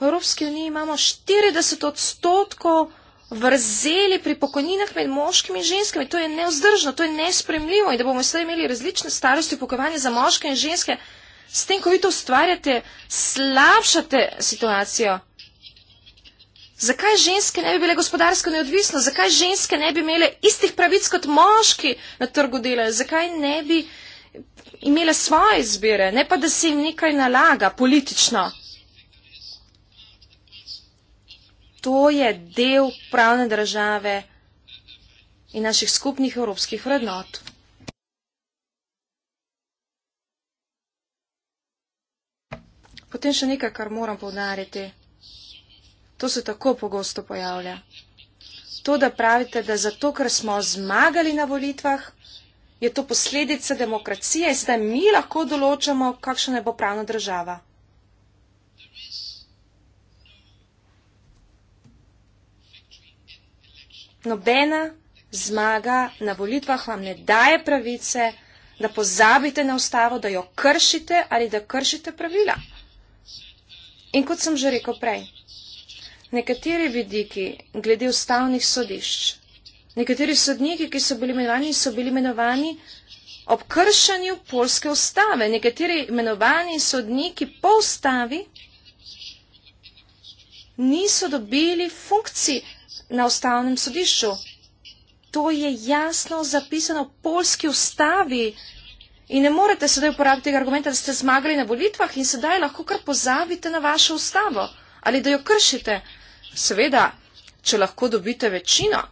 V Evropski uniji imamo 40 odstotkov vrzeli pri pokojninah med moškimi in ženskami. To je neozdržno, to je nespremljivo in da bomo sedaj imeli različne starosti pokojovanja za moške in ženske. S tem, ko vi to ustvarjate, slabšate situacijo. Zakaj ženske ne bi bile gospodarsko neodvisne? Zakaj ženske ne bi imele istih pravic kot moški na trgu dela? Zakaj ne bi imele svoje izbire, ne pa da se jim nekaj nalaga politično? To je del pravne države in naših skupnih evropskih vrednot. Potem še nekaj, kar moram povdariti. To se tako pogosto pojavlja. To, da pravite, da zato, ker smo zmagali na volitvah, je to posledica demokracije in zdaj mi lahko določamo, kakšna ne bo pravna država. nobena zmaga na volitvah vam ne daje pravice, da pozabite na ustavo, da jo kršite ali da kršite pravila. In kot sem že rekel prej, nekateri vidiki glede ustavnih sodišč, nekateri sodniki, ki so bili imenovani, so bili imenovani ob kršanju polske ustave, nekateri imenovani sodniki po ustavi niso dobili funkcije na ustavnem sodišču. To je jasno zapisano v polski ustavi in ne morete sedaj uporabiti tega argumenta, da ste zmagali na volitvah in sedaj lahko kar pozavite na vašo ustavo ali da jo kršite. Seveda, če lahko dobite večino,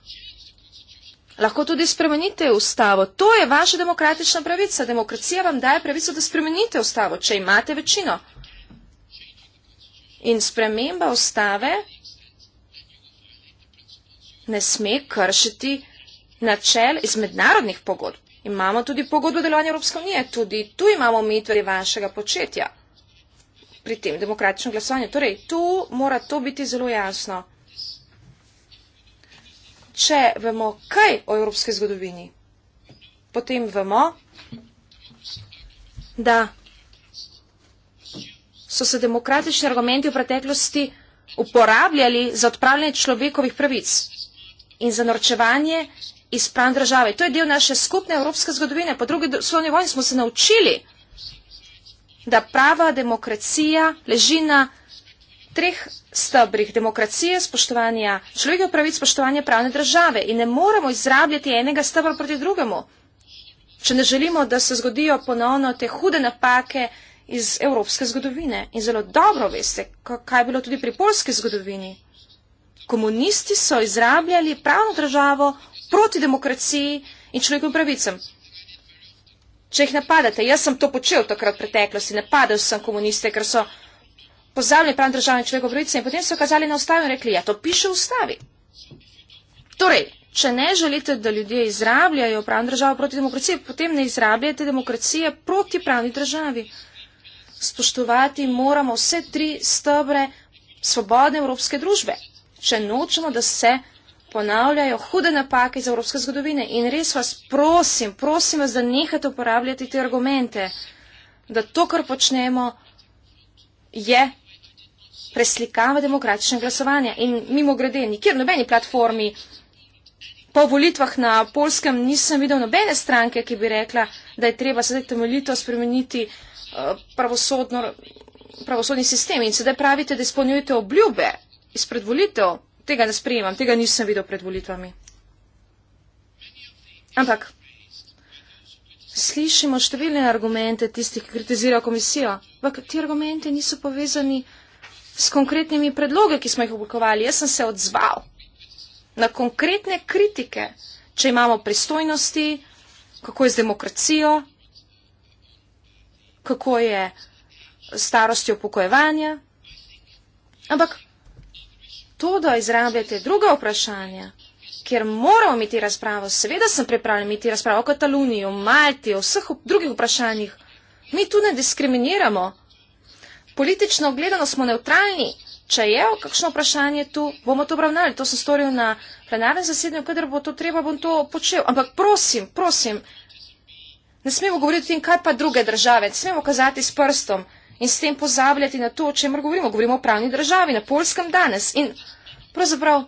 lahko tudi spremenite ustavo. To je vaša demokratična pravica. Demokracija vam daje pravico, da spremenite ustavo, če imate večino. In sprememba ustave ne sme kršiti načel iz mednarodnih pogodb. Imamo tudi pogodbo delovanja Evropske unije, tudi tu imamo omejitve vašega početja pri tem demokratičnem glasovanju. Torej, tu mora to biti zelo jasno. Če vemo kaj o evropski zgodovini, potem vemo, da so se demokratični argumenti v preteklosti uporabljali za odpravljanje človekovih pravic in zanorčevanje iz pran države. To je del naše skupne evropske zgodovine. Po drugi svojni vojni smo se naučili, da prava demokracija leži na treh stabrih demokracije, spoštovanja človekov pravic, spoštovanja pravne države in ne moremo izrabljati enega stabra proti drugemu, če ne želimo, da se zgodijo ponovno te hude napake iz evropske zgodovine. In zelo dobro veste, kaj je bilo tudi pri polski zgodovini komunisti so izrabljali pravno državo proti demokraciji in človekovim pravicam. Če jih napadate, jaz sem to počel takrat v preteklosti, napadal sem komuniste, ker so pozabili pravno državo in človekovim pravicam in potem so kazali na ustavi in rekli, ja, to piše v ustavi. Torej, če ne želite, da ljudje izrabljajo pravno državo proti demokraciji, potem ne izrabljajte demokracije proti pravni državi. Spoštovati moramo vse tri stebre svobodne evropske družbe če nočemo, da se ponavljajo hude napake iz evropske zgodovine. In res vas prosim, prosim vas, da nehate uporabljati te argumente, da to, kar počnemo, je preslikava demokratičnega glasovanja. In mimo grede, nikjer nobeni platformi po volitvah na Polskem nisem videl nobene stranke, ki bi rekla, da je treba sedaj temeljito spremeniti eh, pravosodno, pravosodni sistem. In sedaj pravite, da izpolnjujete obljube izpred volitev. Tega ne sprejemam, tega nisem videl pred volitvami. Ampak slišimo številne argumente tistih, ki kritizirajo komisijo, ampak ti argumente niso povezani s konkretnimi predloge, ki smo jih oblikovali. Jaz sem se odzval na konkretne kritike, če imamo pristojnosti, kako je z demokracijo, kako je starosti upokojevanja. Ampak to, da izrabljate druga vprašanja, ker moramo imeti razpravo, seveda sem pripravljen imeti razpravo o Kataluniji, o Malti, o vseh drugih vprašanjih. Mi tu ne diskriminiramo. Politično gledano smo neutralni. Če je kakšno vprašanje tu, bomo to obravnali. To sem storil na plenarnem zasedanju, kadar bo to treba, bom to počel. Ampak prosim, prosim, ne smemo govoriti o tem, kaj pa druge države, ne smemo kazati s prstom in s tem pozabljati na to, o čemer govorimo. Govorimo o pravni državi, na polskem danes. In pravzaprav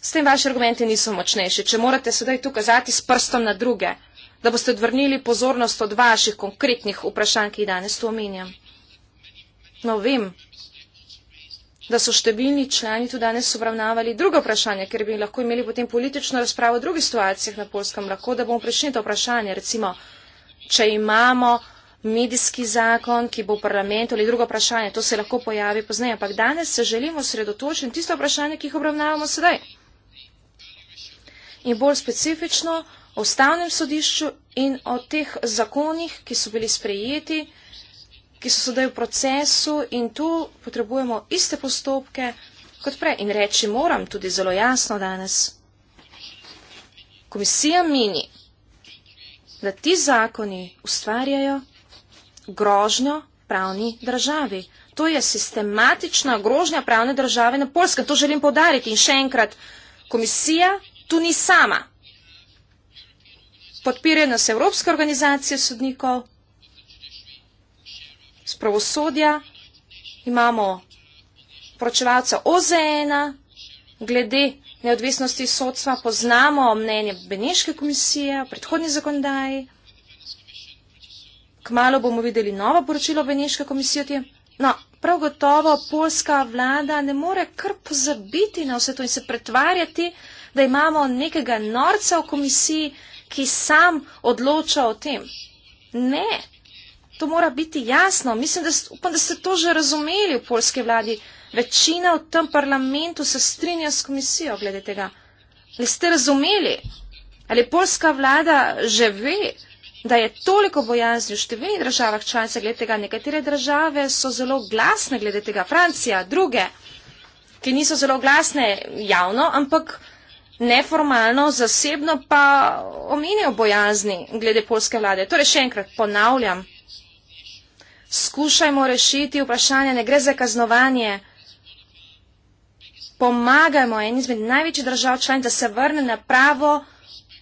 s tem vaši argumenti niso močnejši. Če morate sedaj tu kazati s prstom na druge, da boste odvrnili pozornost od vaših konkretnih vprašanj, ki jih danes tu omenjam. No vem, da so številni člani tu danes obravnavali druga vprašanja, ker bi lahko imeli potem politično razpravo o drugih situacijah na polskem. Lahko, da bomo prišli na to vprašanje, recimo, če imamo medijski zakon, ki bo v parlamentu ali drugo vprašanje. To se lahko pojavi pozneje, ampak danes se želimo osredotočiti na tisto vprašanje, ki jih obravnavamo sedaj. In bolj specifično o ustavnem sodišču in o teh zakonih, ki so bili sprejeti, ki so sedaj v procesu in tu potrebujemo iste postopke kot prej. In reči moram tudi zelo jasno danes. Komisija meni, da ti zakoni ustvarjajo grožnjo pravni državi. To je sistematična grožnja pravne države na Polskem. To želim podariti. In še enkrat, komisija tu ni sama. Podpirajo nas Evropske organizacije sodnikov, z pravosodja, imamo poročevalca OZN-a, glede neodvisnosti sodstva poznamo mnenje Beneške komisije, predhodni zakonodaji, Kmalo bomo videli novo poročilo Beneške komisije. No, prav gotovo polska vlada ne more kar pozabiti na vse to in se pretvarjati, da imamo nekega norca v komisiji, ki sam odloča o tem. Ne, to mora biti jasno. Mislim, da, upam, da ste to že razumeli v polski vladi. Večina v tem parlamentu se strinja s komisijo glede tega. Ali ste razumeli? Ali polska vlada že ve, da je toliko bojazni v številnih državah članice glede tega. Nekatere države so zelo glasne glede tega. Francija, druge, ki niso zelo glasne javno, ampak neformalno, zasebno pa omenijo bojazni glede polske vlade. Torej še enkrat ponavljam, skušajmo rešiti vprašanje, ne gre za kaznovanje. Pomagajmo en izmed največjih držav članic, da se vrne na pravo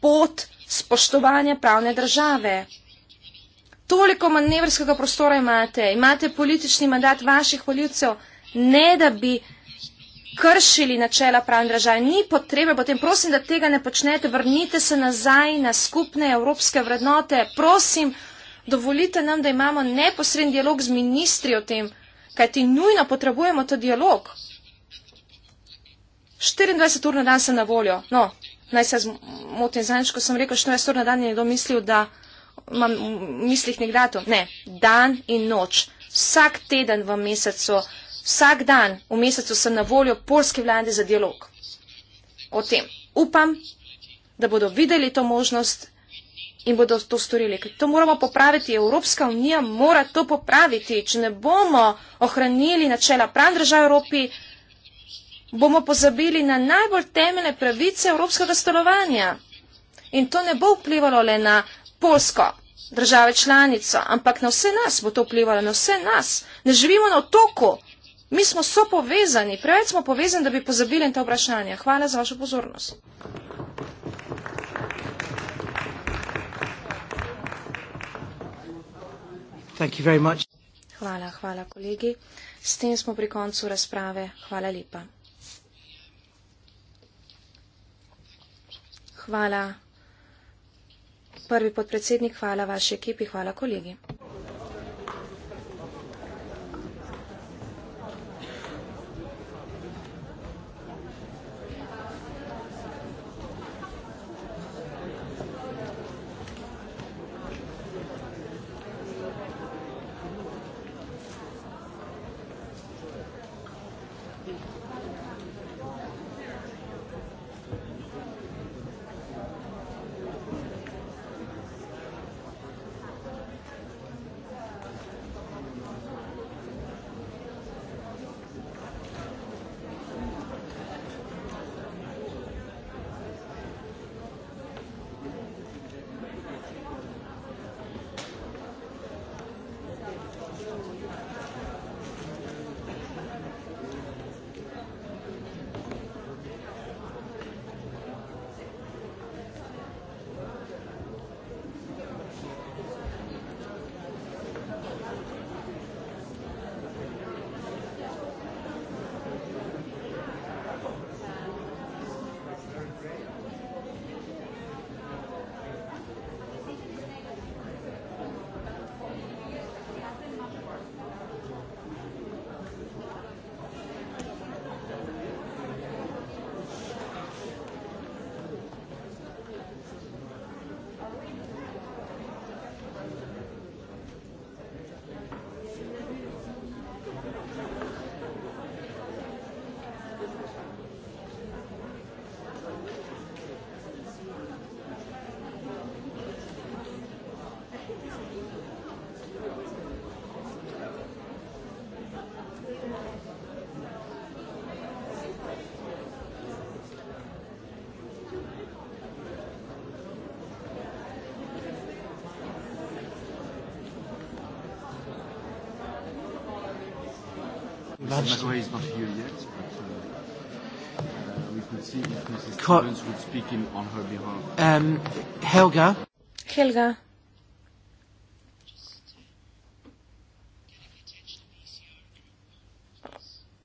pot spoštovanja pravne države. Toliko manevrskega prostora imate, imate politični mandat vaših voljivcev, ne da bi kršili načela pravne države. Ni potrebe, potem prosim, da tega ne počnete, vrnite se nazaj na skupne evropske vrednote. Prosim, dovolite nam, da imamo neposreden dialog z ministri o tem, kajti nujno potrebujemo ta dialog. 24 ur na dan sem na voljo. No, naj se zmotim, zanič, ko sem rekel, što je stvarno dan, je nekdo mislil, da imam v mislih nek datum. Ne, dan in noč. Vsak teden v mesecu, vsak dan v mesecu sem na voljo polske vlade za dialog o tem. Upam, da bodo videli to možnost in bodo to storili. Ker to moramo popraviti, Evropska unija mora to popraviti, če ne bomo ohranili načela pravne države Evropi, bomo pozabili na najbolj temeljne pravice evropskega stolovanja. In to ne bo vplivalo le na Polsko, države članico, ampak na vse nas bo to vplivalo, na vse nas. Ne živimo na otoku. Mi smo so povezani, preveč smo povezani, da bi pozabili na ta vprašanja. Hvala za vašo pozornost. Hvala, hvala kolegi. S tem smo pri koncu razprave. Hvala lepa. Hvala, prvi podpredsednik, hvala vaši ekipi, hvala kolegi. Maguire is not here yet, but uh, uh, we could see if Mrs. Co- Stevens would speak in on her behalf. Um, Helga. Helga.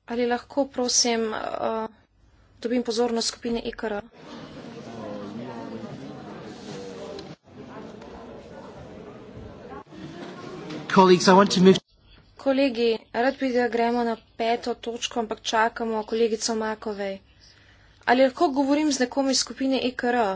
Ali lahko, prosim, uh, dobim pozornost skupine IKR? Colleagues, I want to move. Kolegi, rad bi, da gremo na peto točko, ampak čakamo kolegico Makovej. Ali lahko govorim z nekom iz skupine IKR? E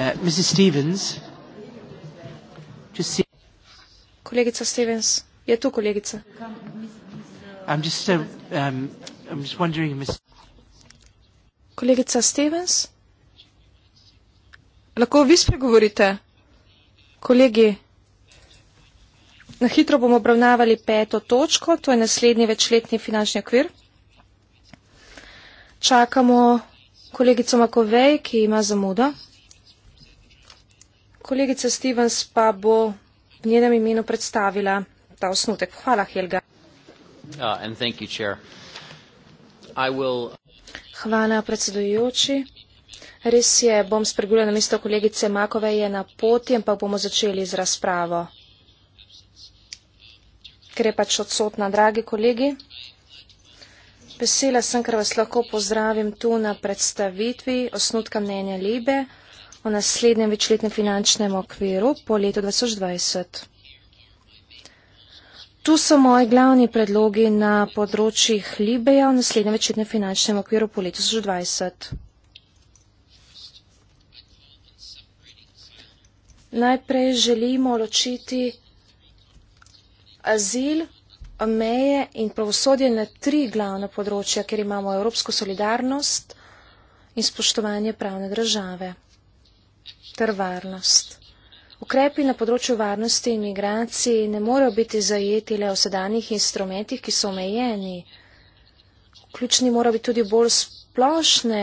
Uh, kolegica Stevens, je tu kolegica? Uh, um, kolegica Stevens, lahko vi spregovorite? Kolegi, na hitro bomo obravnavali peto točko, to je naslednji večletni finančni okvir. Čakamo kolegico Makovej, ki ima zamudo kolegica Stevens pa bo v njenem imenu predstavila ta osnutek. Hvala, Helga. Uh, you, will... Hvala, predsedujoči. Res je, bom spregula na mesto kolegice Makove je na poti, ampak bomo začeli z razpravo. Ker je pač odsotna, dragi kolegi. Vesela sem, ker vas lahko pozdravim tu na predstavitvi osnutka mnenja Libe o naslednjem večletnem finančnem okviru po letu 2020. Tu so moji glavni predlogi na področjih Libeja v naslednjem večletnem finančnem okviru po letu 2020. Najprej želimo ločiti azil, meje in pravosodje na tri glavne področja, ker imamo evropsko solidarnost in spoštovanje pravne države ter varnost. Ukrepi na področju varnosti in migracij ne morejo biti zajeti le v sedanjih instrumentih, ki so omejeni. Ključni morajo biti tudi bolj splošne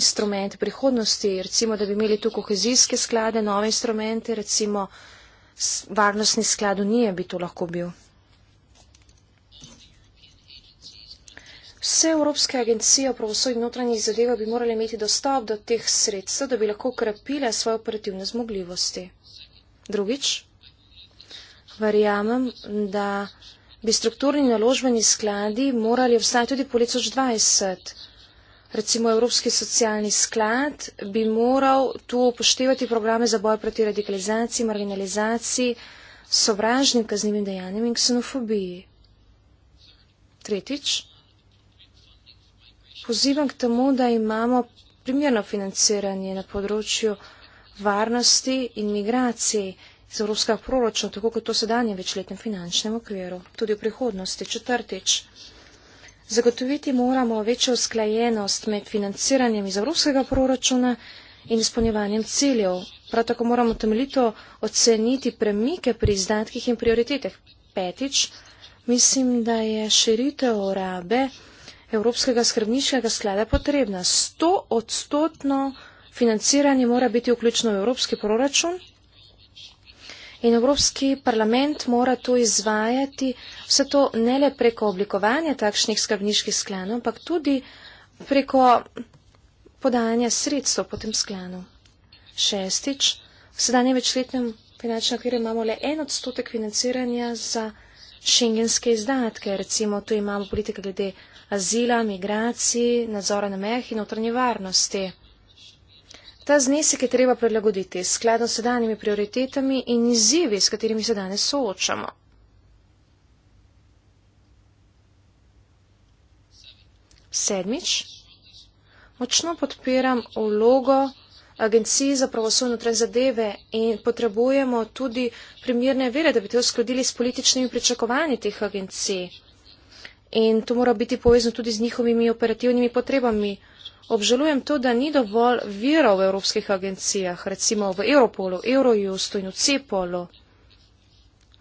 instrumente prihodnosti, recimo, da bi imeli tu kohezijske sklade, nove instrumente, recimo, varnostni sklad Unije bi to lahko bil. Vse Evropske agencije o pravosodni notranjih zadeva bi morali imeti dostop do teh sredstev, da bi lahko ukrepile svoje operativne zmogljivosti. Drugič, verjamem, da bi strukturni naložbeni skladi morali obstajati tudi po letu 2020. Recimo Evropski socialni sklad bi moral tu upoštevati programe za boj proti radikalizaciji, marginalizaciji, sovražnim kaznjivim dejanjem in ksenofobiji. Tretjič, pozivam k temu, da imamo primerno financiranje na področju varnosti in migracij iz evropskega proračuna, tako kot to sedanje večletnem finančnem okviru, tudi v prihodnosti. Četrtič. Zagotoviti moramo večjo usklajenost med financiranjem iz evropskega proračuna in izpolnjevanjem ciljev. Prav tako moramo temeljito oceniti premike pri izdatkih in prioritetih. Petič, mislim, da je širitev rabe Evropskega skrbniškega sklada potrebna. 100 odstotno financiranje mora biti vključno v Evropski proračun in Evropski parlament mora to izvajati, vse to ne le preko oblikovanja takšnih skrbniških sklanov, ampak tudi preko podajanja sredstv po tem sklanu. Šestič, v sedanjem večletnem finančnem okviru imamo le en odstotek financiranja za šengenske izdatke, recimo to imamo politika glede azila, migracij, nadzora na meh in notranje varnosti. Ta znesek je treba prilagoditi skladno s sedanjimi prioritetami in izzivi, s katerimi se danes soočamo. Sedmič. Močno podpiram vlogo Agenciji za pravosodne notranje zadeve in potrebujemo tudi primirne vere, da bi te uskladili s političnimi pričakovanji teh agencij in to mora biti povezano tudi z njihovimi operativnimi potrebami. Obžalujem to, da ni dovolj virov v evropskih agencijah, recimo v Europolu, Eurojustu in v Cepolu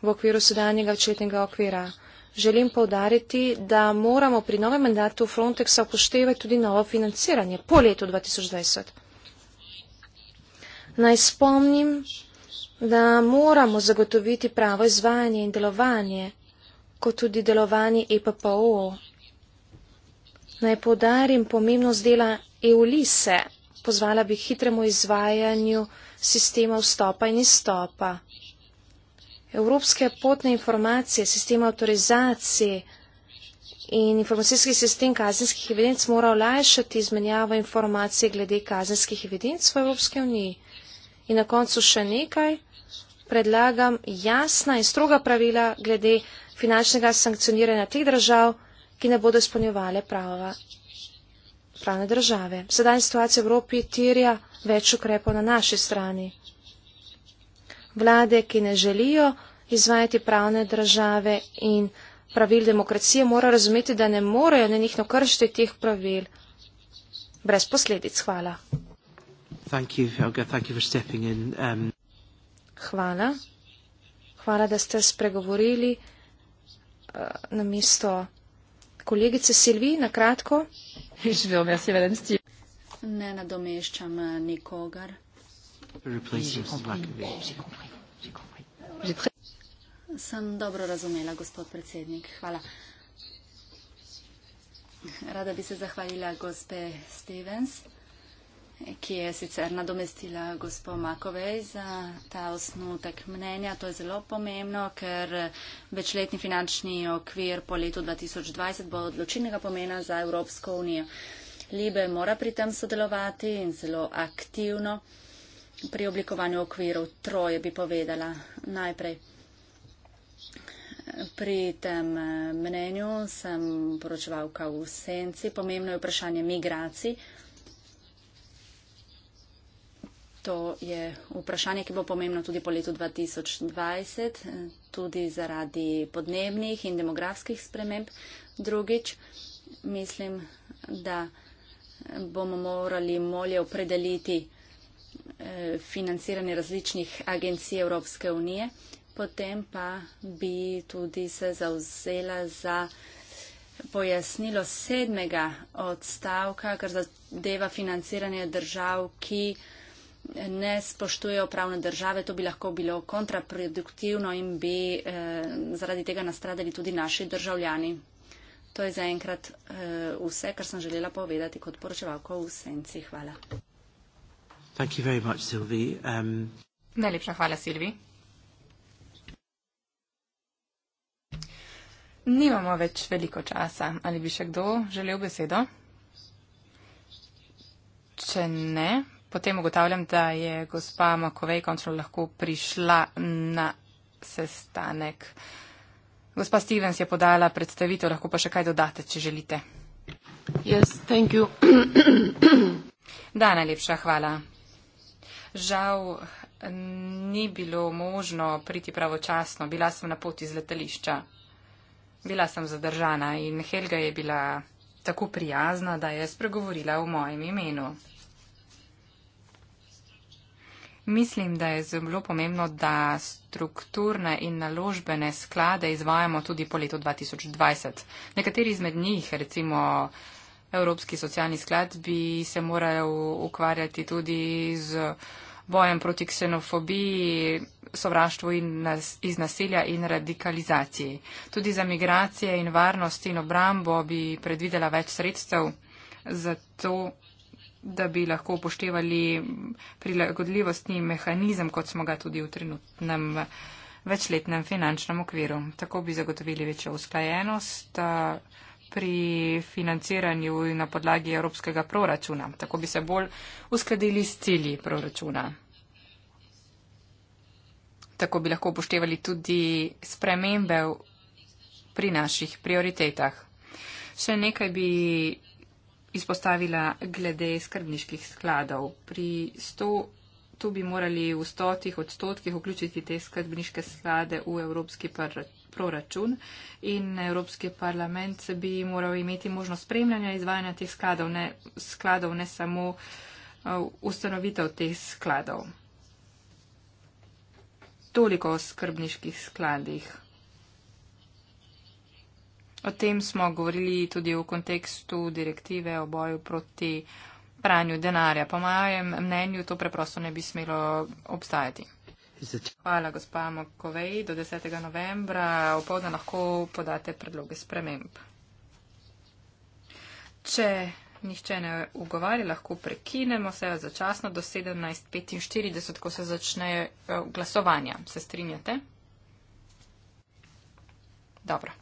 v okviru sedanjega četnega okvira. Želim povdariti, da moramo pri novem mandatu Frontexa upoštevati tudi novo financiranje po letu 2020. Naj spomnim, da moramo zagotoviti pravo izvajanje in delovanje kot tudi delovanje EPPO. Naj podarim pomembnost dela EULISE, pozvala bi hitremu izvajanju sistema vstopa in izstopa. Evropske potne informacije, sistema avtorizacije in informacijski sistem kazenskih evidenc mora olajšati izmenjavo informacije glede kazenskih evidenc v Evropske uniji. In na koncu še nekaj, predlagam jasna in stroga pravila glede finančnega sankcioniranja teh držav, ki ne bodo izpolnjevale prava pravne države. Sedajna situacija v Evropi tirja več ukrepov na naši strani. Vlade, ki ne želijo izvajati pravne države in pravil demokracije, morajo razumeti, da ne morejo na njih nokršiti teh pravil brez posledic. Hvala. You, Helga, in, um... Hvala. Hvala, da ste spregovorili. Eh, na mesto kolegice Silvi, na kratko. Živel me, si vedem stil. Ne nadomeščam eh, nikogar. Sem dobro razumela, gospod predsednik. Hvala. Rada bi se zahvalila gospe Stevens ki je sicer nadomestila gospo Makovej za ta osnutek mnenja. To je zelo pomembno, ker večletni finančni okvir po letu 2020 bo odločilnega pomena za Evropsko unijo. Libe mora pri tem sodelovati in zelo aktivno pri oblikovanju okvirov. Troje bi povedala najprej. Pri tem eh, mnenju sem poročevalka v senci. Pomembno je vprašanje migracij. To je vprašanje, ki bo pomembno tudi po letu 2020, tudi zaradi podnebnih in demografskih sprememb. Drugič, mislim, da bomo morali bolje opredeliti eh, financiranje različnih agencij Evropske unije, potem pa bi tudi se zauzela za pojasnilo sedmega odstavka, kar zadeva financiranje držav, ki ne spoštujejo pravne države, to bi lahko bilo kontraproduktivno in bi eh, zaradi tega nastradali tudi naši državljani. To je zaenkrat eh, vse, kar sem želela povedati kot poročevalko v Senci. Hvala. Much, um... Najlepša hvala, Silvi. Nimamo več veliko časa. Ali bi še kdo želel besedo? Če ne, Potem ugotavljam, da je gospa Makovej končno lahko prišla na sestanek. Gospa Stevens je podala predstavitev, lahko pa še kaj dodate, če želite. Yes, thank you. da, najlepša hvala. Žal ni bilo možno priti pravočasno. Bila sem na poti z letališča. Bila sem zadržana in Helga je bila tako prijazna, da je spregovorila v mojem imenu. Mislim, da je zelo pomembno, da strukturne in naložbene sklade izvajamo tudi po letu 2020. Nekateri izmed njih, recimo Evropski socialni sklad, bi se morajo ukvarjati tudi z bojem proti ksenofobiji, sovraštvu in nas, iz nasilja in radikalizaciji. Tudi za migracije in varnost in obrambo bi predvidela več sredstev, zato da bi lahko upoštevali prilagodljivostni mehanizem, kot smo ga tudi v trenutnem večletnem finančnem okviru. Tako bi zagotovili večjo usklajenost pri financiranju na podlagi evropskega proračuna. Tako bi se bolj uskladili s cilji proračuna. Tako bi lahko upoštevali tudi spremembe pri naših prioritetah. Še nekaj bi izpostavila glede skrbniških skladov. Pri 100, tu bi morali v stotih odstotkih vključiti te skrbniške sklade v evropski proračun in Evropski parlament bi moral imeti možnost spremljanja izvajanja teh skladov, ne, skladov, ne samo eh, ustanovitev teh skladov. Toliko o skrbniških skladih. O tem smo govorili tudi v kontekstu direktive o boju proti pranju denarja. Po mojem mnenju to preprosto ne bi smelo obstajati. Hvala, gospa Mokovej. Do 10. novembra v povdne lahko podate predloge sprememb. Če nihče ne ugovarja, lahko prekinemo se začasno do 17.45, ko se začne eh, glasovanja. Se strinjate? Dobro.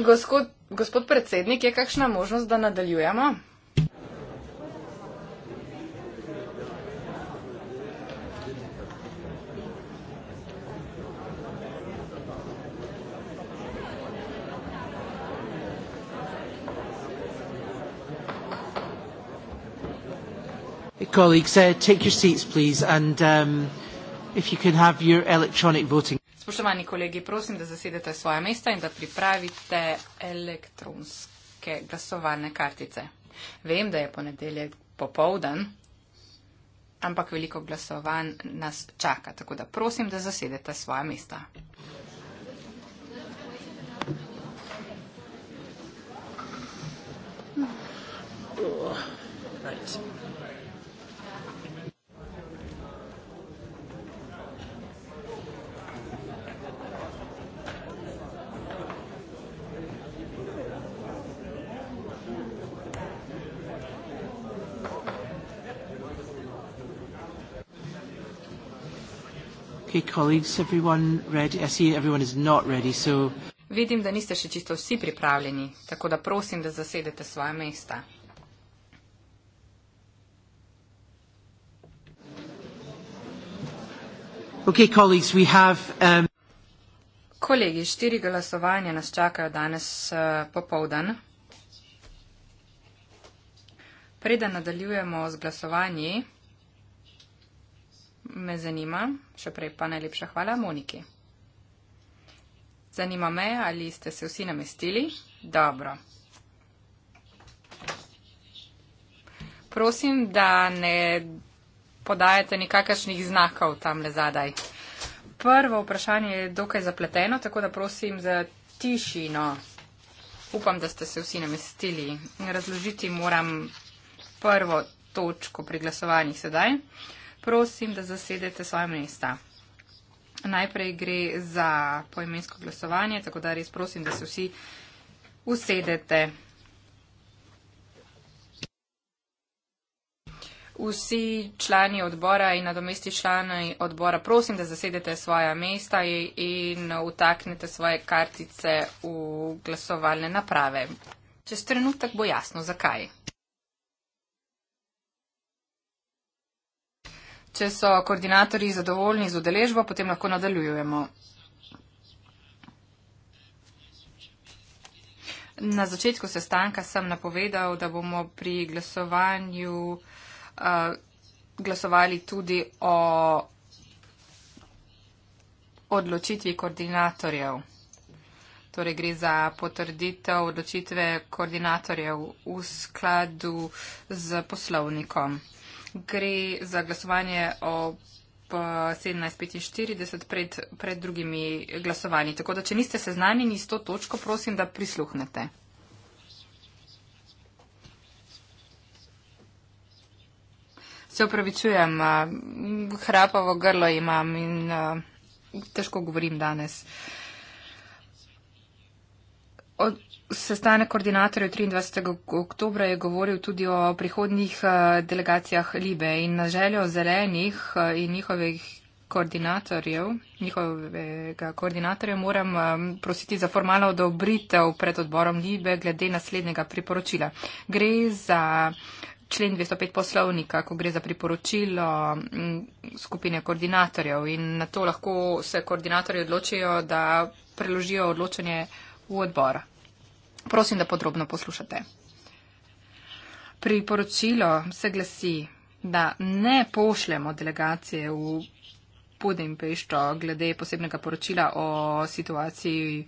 Gospod, gospod predsednik, je kakšna možnost, da nadaljujemo? Colleagues, uh, take your seats, please, and um, if you can have your electronic voting. Spoštovani kolegi, prosim, da zasedete svoje mesta in da pripravite elektronske glasovalne kartice. Vem, da je ponedeljek popovdan, ampak veliko glasovanj nas čaka, tako da prosim, da zasedete svoje mesta. Uh, right. colleagues, everyone ready? I see everyone is not ready, so... Vidim, da niste še čisto vsi pripravljeni, tako da prosim, da zasedete svoje mesta. Okay, colleagues, we have... Um... Kolegi, štiri glasovanja nas čakajo danes uh, popovdan. Preden nadaljujemo z glasovanji, me zanima, še prej pa najlepša hvala Moniki. Zanima me, ali ste se vsi namestili? Dobro. Prosim, da ne podajate nikakršnih znakov tamle zadaj. Prvo vprašanje je dokaj zapleteno, tako da prosim za tišino. Upam, da ste se vsi namestili. Razložiti moram prvo točko pri glasovanjih sedaj. Uh, prosim, da zasedete svoje mesta. Najprej gre za poimensko glasovanje, tako da res prosim, da se vsi usedete. Vsi člani odbora in nadomesti člani odbora, prosim, da zasedete svoja mesta in utaknete svoje kartice v glasovalne naprave. Čez trenutek bo jasno, zakaj. Če so koordinatorji zadovoljni z udeležbo, potem lahko nadaljujemo. Na začetku sestanka sem napovedal, da bomo pri glasovanju uh, glasovali tudi o odločitvi koordinatorjev. Torej gre za potrditev odločitve koordinatorjev v skladu z poslovnikom gre za glasovanje ob 17.45 eh, pred, pred drugimi glasovanji. Tako da, če niste seznanjeni s to točko, prosim, da prisluhnete. Se upravičujem, eh, hrapavo grlo imam in eh, težko govorim danes sestanek koordinatorjev 23. oktober je govoril tudi o prihodnjih eh, delegacijah Libe in na željo zelenih eh, in njihovih koordinatorjev, njihovega koordinatorja moram eh, prositi za formalno odobritev pred odborom Libe glede naslednjega priporočila. Gre za člen 205 poslovnika, ko gre za priporočilo mm, skupine koordinatorjev in na to lahko se koordinatorji odločijo, da preložijo odločanje v odbora. Prosim, da podrobno poslušate. Priporočilo se glasi, da ne pošljemo delegacije v Budimpešto glede posebnega poročila o situaciji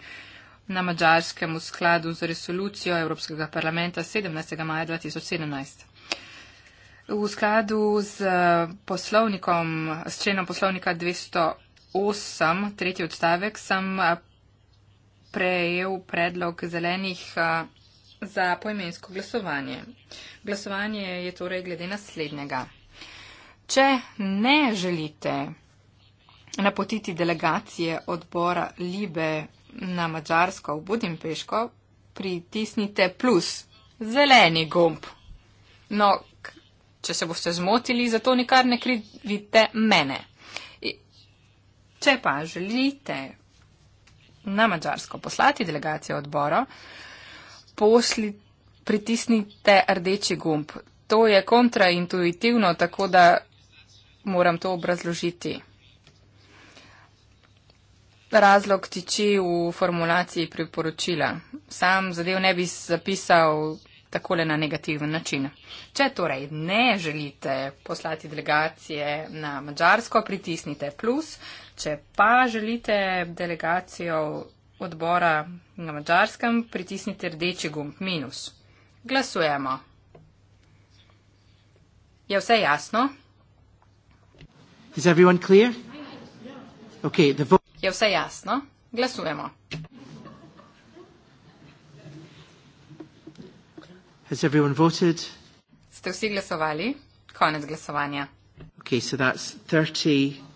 na mačarskem v skladu z resolucijo Evropskega parlamenta 17. maja 2017. V skladu z poslovnikom, s členom poslovnika 208, tretji odstavek, sem prejel predlog zelenih za poimensko glasovanje. Glasovanje je torej glede naslednjega. Če ne želite napotiti delegacije odbora Libe na Mačarsko v Budimpeško, pritisnite plus zeleni gumb. No, če se boste zmotili, zato nikar ne krivite mene. Če pa želite na Mačarsko. Poslati delegacijo odboro, posli, pritisnite rdeči gumb. To je kontraintuitivno, tako da moram to obrazložiti. Razlog tiči v formulaciji priporočila. Sam zadev ne bi zapisal takole na negativen način. Če torej ne želite poslati delegacije na Mačarsko, pritisnite plus, Če pa želite delegacijo odbora na mačarskem, pritisnite rdeči gumb minus. Glasujemo. Je vse jasno? Okay, Je vse jasno? Glasujemo. Has everyone voted? Ste vsi glasovali? Konec glasovanja. Okay, so that's 30.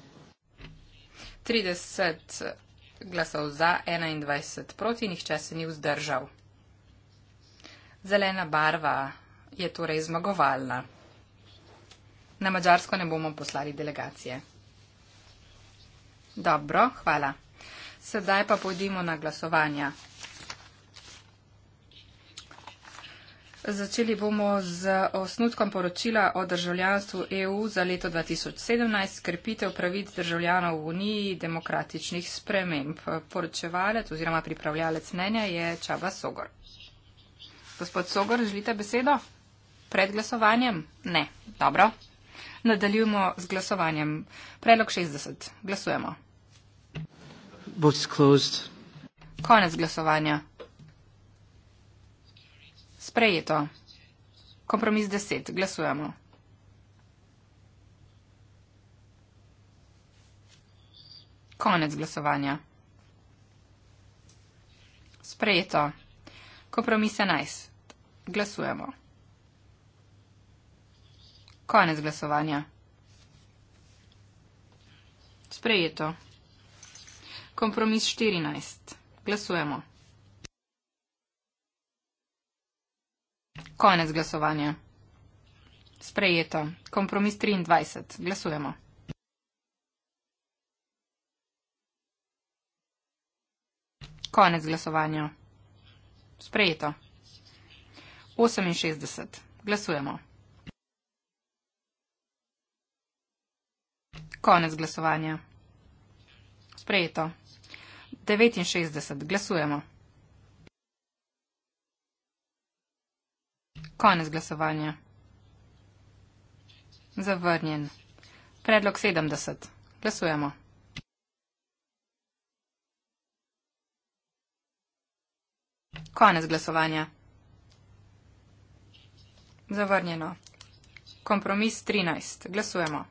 30 glasov za, 21 proti, nihče se ni vzdržal. Zelena barva je torej zmagovalna. Na Mačarsko ne bomo poslali delegacije. Dobro, hvala. Sedaj pa pojdimo na glasovanja. Začeli bomo z osnutkom poročila o državljanstvu EU za leto 2017, skrepitev pravic državljanov v Uniji, demokratičnih sprememb. Poročevalec oziroma pripravljalec mnenja je Čaba Sogor. Gospod Sogor, želite besedo? Pred glasovanjem? Ne. Dobro. Nadaljujemo z glasovanjem. Predlog 60. Glasujemo. Konec glasovanja. Sprejeto. Kompromis deset. Glasujemo. Konec glasovanja. Sprejeto. Kompromis enajst. Glasujemo. Konec glasovanja. Sprejeto. Kompromis 14. Glasujemo. Konec glasovanja. Sprejeto. Kompromis 23. Glasujemo. Konec glasovanja. Sprejeto. 68. Glasujemo. Konec glasovanja. Sprejeto. 69. Glasujemo. Konec glasovanja. Zavrnjen. Predlog 70. Glasujemo. Konec glasovanja. Zavrnjeno. Kompromis 13. Glasujemo.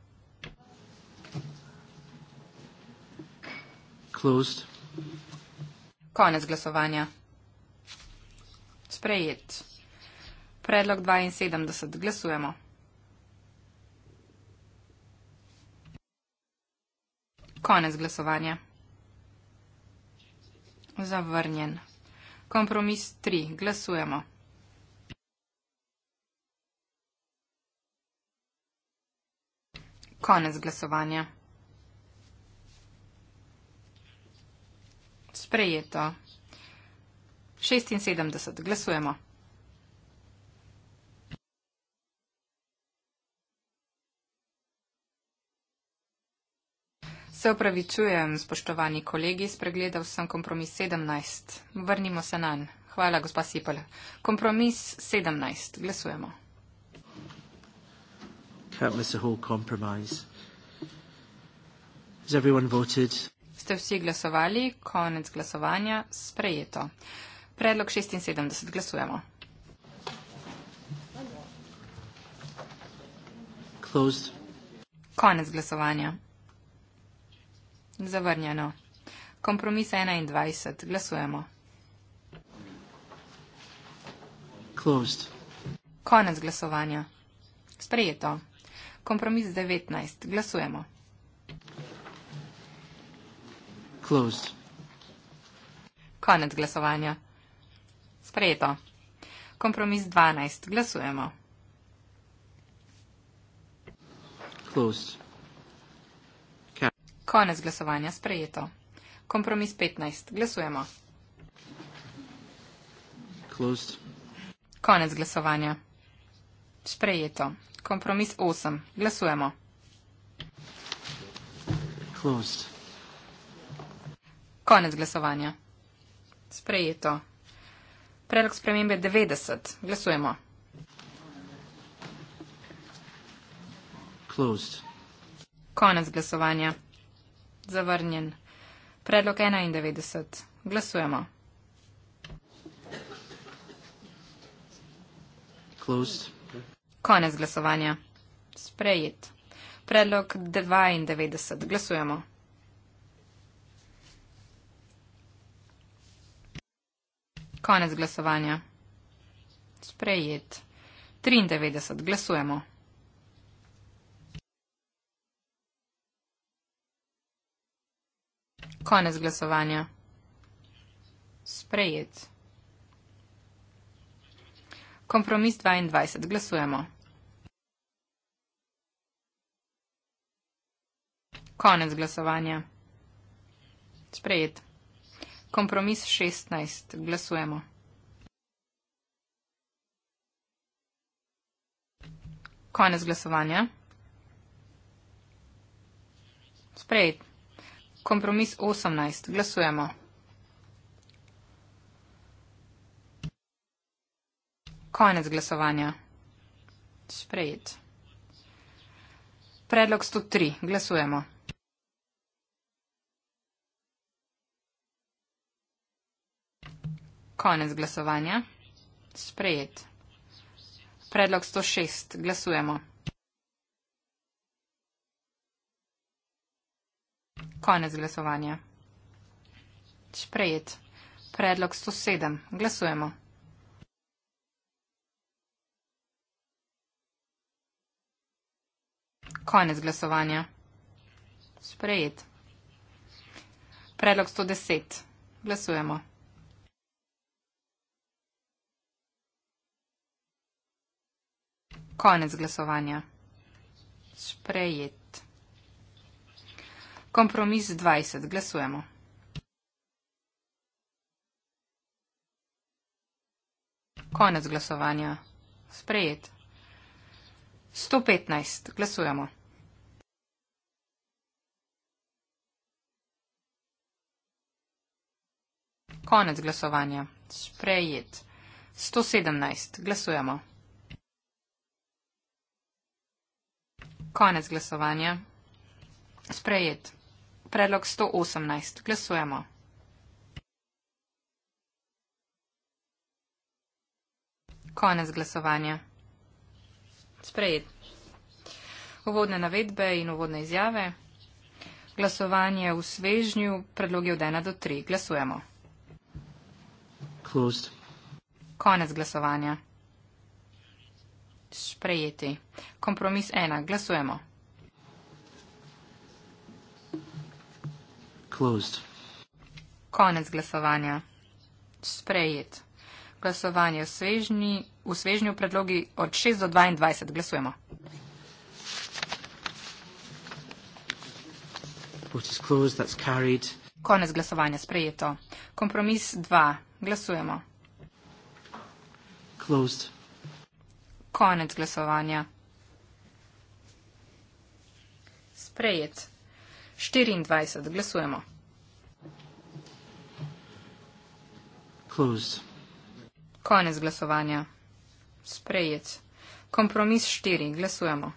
Closed. Konec glasovanja. Sprejet predlog 72. Glasujemo. Konec glasovanja. Zavrnjen. Kompromis 3. Glasujemo. Konec glasovanja. Sprejeto. 76. Glasujemo. Se upravičujem, spoštovani kolegi, spregledal sem kompromis 17. Vrnimo se na nj. Hvala, gospa Sipel. Kompromis 17. Glasujemo. Ste vsi glasovali? Konec glasovanja. Sprejeto. Predlog 76. Glasujemo. Closed. Konec glasovanja. Zavrnjeno. Kompromis 21. Glasujemo. Closed. Konec glasovanja. Sprejeto. Kompromis 19. Glasujemo. Closed. Konec glasovanja. Sprejeto. Kompromis 12. Glasujemo. Closed. Konec glasovanja sprejeto. Kompromis 15. Glasujemo. Closed. Konec glasovanja. Sprejeto. Kompromis 8. Glasujemo. Closed. Konec glasovanja. Sprejeto. Predlog spremembe 90. Glasujemo. Closed. Konec glasovanja. Zavrnjen. Predlog 91. Glasujemo. Closed. Konec glasovanja. Sprejet. Predlog 92. Glasujemo. Konec glasovanja. Sprejet. 93. Glasujemo. Konec glasovanja. Sprejet. Kompromis 22. Glasujemo. Konec glasovanja. Sprejet. Kompromis 16. Glasujemo. Konec glasovanja. Sprejet. Kompromis 18. Glasujemo. Konec glasovanja. Sprejet. Predlog 103. Glasujemo. Konec glasovanja. Sprejet. Predlog 106. Glasujemo. Konec glasovanja. Sprejet. Predlog 107. Glasujemo. Konec glasovanja. Sprejet. Predlog 110. Glasujemo. Konec glasovanja. Sprejet. Kompromis 20. Glasujemo. Konec glasovanja. Sprejet. 115. Glasujemo. Konec glasovanja. Sprejet. 117. Glasujemo. Konec glasovanja. Sprejet predlog 118. Glasujemo. Konec glasovanja. Sprejet. Uvodne navedbe in uvodne izjave. Glasovanje v svežnju, predlogi od 1 do 3. Glasujemo. Closed. Konec glasovanja. Sprejeti. Kompromis 1. Glasujemo. closed. Konec glasovanja. Sprejet. Glasovanje v svežnji, v svežnju predlogi od 6 do 22. Glasujemo. Vote is closed, that's carried. Konec glasovanja. Sprejeto. Kompromis 2. Glasujemo. Closed. Konec glasovanja. Sprejet. 24. Glasujemo. Closed. Konec glasovanja. Sprejet. Kompromis štiri. Glasujemo.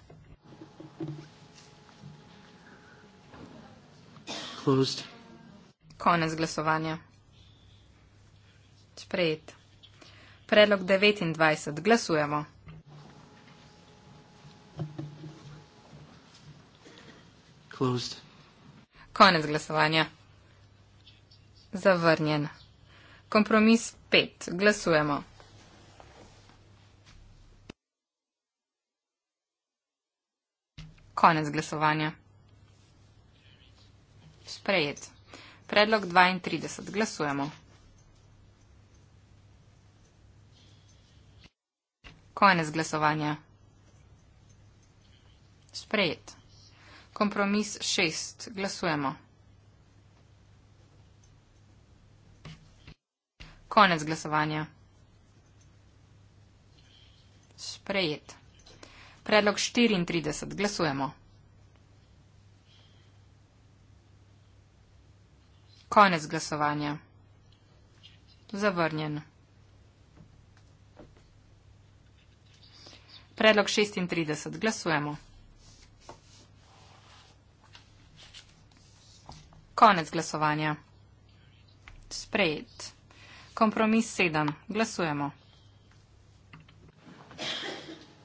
Closed. Konec glasovanja. Sprejet. Predlog 29. Glasujemo. Closed. Konec glasovanja. Zavrnjen. Kompromis 5. Glasujemo. Konec glasovanja. Sprejet. Predlog 32. Glasujemo. Konec glasovanja. Sprejet. Kompromis 6. Glasujemo. Konec glasovanja. Sprejet. Predlog 34. Glasujemo. Konec glasovanja. Zavrnjen. Predlog 36. Glasujemo. Konec glasovanja. Sprejet. Kompromis sedem. Glasujemo.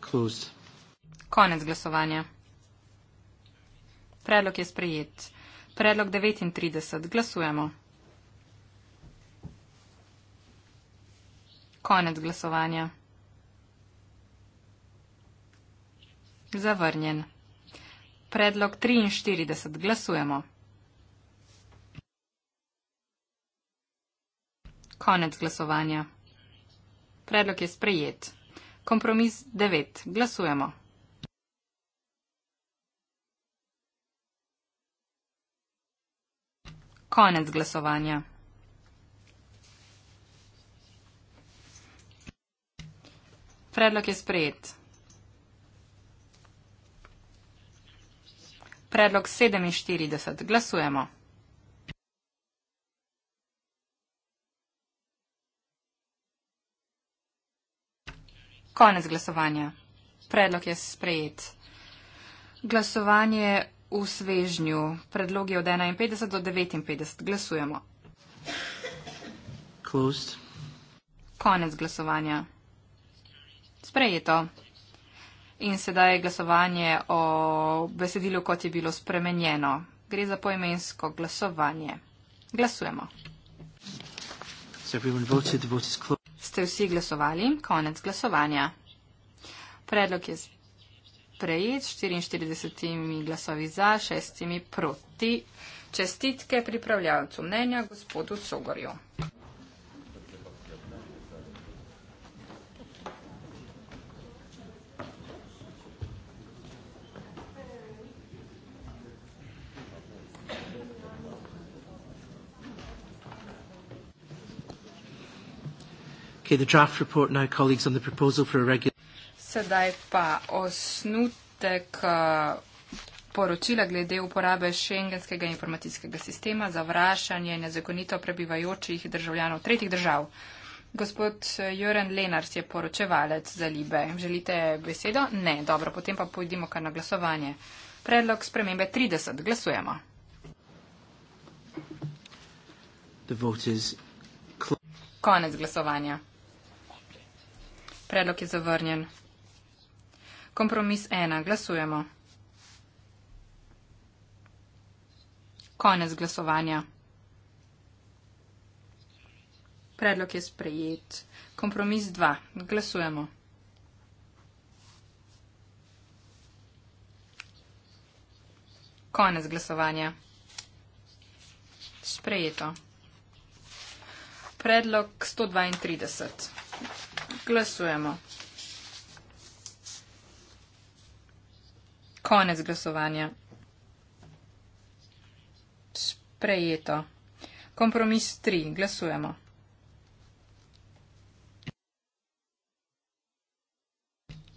Close. Konec glasovanja. Predlog je sprejet. Predlog 39. Glasujemo. Konec glasovanja. Zavrnjen. Predlog 43. Glasujemo. Konec glasovanja. Predlog je sprejet. Kompromis 9. Glasujemo. Konec glasovanja. Predlog je sprejet. Predlog 47. Glasujemo. Konec glasovanja. Predlog je sprejet. Glasovanje v svežnju. Predlog je od 51 do 59. Glasujemo. Closed. Konec glasovanja. Sprejeto. In sedaj glasovanje o besedilu, kot je bilo spremenjeno. Gre za poimensko glasovanje. Glasujemo. So ste vsi glasovali. Konec glasovanja. Predlog je prejet 44 glasovi za, 6 proti. Čestitke pripravljalcu mnenja gospodu Sogorju. Okay, the draft report now, colleagues, on the proposal for a regular. Sedaj pa osnutek uh, poročila glede uporabe šengenskega informacijskega sistema za vračanje nezakonito prebivajočih državljanov tretjih držav. Gospod Joren Lenars je poročevalec za Libe. Želite besedo? Ne, dobro, potem pa pojdimo kar na glasovanje. Predlog spremembe 30. Glasujemo. Konec glasovanja. Predlog je zavrnjen. Kompromis ena. Glasujemo. Konec glasovanja. Predlog je sprejet. Kompromis dva. Glasujemo. Konec glasovanja. Sprejeto. Predlog 132. Glasujemo. Konec glasovanja. Sprejeto. Kompromis 3. Glasujemo.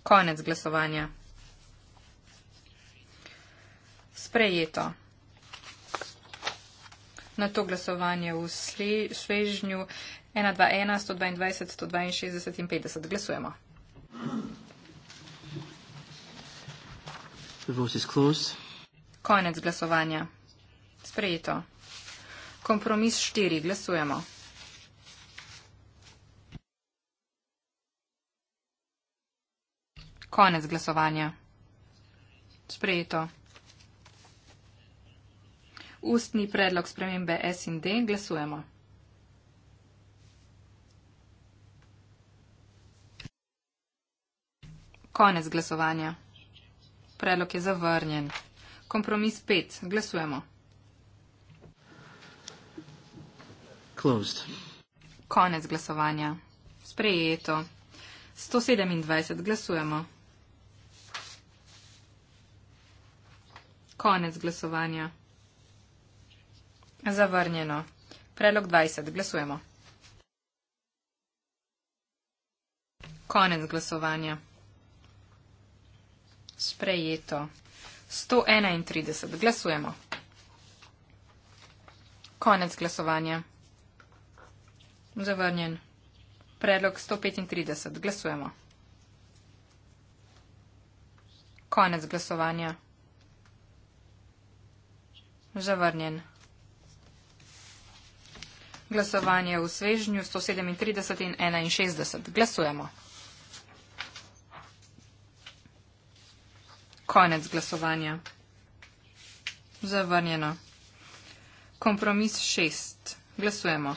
Konec glasovanja. Sprejeto. Na to glasovanje v svežnju 121, 122, 162 in 50. Glasujemo. Konec glasovanja. Sprejeto. Kompromis 4. Glasujemo. Konec glasovanja. Sprejeto. Ustni predlog spremembe S in D. Glasujemo. Konec glasovanja. Predlog je zavrnjen. Kompromis 5. Glasujemo. Closed. Konec glasovanja. Sprejeto. 127. Glasujemo. Konec glasovanja. Zavrnjeno. Predlog 20. Glasujemo. Konec glasovanja. Sprejeto. 131. Glasujemo. Konec glasovanja. Zavrnjen. Predlog 135. Glasujemo. Konec glasovanja. Zavrnjen. Glasovanje v svežnju 137 in 61. Glasujemo. Konec glasovanja. Zavrnjeno. Kompromis šest. Glasujemo.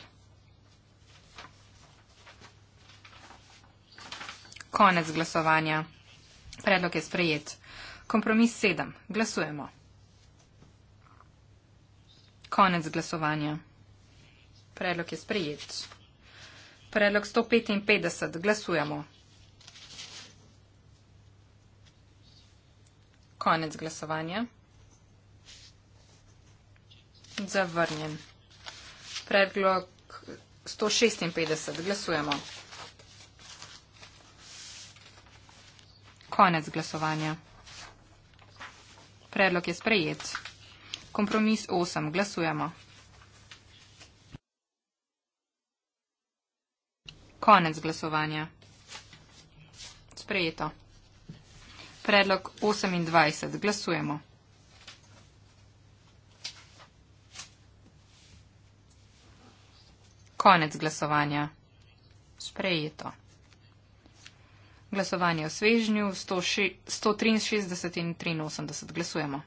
Konec glasovanja. Predlog je sprejet. Kompromis sedem. Glasujemo. Konec glasovanja. Predlog je sprejet. Predlog 155. Glasujemo. Konec glasovanja. Zavrnjen. Predlog 156. Glasujemo. Konec glasovanja. Predlog je sprejet. Kompromis 8. Glasujemo. Konec glasovanja. Sprejeto. Predlog 28. Glasujemo. Konec glasovanja. Sprejeto. Glasovanje o svežnju 163 in 83. Glasujemo.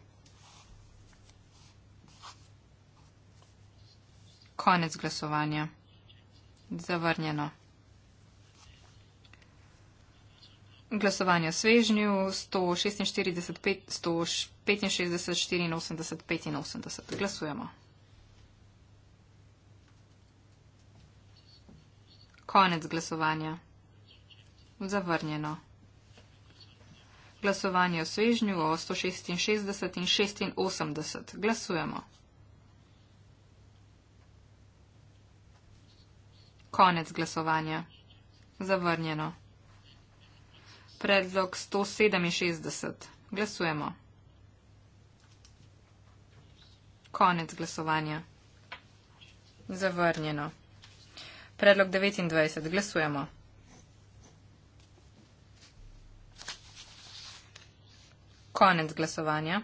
Konec glasovanja. Zavrnjeno. Glasovanje svežnju 146, 5, 165, 84, 85. Glasujemo. Konec glasovanja. Zavrnjeno. Glasovanje o svežnju o 166 in 86. Glasujemo. Konec glasovanja. Zavrnjeno predlog 167. Glasujemo. Konec glasovanja. Zavrnjeno. Predlog 29. Glasujemo. Konec glasovanja.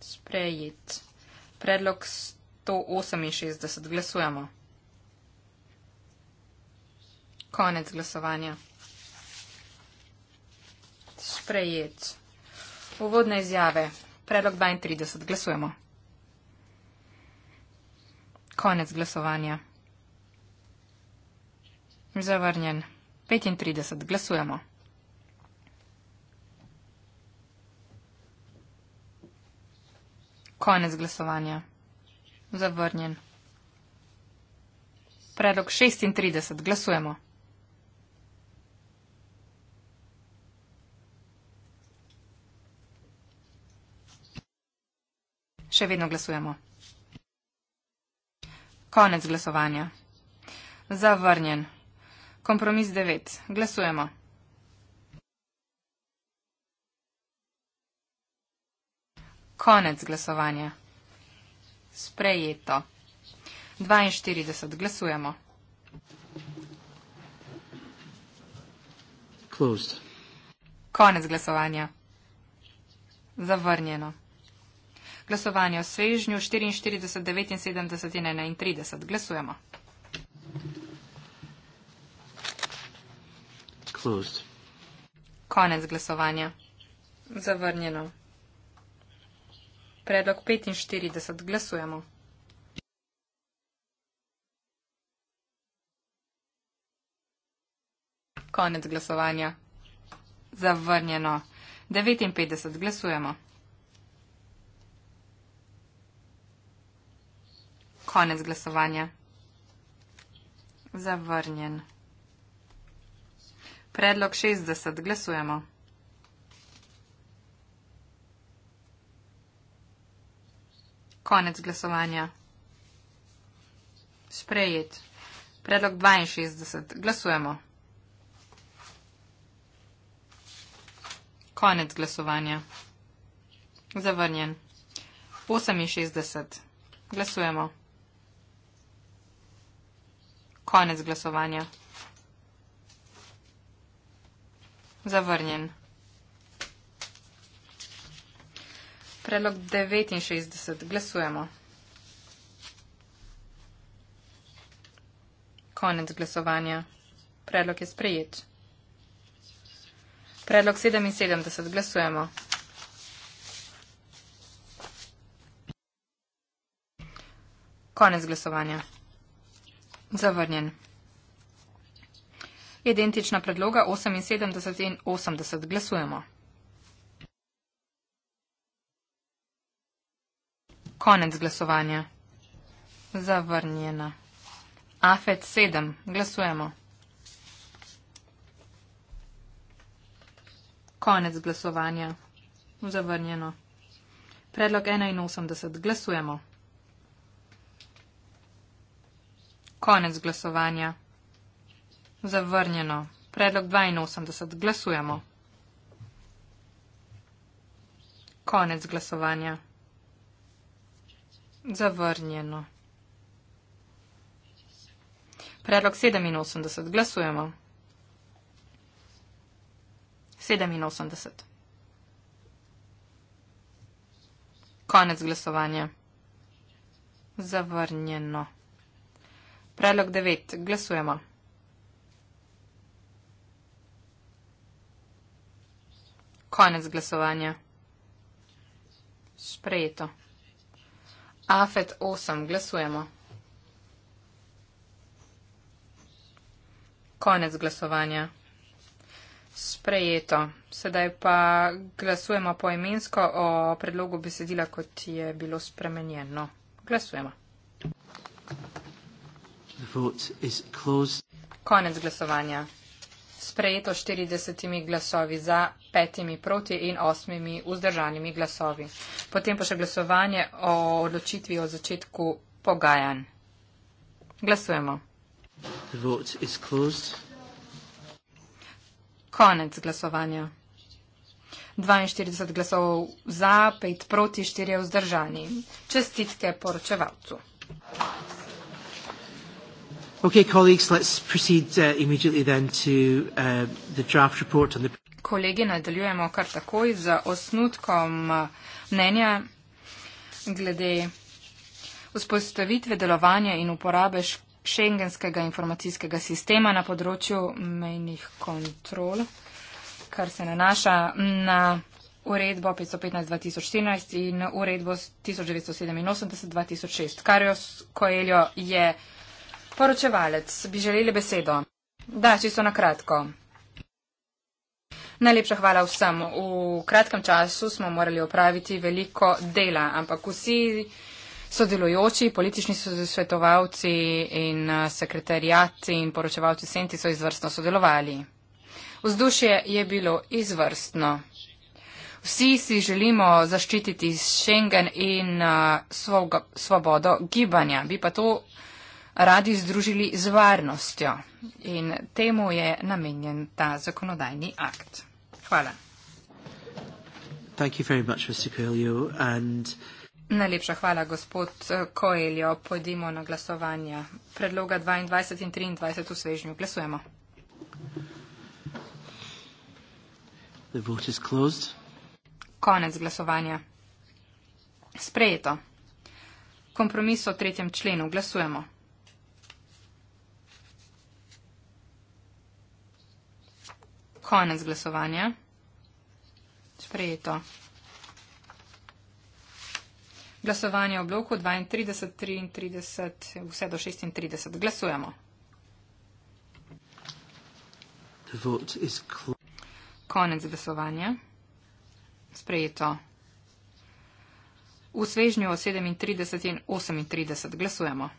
Sprejet. Predlog 168. Glasujemo. Konec glasovanja sprejet. Uvodne izjave. Predlog 32. Glasujemo. Konec glasovanja. Zavrnjen. 35. Glasujemo. Konec glasovanja. Zavrnjen. Predlog 36. Glasujemo. Še vedno glasujemo. Konec glasovanja. Zavrnjen. Kompromis 9. Glasujemo. Konec glasovanja. Sprejeto. 42. Glasujemo. Closed. Konec glasovanja. Zavrnjeno glasovanje o svežnju 44, 79 in 31. Glasujemo. Closed. Konec glasovanja. Zavrnjeno. Predlog 45. Glasujemo. Konec glasovanja. Zavrnjeno. 59. Glasujemo. konec glasovanja. Zavrnjen. Predlog 60. Glasujemo. Konec glasovanja. Sprejet. Predlog 62. Glasujemo. Konec glasovanja. Zavrnjen. 68. Glasujemo. Konec glasovanja. Zavrnjen. Prelog 69. Glasujemo. Konec glasovanja. Predlog je sprejet. Predlog 77. Glasujemo. Konec glasovanja. Zavrnjen. Identična predloga 78 in 80. Glasujemo. Konec glasovanja. Zavrnjena. AFET 7. Glasujemo. Konec glasovanja. Zavrnjeno. Predlog 81. Glasujemo. Konec glasovanja. Zavrnjeno. Predlog 82. Glasujemo. Konec glasovanja. Zavrnjeno. Predlog 87. Glasujemo. 87. Konec glasovanja. Zavrnjeno. Predlog 9. Glasujemo. Konec glasovanja. Sprejeto. AFET 8. Glasujemo. Konec glasovanja. Sprejeto. Sedaj pa glasujemo poemensko o predlogu besedila, kot je bilo spremenjeno. Glasujemo. Konec glasovanja. Sprejeto 40 glasovi za, 5 proti in 8 vzdržanimi glasovi. Potem pa še glasovanje o odločitvi o začetku pogajanj. Glasujemo. Konec glasovanja. 42 glasov za, 5 proti, 4 vzdržani. Čestitke poročevalcu. Okay, colleagues, let's proceed uh, immediately then to uh, the draft report on the. Kolegi, nadaljujemo kar takoj z osnutkom uh, mnenja glede vzpostavitve delovanja in uporabe šengenskega informacijskega sistema na področju mejnih kontrol, kar se nanaša na uredbo 515-2014 in uredbo 1987-2006. Karjo Koeljo je. Poročevalec, bi želeli besedo? Da, čisto na kratko. Najlepša hvala vsem. V kratkem času smo morali opraviti veliko dela, ampak vsi sodelujoči, politični svetovalci in sekretarijati in poročevalci senti so izvrstno sodelovali. Vzdušje je bilo izvrstno. Vsi si želimo zaščititi Schengen in svobodo gibanja. Bi pa to radi združili z varnostjo. In temu je namenjen ta zakonodajni akt. Hvala. Thank you very much, Mr. Coelho, and... Najlepša hvala, gospod Koeljo. Pojdimo na glasovanje. Predloga 22 in 23 v svežnju. Glasujemo. The vote is closed. Konec glasovanja. Sprejeto. Kompromis o tretjem členu. Glasujemo. Konec glasovanja. Sprejeto. Glasovanje o bloku 32, 33, vse do 36. Glasujemo. Konec glasovanja. Sprejeto. V svežnju o 37 in 38 glasujemo.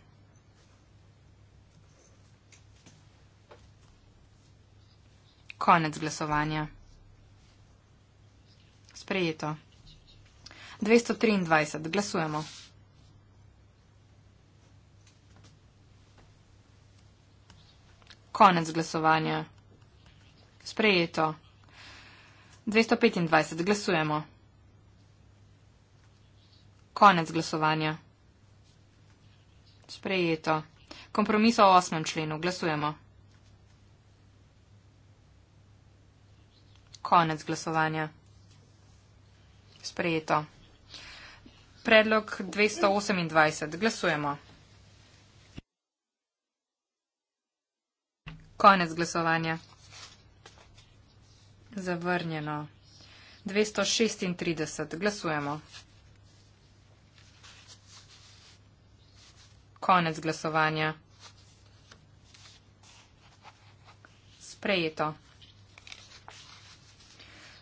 Konec glasovanja. Sprejeto. 223. Glasujemo. Konec glasovanja. Sprejeto. 225. Glasujemo. Konec glasovanja. Sprejeto. Kompromis o osmem členu. Glasujemo. Konec glasovanja. Sprejeto. Predlog 228. Glasujemo. Konec glasovanja. Zavrnjeno. 236. Glasujemo. Konec glasovanja. Sprejeto.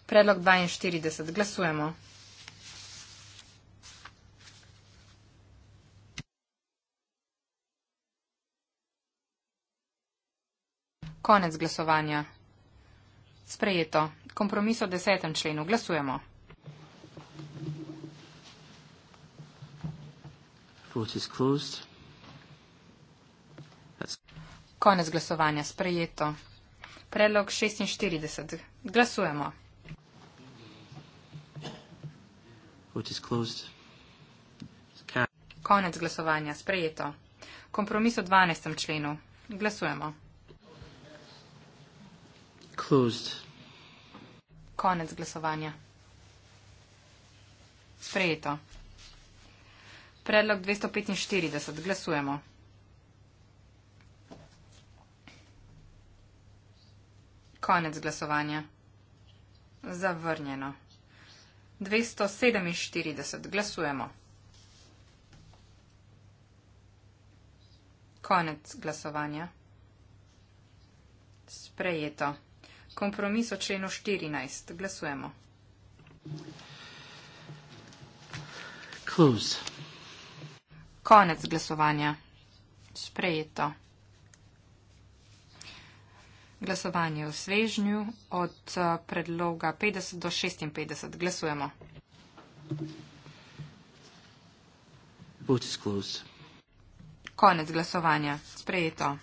Predlog 42. Glasujemo. Konec glasovanja. Sprejeto. Kompromis o desetem členu. Glasujemo. Konec glasovanja. Sprejeto. Predlog 46. Glasujemo. Konec glasovanja. Sprejeto. Kompromis o 12. členu. Glasujemo. Closed. Konec glasovanja. Sprejeto. Predlog 245. Glasujemo. Konec glasovanja. Zavrnjeno. 247. Glasujemo. Konec glasovanja. Sprejeto. Kompromis o členu 14. Glasujemo. Close. Konec glasovanja. Sprejeto glasovanje v svežnju od eh, predloga 50 do 56. Glasujemo. Konec glasovanja. Sprejeto.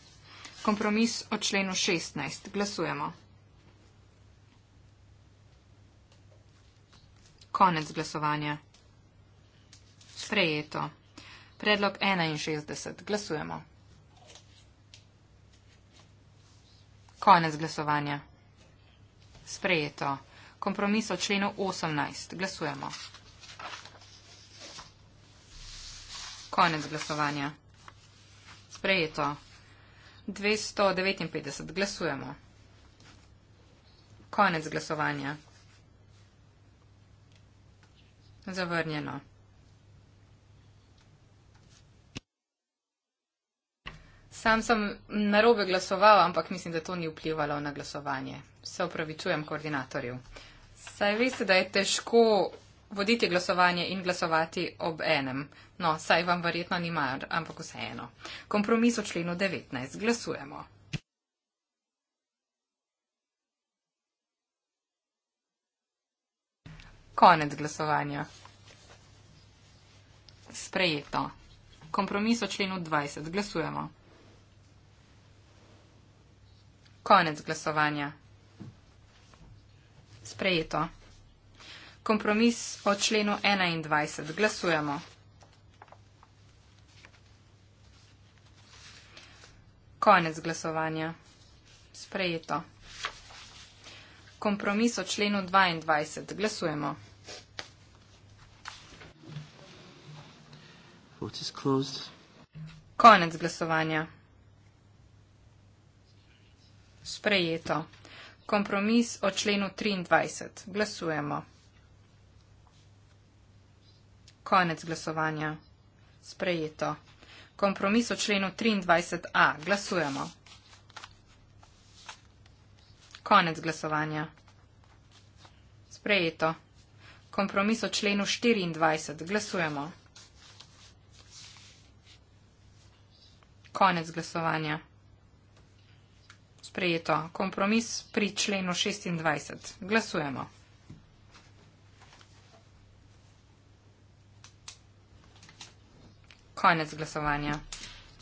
Kompromis o členu 16. Glasujemo. Konec glasovanja. Sprejeto. Predlog 61. Glasujemo. Konec glasovanja. Sprejeto. Kompromis o členu 18. Glasujemo. Konec glasovanja. Sprejeto. 259. Glasujemo. Konec glasovanja. Zavrnjeno. Sam sem narobe glasoval, ampak mislim, da to ni vplivalo na glasovanje. Se opravičujem koordinatorju. Saj veste, da je težko voditi glasovanje in glasovati ob enem. No, saj vam verjetno ni mar, ampak vseeno. Kompromis o členu 19. Glasujemo. Konec glasovanja. Sprejeto. Kompromis o členu 20. Glasujemo. Konec glasovanja. Sprejeto. Kompromis o členu 21. Glasujemo. Konec glasovanja. Sprejeto. Kompromis o členu 22. Glasujemo. Konec glasovanja. Sprejeto. Kompromis o členu 23. Glasujemo. Konec glasovanja. Sprejeto. Kompromis o členu 23a. Glasujemo. Konec glasovanja. Sprejeto. Kompromis o členu 24. Glasujemo. Konec glasovanja. Sprejeto. Kompromis pri členu 26. Glasujemo. Konec glasovanja.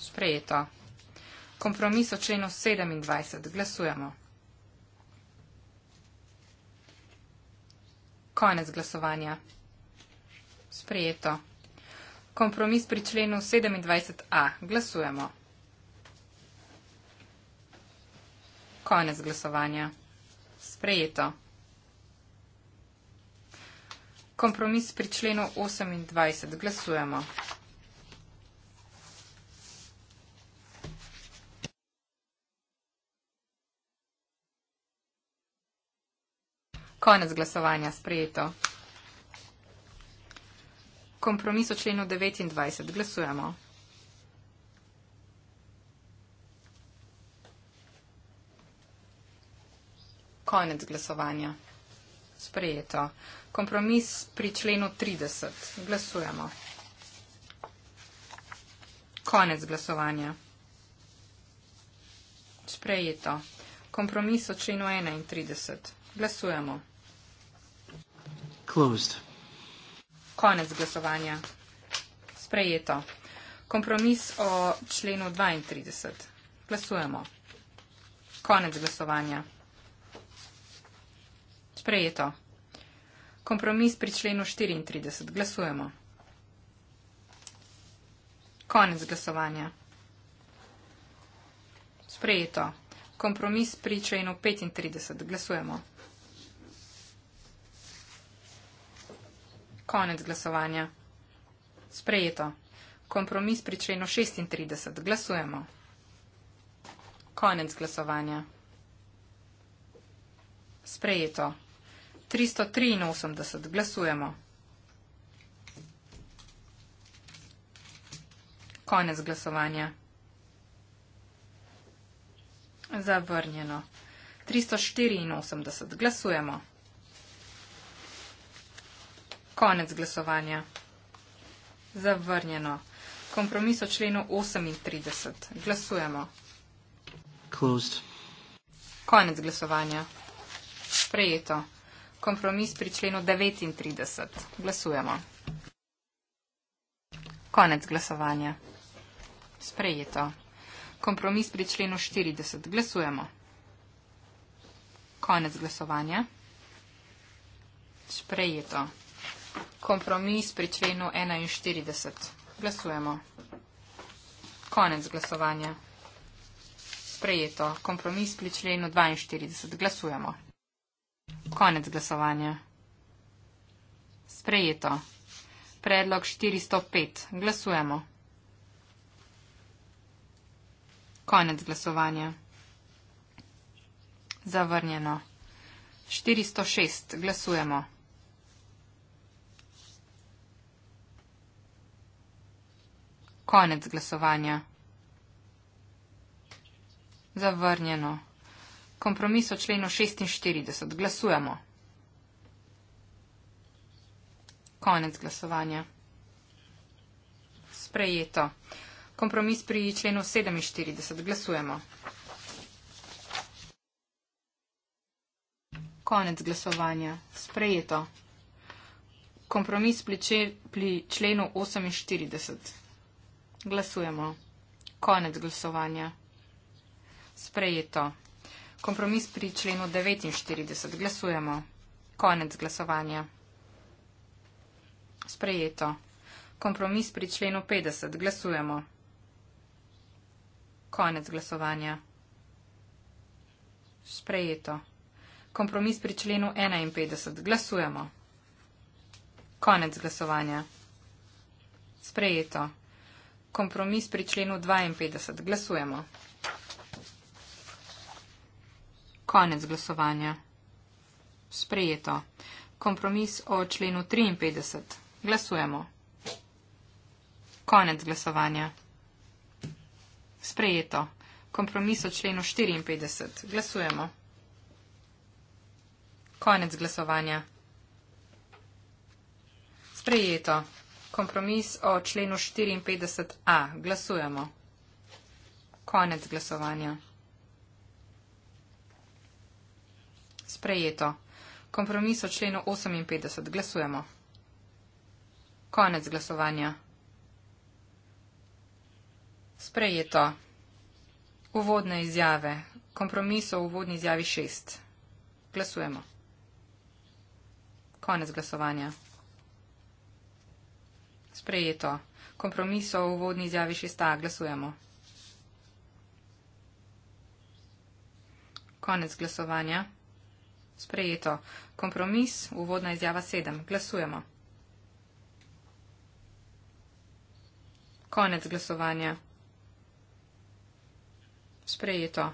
Sprejeto. Kompromis o členu 27. Glasujemo. Konec glasovanja. Sprejeto. Kompromis pri členu 27a. Glasujemo. Konec glasovanja. Sprejeto. Kompromis pri členu 28. Glasujemo. Konec glasovanja. Sprejeto. Kompromis o členu 29. Glasujemo. konec glasovanja. Sprejeto. Kompromis pri členu 30. Glasujemo. Konec glasovanja. Sprejeto. Kompromis o členu 31. Glasujemo. Closed. Konec glasovanja. Sprejeto. Kompromis o členu 32. Glasujemo. Konec glasovanja sprejeto. Kompromis pri členu 34. Glasujemo. Konec glasovanja. Sprejeto. Kompromis pri členu 35. Glasujemo. Konec glasovanja. Sprejeto. Kompromis pri členu 36. Glasujemo. Konec glasovanja. Sprejeto. 383 glasujemo. Konec glasovanja. Zavrnjeno. 384 glasujemo. Konec glasovanja. Zavrnjeno. Kompromis o členu 38. Glasujemo. Closed. Konec glasovanja. Sprejeto kompromis pri členu 39. Glasujemo. Konec glasovanja. Sprejeto. Kompromis pri členu 40. Glasujemo. Konec glasovanja. Sprejeto. Kompromis pri členu 41. Glasujemo. Konec glasovanja. Sprejeto. Kompromis pri členu 42. Glasujemo. Konec glasovanja. Sprejeto. Predlog 405. Glasujemo. Konec glasovanja. Zavrnjeno. 406. Glasujemo. Konec glasovanja. Zavrnjeno kompromis o členu 46. Glasujemo. Konec glasovanja. Sprejeto. Kompromis pri členu 47. Glasujemo. Konec glasovanja. Sprejeto. Kompromis pri členu 48. Glasujemo. Konec glasovanja. Sprejeto. Kompromis pri členu 49. Glasujemo. Konec glasovanja. Sprejeto. Kompromis pri členu 50. Glasujemo. Konec glasovanja. Sprejeto. Kompromis pri členu 51. Glasujemo. Konec glasovanja. Sprejeto. Kompromis pri členu 52. Glasujemo. Konec glasovanja. Sprejeto. Kompromis o členu 53. Glasujemo. Konec glasovanja. Sprejeto. Kompromis o členu 54. Glasujemo. Konec glasovanja. Sprejeto. Kompromis o členu 54a. Glasujemo. Konec glasovanja. Sprejeto. Kompromis o členu 58. Glasujemo. Konec glasovanja. Sprejeto. Uvodne izjave. Kompromis o uvodni izjavi 6. Glasujemo. Konec glasovanja. Sprejeto. Kompromis o uvodni izjavi 6. Glasujemo. Konec glasovanja. Sprejeto. Kompromis, uvodna izjava sedem. Glasujemo. Konec glasovanja. Sprejeto.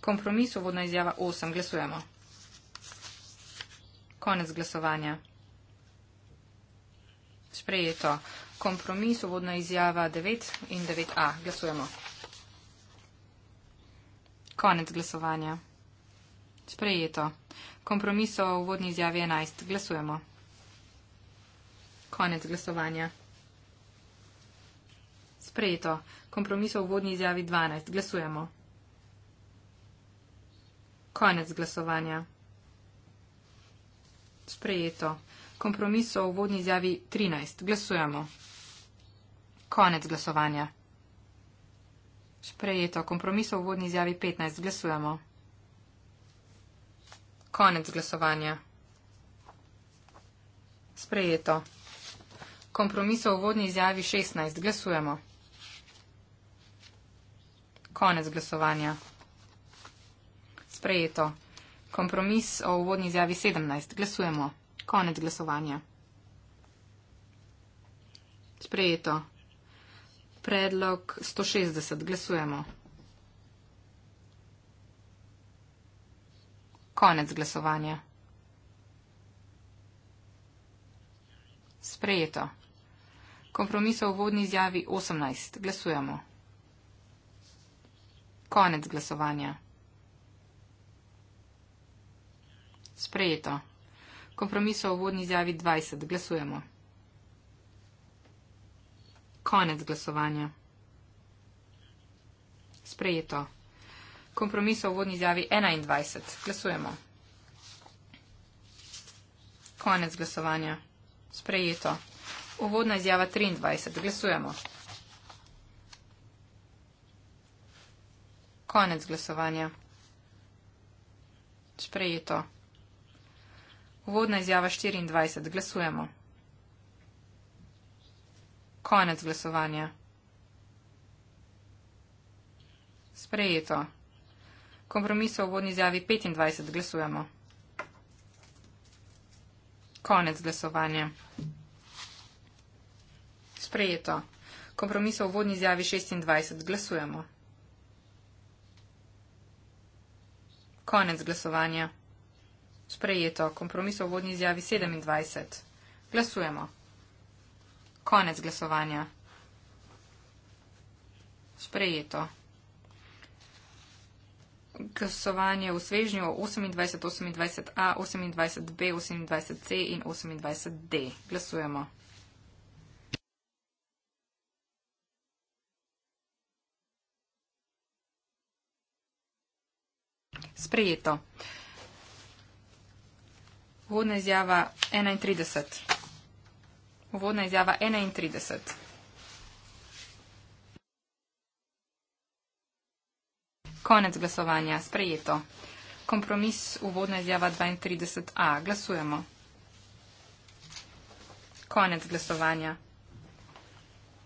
Kompromis, uvodna izjava osem. Glasujemo. Konec glasovanja. Sprejeto. Kompromis, uvodna izjava 9 in 9a. Glasujemo. Konec glasovanja. Sprejeto kompromisov v vodni izjavi 11. Glasujemo. Konec glasovanja. Sprejeto. Kompromisov v vodni izjavi 12. Glasujemo. Konec glasovanja. Sprejeto. Kompromisov v vodni izjavi 13. Glasujemo. Konec glasovanja. Sprejeto. Kompromisov v vodni izjavi 15. Glasujemo. Konec glasovanja. Sprejeto. Kompromiso v vodni izjavi 16. Glasujemo. Konec glasovanja. Sprejeto. Kompromis o uvodni izjavi 17. Glasujemo. Konec glasovanja. Sprejeto. Predlog 160. Glasujemo. Konec glasovanja. Sprejeto. Kompromisov v vodni izjavi 18. Glasujemo. Konec glasovanja. Sprejeto. Kompromisov v vodni izjavi 20. Glasujemo. Konec glasovanja. Sprejeto kompromisov v vodni izjavi 21. Glasujemo. Konec glasovanja. Sprejeto. Uvodna izjava 23. Glasujemo. Konec glasovanja. Sprejeto. Uvodna izjava 24. Glasujemo. Konec glasovanja. Sprejeto. Kompromis v vodni izjavi 25 glasujemo. Konec glasovanja. Sprejeto. Kompromis v vodni izjavi 26 glasujemo. Konec glasovanja. Sprejeto. Kompromis v vodni izjavi 27. Glasujemo. Konec glasovanja. Sprejeto glasovanje v svežnju 28, 28a, 28b, 28c in 28d. Glasujemo. Sprejeto. Uvodna izjava 31. Uvodna izjava 31. Konec glasovanja. Sprejeto. Kompromis uvodna izjava 32a. Glasujemo. Konec glasovanja.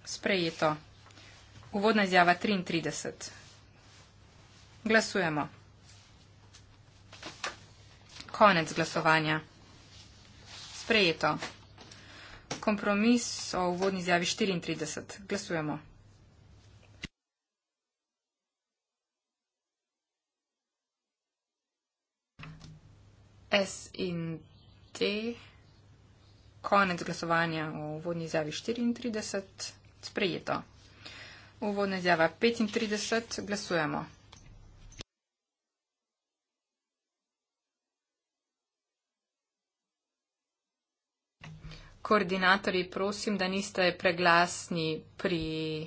Sprejeto. Uvodna izjava 33. Glasujemo. Konec glasovanja. Sprejeto. Kompromis o uvodni izjavi 34. Glasujemo. S in T. Konec glasovanja o uvodni izjavi 34, sprejeto. Uvodna izjava 35, glasujemo. Koordinatorji, prosim, da niste preglasni pri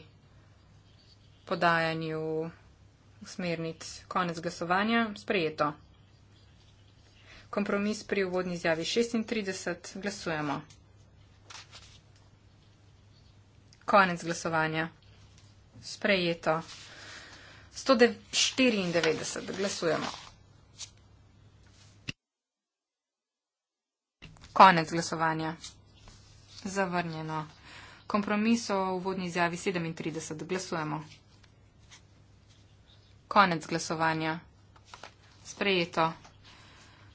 podajanju smernic. Konec glasovanja, sprejeto kompromis pri uvodni izjavi 36. Glasujemo. Konec glasovanja. Sprejeto. 194. Glasujemo. Konec glasovanja. Zavrnjeno. Kompromis o uvodni izjavi 37. Glasujemo. Konec glasovanja. Sprejeto.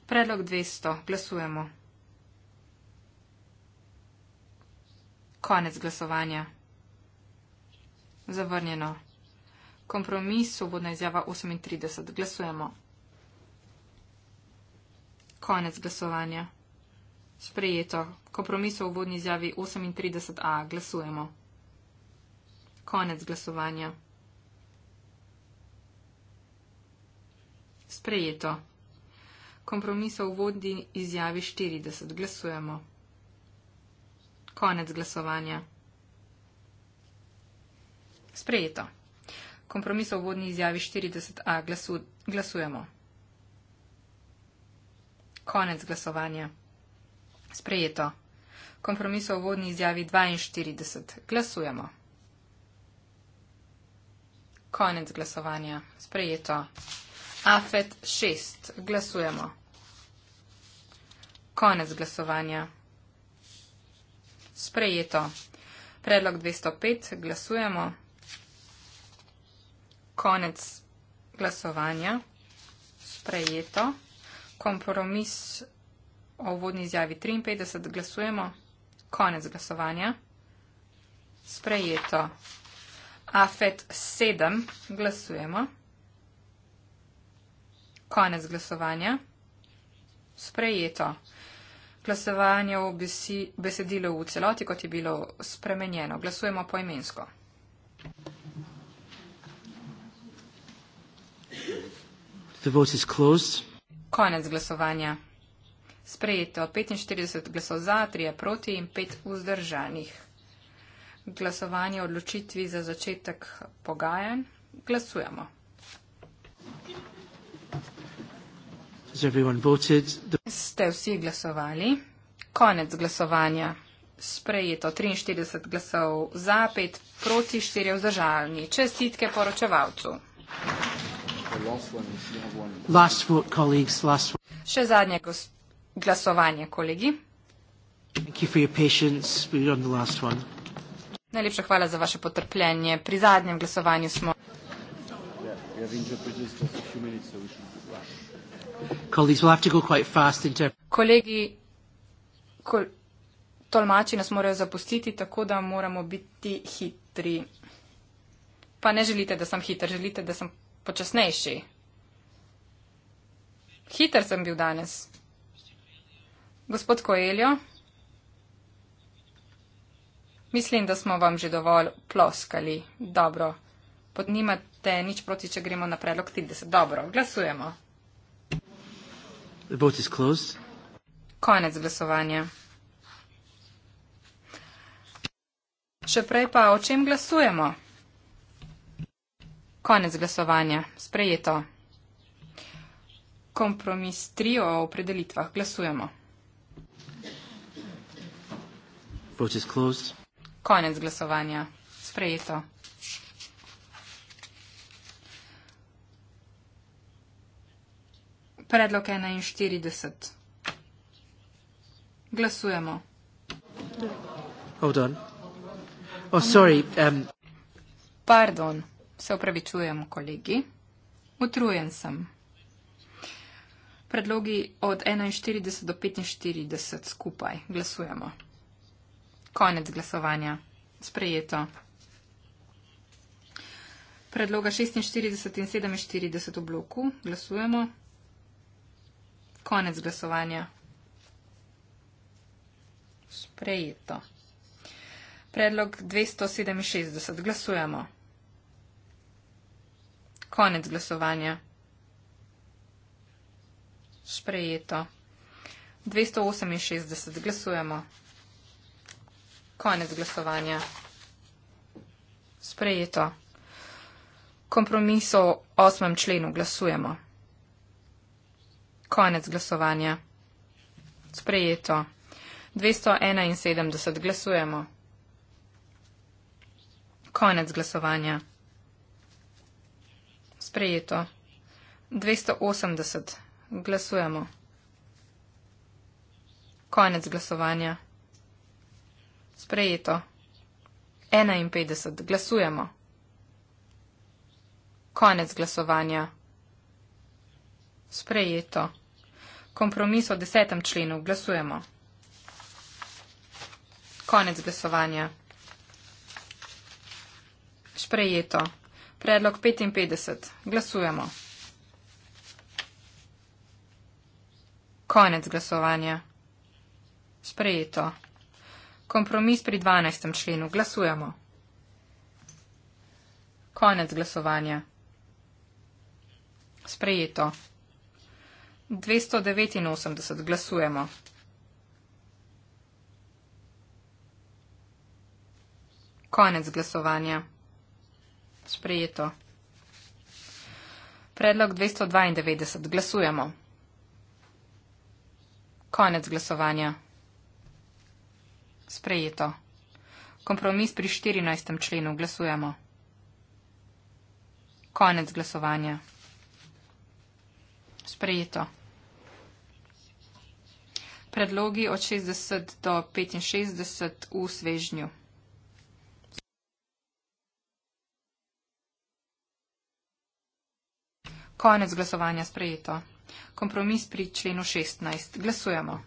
Predlog 200. Glasujemo. Konec glasovanja. Zavrnjeno. Kompromis, svobodna izjava 38. Glasujemo. Konec glasovanja. Sprejeto. Kompromis v vodni izjavi 38a. Glasujemo. Konec glasovanja. Sprejeto kompromisov vodi izjavi 40. Glasujemo. Konec glasovanja. Sprejeto. Kompromisov vodni izjavi 40a glasu, glasujemo. Konec glasovanja. Sprejeto. Kompromisov vodni izjavi 42 glasujemo. Konec glasovanja. Sprejeto. Afet 6. Glasujemo. Konec glasovanja. Sprejeto. Predlog 205. Glasujemo. Konec glasovanja. Sprejeto. Kompromis o vodni izjavi 53. Glasujemo. Konec glasovanja. Sprejeto. Afet 7. Glasujemo. Konec glasovanja. Sprejeto. Glasovanje v besedilu v celoti, kot je bilo spremenjeno. Glasujemo poimensko. Konec glasovanja. Sprejeto. 45 glasov za, 3 proti in 5 vzdržanih. Glasovanje o odločitvi za začetek pogajanj. Glasujemo. Ste vsi glasovali? Konec glasovanja. Sprejeto 43 glasov za, 5 proti, 4 vzdržalni. Čestitke poročevalcu. Še zadnje glasovanje, kolegi. Najlepša hvala za vaše potrpljenje. Pri zadnjem glasovanju smo. Yeah, yeah, colleagues. We'll have to go quite fast into. Kolegi, kol tolmači nas morajo zapustiti, tako da moramo biti hitri. Pa ne želite, da sem hiter, želite, da sem počasnejši. Hiter sem bil danes. Gospod Koeljo, mislim, da smo vam že dovolj ploskali. Dobro, podnimate nič proti, če gremo na predlog 30. Dobro, glasujemo. Konec glasovanja. Še prej pa o čem glasujemo? Konec glasovanja. Sprejeto. Kompromis 3 o opredelitvah. Glasujemo. Konec glasovanja. Sprejeto. Predlog 41. Glasujemo. Hold on. Oh, sorry. Um... Pardon, se upravičujem, kolegi. Utrujen sem. Predlogi od 41 do 45 skupaj. Glasujemo. Konec glasovanja. Sprejeto. Predloga 46 in 47 v bloku. Glasujemo. Konec glasovanja. Sprejeto. Predlog 267. Glasujemo. Konec glasovanja. Sprejeto. 268. Glasujemo. Konec glasovanja. Sprejeto. Kompromis o osmem členu glasujemo. Konec glasovanja. Sprejeto. 271 glasujemo. Konec glasovanja. Sprejeto. 280 glasujemo. Konec glasovanja. Sprejeto. 51 glasujemo. Konec glasovanja. Sprejeto kompromis o desetem členu. Glasujemo. Konec glasovanja. Šprejeto. Predlog 55. Glasujemo. Konec glasovanja. Sprejeto. Kompromis pri 12. členu. Glasujemo. Konec glasovanja. Sprejeto. 289 glasujemo. Konec glasovanja. Sprejeto. Predlog 292. Glasujemo. Konec glasovanja. Sprejeto. Kompromis pri 14. členu. Glasujemo. Konec glasovanja. Sprejeto predlogi od 60 do 65 v svežnju. Konec glasovanja sprejeto. Kompromis pri členu 16. Glasujemo.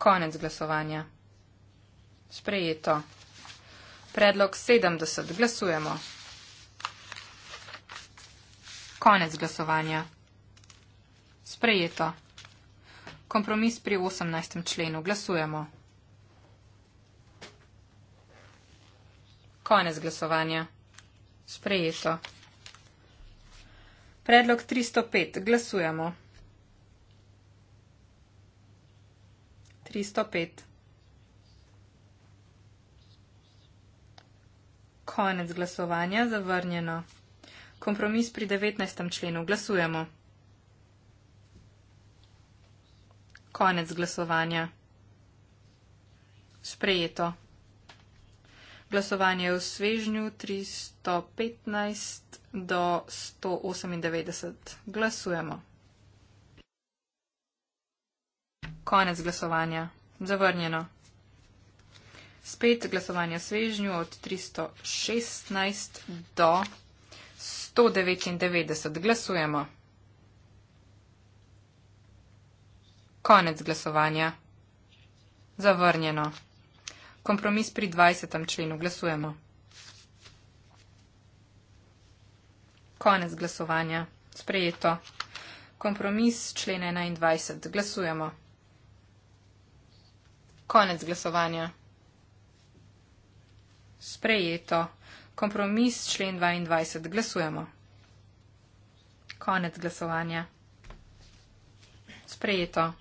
Konec glasovanja. Sprejeto. Predlog 70. Glasujemo. Konec glasovanja. Sprejeto. Kompromis pri 18. členu. Glasujemo. Konec glasovanja. Sprejeto. Predlog 305. Glasujemo. 305. Konec glasovanja. Zavrnjeno. Kompromis pri 19. členu. Glasujemo. Konec glasovanja. Sprejeto. Glasovanje je v svežnju 315 do 198. Glasujemo. Konec glasovanja. Zavrnjeno. Spet glasovanje v svežnju od 316 do 199. Glasujemo. Konec glasovanja. Zavrnjeno. Kompromis pri 20. členu. Glasujemo. Konec glasovanja. Sprejeto. Kompromis člen 21. Glasujemo. Konec glasovanja. Sprejeto. Kompromis člen 22. Glasujemo. Konec glasovanja. Sprejeto.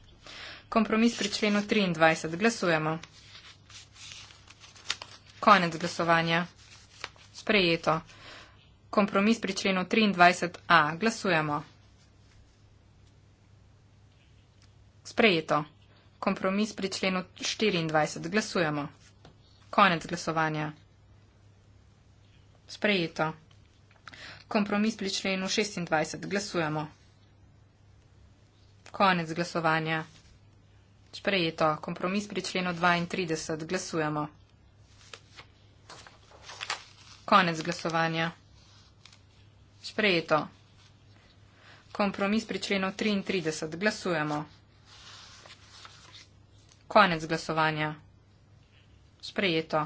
Kompromis pri členu 23. Glasujemo. Konec glasovanja. Sprejeto. Kompromis pri členu 23a. Glasujemo. Sprejeto. Kompromis pri členu 24. Glasujemo. Konec glasovanja. Sprejeto. Kompromis pri členu 26. Glasujemo. Konec glasovanja. Sprejeto. Kompromis pri členu 32. Glasujemo. Konec glasovanja. Sprejeto. Kompromis pri členu 33. Glasujemo. Konec glasovanja. Sprejeto.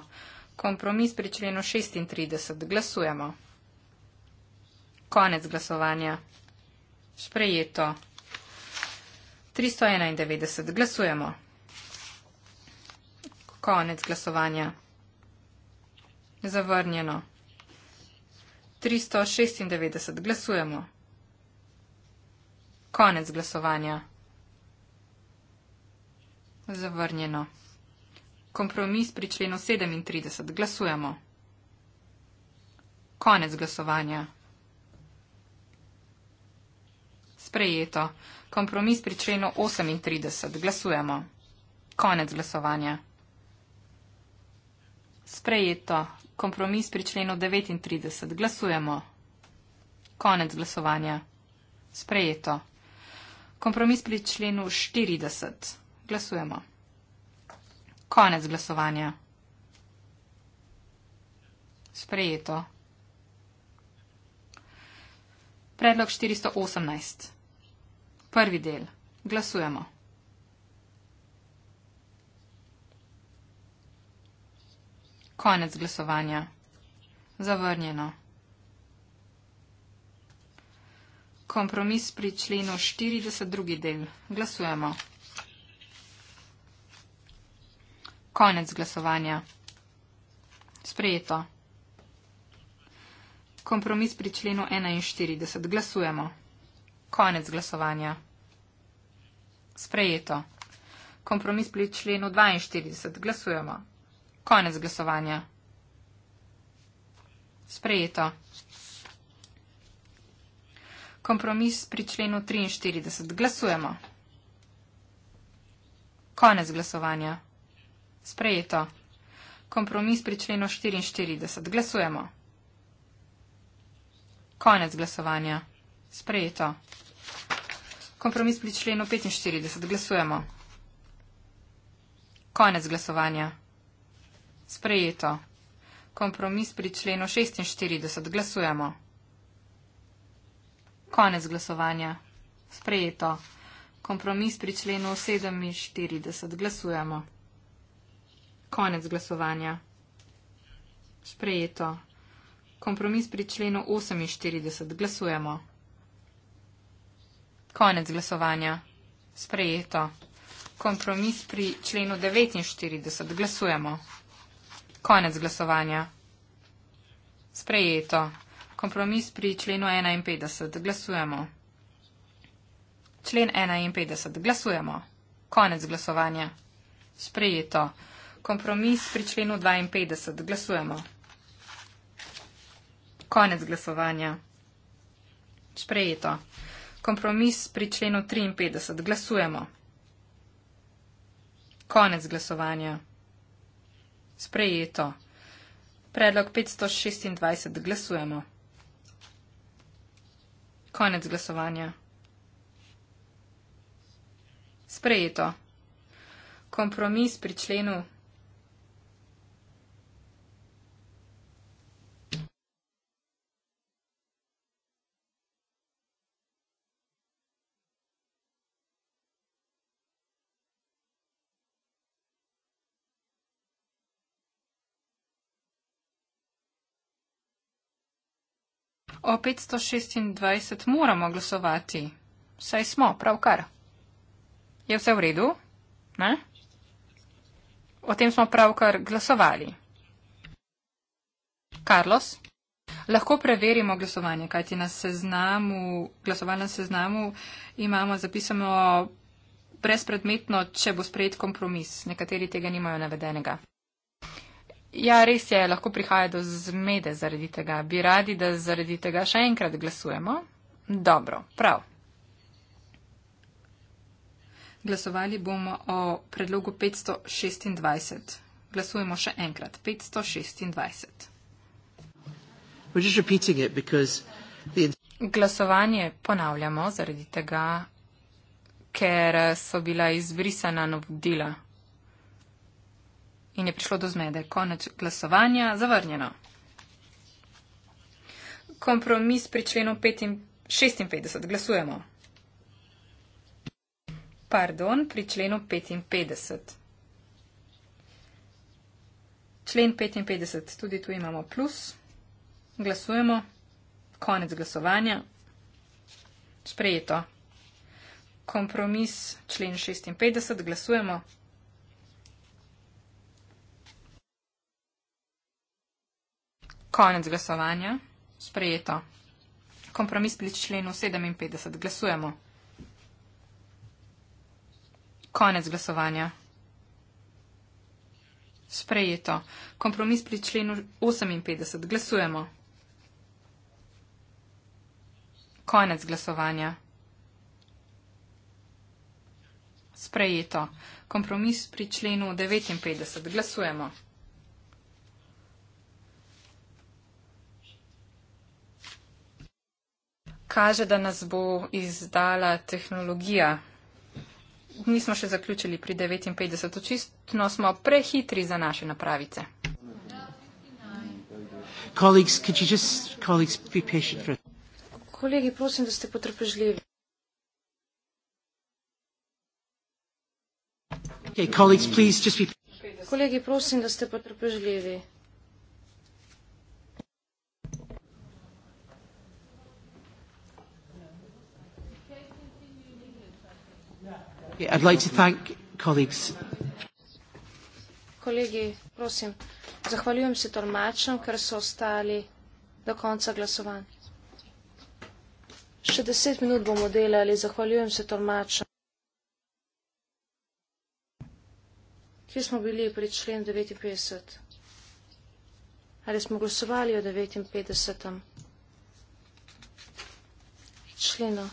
Kompromis pri členu 36. Glasujemo. Konec glasovanja. Sprejeto. 391 glasujemo. Konec glasovanja. Zavrnjeno. 396 glasujemo. Konec glasovanja. Zavrnjeno. Kompromis pri členu 37 glasujemo. Konec glasovanja. Sprejeto. Kompromis pri členu 38. Glasujemo. Konec glasovanja. Sprejeto. Kompromis pri členu 39. Glasujemo. Konec glasovanja. Sprejeto. Kompromis pri členu 40. Glasujemo. Konec glasovanja. Sprejeto. Predlog 418. Prvi del. Glasujemo. Konec glasovanja. Zavrnjeno. Kompromis pri členu 42. del. Glasujemo. Konec glasovanja. Sprejeto. Kompromis pri členu 41. Glasujemo. Konec glasovanja. Sprejeto. Kompromis pri členu 42. Glasujemo. Konec glasovanja. Sprejeto. Kompromis pri členu 43. Glasujemo. Konec glasovanja. Sprejeto. Kompromis pri členu 44. Glasujemo. Konec glasovanja. Sprejeto kompromis pri členu 45. Glasujemo. Konec glasovanja. Sprejeto. Kompromis pri členu 46. Glasujemo. Konec glasovanja. Sprejeto. Kompromis pri členu 47. Glasujemo. Konec glasovanja. Sprejeto. Kompromis pri členu 48. Glasujemo. Konec glasovanja. Sprejeto. Kompromis pri členu 49. Glasujemo. Konec glasovanja. Sprejeto. Kompromis pri členu 51. Glasujemo. Člen 51. Glasujemo. Konec glasovanja. Sprejeto. Kompromis pri členu 52. Glasujemo. Konec glasovanja. Sprejeto kompromis pri členu 53. Glasujemo. Konec glasovanja. Sprejeto. Predlog 526. Glasujemo. Konec glasovanja. Sprejeto. Kompromis pri členu 53. O 526 moramo glasovati. Saj smo, pravkar. Je vse v redu? Ne? O tem smo pravkar glasovali. Carlos, lahko preverimo glasovanje, kajti na seznamu, glasovalnem seznamu imamo zapisano brezpredmetno, če bo sprejet kompromis. Nekateri tega nimajo navedenega. Ja, res je, lahko prihaja do zmede zaradi tega. Bi radi, da zaradi tega še enkrat glasujemo? Dobro, prav. Glasovali bomo o predlogu 526. Glasujemo še enkrat. 526. Glasovanje ponavljamo zaradi tega, ker so bila izbrisana novodila in je prišlo do zmede. Konec glasovanja, zavrnjeno. Kompromis pri členu 56, glasujemo. Pardon, pri členu 55. Člen 55, tudi tu imamo plus. Glasujemo. Konec glasovanja. Sprejeto. Kompromis, člen 56, glasujemo. Konec glasovanja. Sprejeto. Kompromis pri členu 57. Glasujemo. Konec glasovanja. Sprejeto. Kompromis pri členu 58. Glasujemo. Konec glasovanja. Sprejeto. Kompromis pri členu 59. Glasujemo. kaže, da nas bo izdala tehnologija. Nismo še zaključili pri 59. Očistno smo prehitri za naše napravice. Kolegi, prosim, da ste potrpežljivi. Okay, colleagues, please just be. Kolegi, prosim, da ste potrpežljivi. Kolegi, prosim, zahvaljujem se tolmačem, ker so ostali do konca glasovanja. Še deset minut bomo delali, zahvaljujem se tolmačem. Kje smo bili pri člen 59? Ali smo glasovali o 59. členu?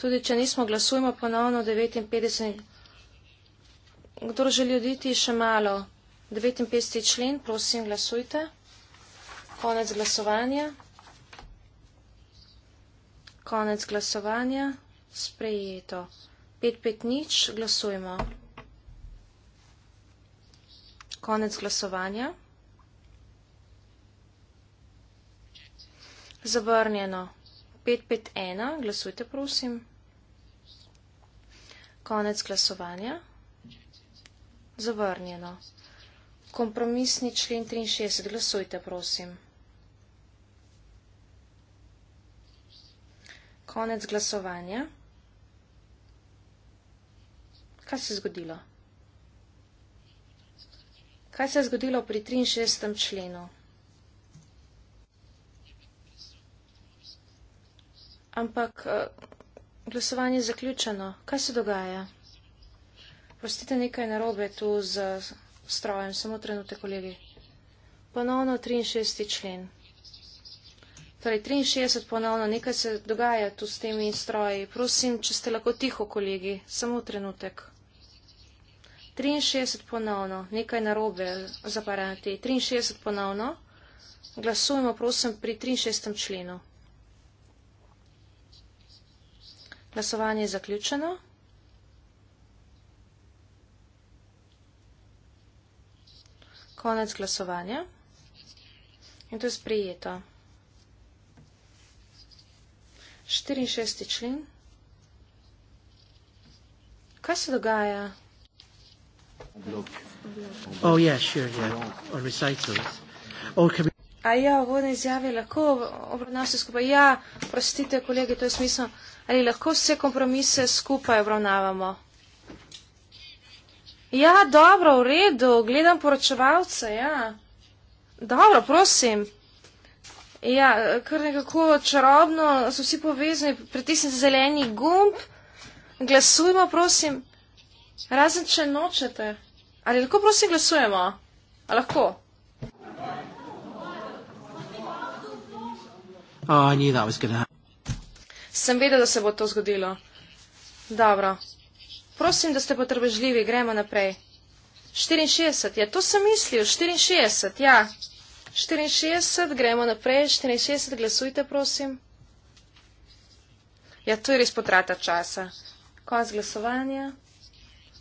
Tudi če nismo, glasujmo ponovno 59. Kdo želi oditi še malo? 59. člen, prosim, glasujte. Konec glasovanja. Konec glasovanja. Sprejeto. 5-5 nič, glasujmo. Konec glasovanja. Zavrnjeno. 5-5-1, glasujte prosim. Konec glasovanja. Zavrnjeno. Kompromisni člen 63. Glasujte, prosim. Konec glasovanja. Kaj se je zgodilo? Kaj se je zgodilo pri 63. členu? Ampak eh, Glasovanje je zaključeno. Kaj se dogaja? Prostite, nekaj narobe tu z strojem. Samo trenutek, kolegi. Ponovno 63. člen. Torej, 63 ponovno. Nekaj se dogaja tu s temi stroji. Prosim, če ste lahko tiho, kolegi. Samo trenutek. 63 ponovno. Nekaj narobe za paranti. 63 ponovno. Glasujemo, prosim, pri 63. členu. Glasovanje je zaključeno. Konec glasovanja. In to je sprejeto. 64. člen. Kaj se dogaja? Oh, yeah, sure, yeah. Or recitals. Or oh, can we... A ja, v vodni izjavi lahko obrnavsi skupaj. Ja, prostite, kolegi, to je smisel ali lahko vse kompromise skupaj obravnavamo. Ja, dobro, v redu, gledam poročevalce, ja. Dobro, prosim. Ja, kar nekako čarobno, so vsi povezani, pritisnite zeleni gumb, glasujmo, prosim. Razen, če nočete. Ali lahko, prosim, glasujemo? A lahko? Oh, I knew that was going to happen. Sem vedela, da se bo to zgodilo. Dobro. Prosim, da ste potrbežljivi, gremo naprej. 64, ja, to sem mislil, 64, ja. 64, gremo naprej, 64, glasujte, prosim. Ja, to je res potrata časa. Konc glasovanja,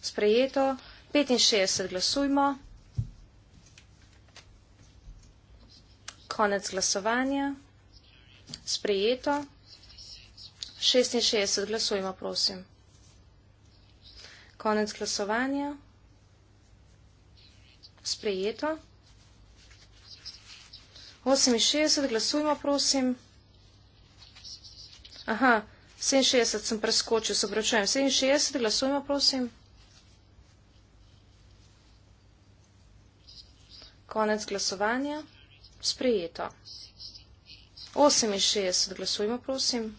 sprejeto, 65 glasujmo. Konec glasovanja, sprejeto. 66. Glasujmo, prosim. Konec glasovanja. Sprejeto. 68. Glasujmo, prosim. Aha, 67. Sem preskočil, se obračujem. 67. Glasujmo, prosim. Konec glasovanja. Sprejeto. 68. Glasujmo, prosim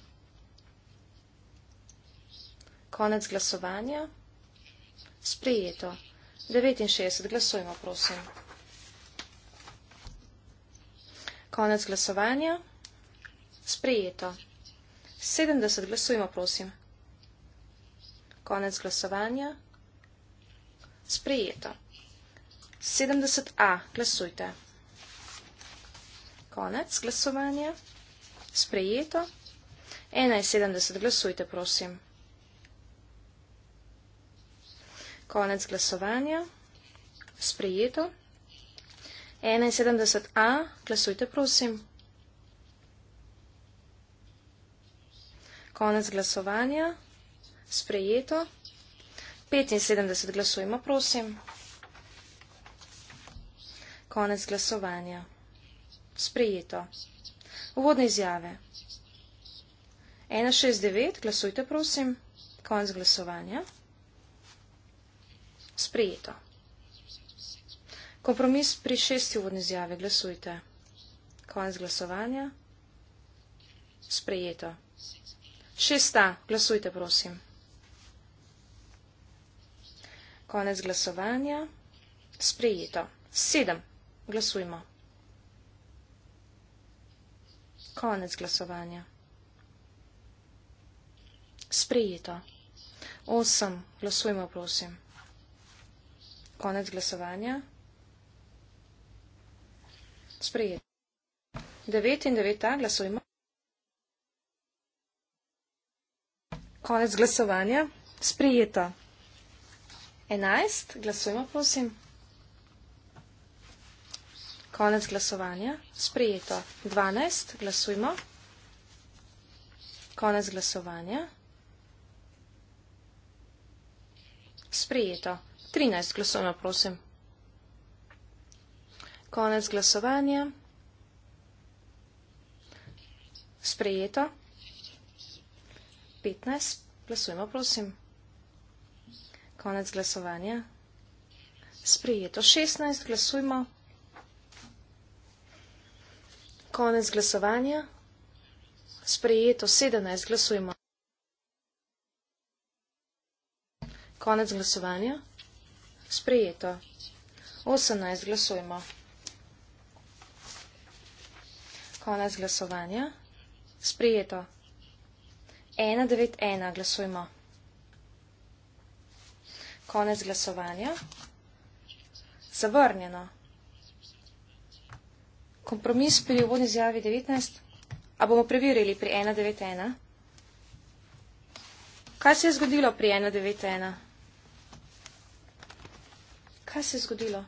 konec glasovanja. Sprejeto. 69. Glasujmo, prosim. Konec glasovanja. Sprejeto. 70. Glasujmo, prosim. Konec glasovanja. Sprejeto. 70a. Glasujte. Konec glasovanja. Sprejeto. 71. Glasujte, prosim. Konec glasovanja. Sprejeto. 71a. Glasujte, prosim. Konec glasovanja. Sprejeto. 75. Glasujmo, prosim. Konec glasovanja. Sprejeto. Uvodne izjave. 169. Glasujte, prosim. Konec glasovanja. Sprejeto. Kompromis pri šesti uvodni izjavi. Glasujte. Konec glasovanja. Sprejeto. Šesta. Glasujte, prosim. Konec glasovanja. Sprejeto. Sedem. Glasujmo. Konec glasovanja. Sprejeto. Osem. Glasujmo, prosim. Konec glasovanja. Sprejeti. 9 in 9 a glasujmo. Konec glasovanja. Sprijeto. 11. Glasujmo, prosim. Konec glasovanja. Sprijeto. 12. Glasujmo. Konec glasovanja. Sprijeto. 13. 13 glasovno, prosim. Konec glasovanja. Sprejeto. 15. Glasujemo, prosim. Konec glasovanja. Sprejeto. 16. Glasujemo. Konec glasovanja. Sprejeto. 17. Glasujemo. Konec glasovanja. Sprejeto. 18. Glasujmo. Konec glasovanja. Sprejeto. 1.9.1. Glasujmo. Konec glasovanja. Zavrnjeno. Kompromis pri uvodni izjavi 19. A bomo preverili pri 1.9.1. Kaj se je zgodilo pri 1.9.1? Kaj se je zgodilo?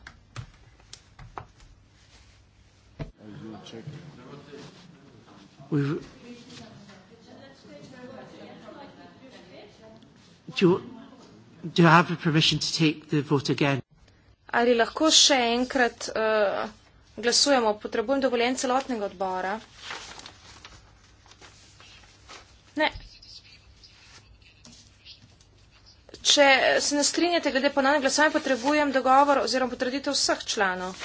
Ali lahko še enkrat uh, glasujemo? Potrebujem dovoljen celotnega odbora. Če se ne strinjate glede ponovne glasovanja, potrebujem dogovor oziroma potrditev vseh članov.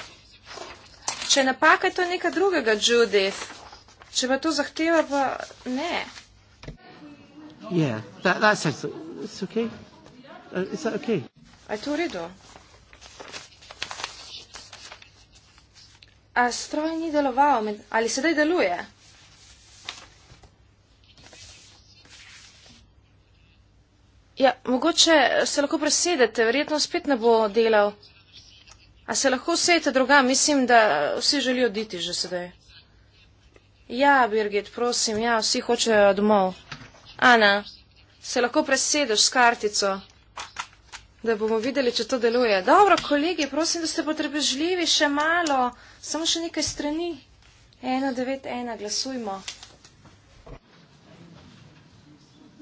Če napaka je to nekaj drugega, Judith, če pa to zahteva, pa ne. Yeah, that, that's okay. Uh, is that okay? A je to v redu? A stroj ni deloval, ali sedaj deluje? Ja, mogoče se lahko presedete, verjetno spet ne bo delal. A se lahko sedete druga, mislim, da vsi želijo oditi že sedaj. Ja, Birgit, prosim, ja, vsi hočejo domov. Ana, se lahko presedeš s kartico, da bomo videli, če to deluje. Dobro, kolegi, prosim, da ste potrebežljivi še malo, samo še nekaj strani. 191, glasujmo.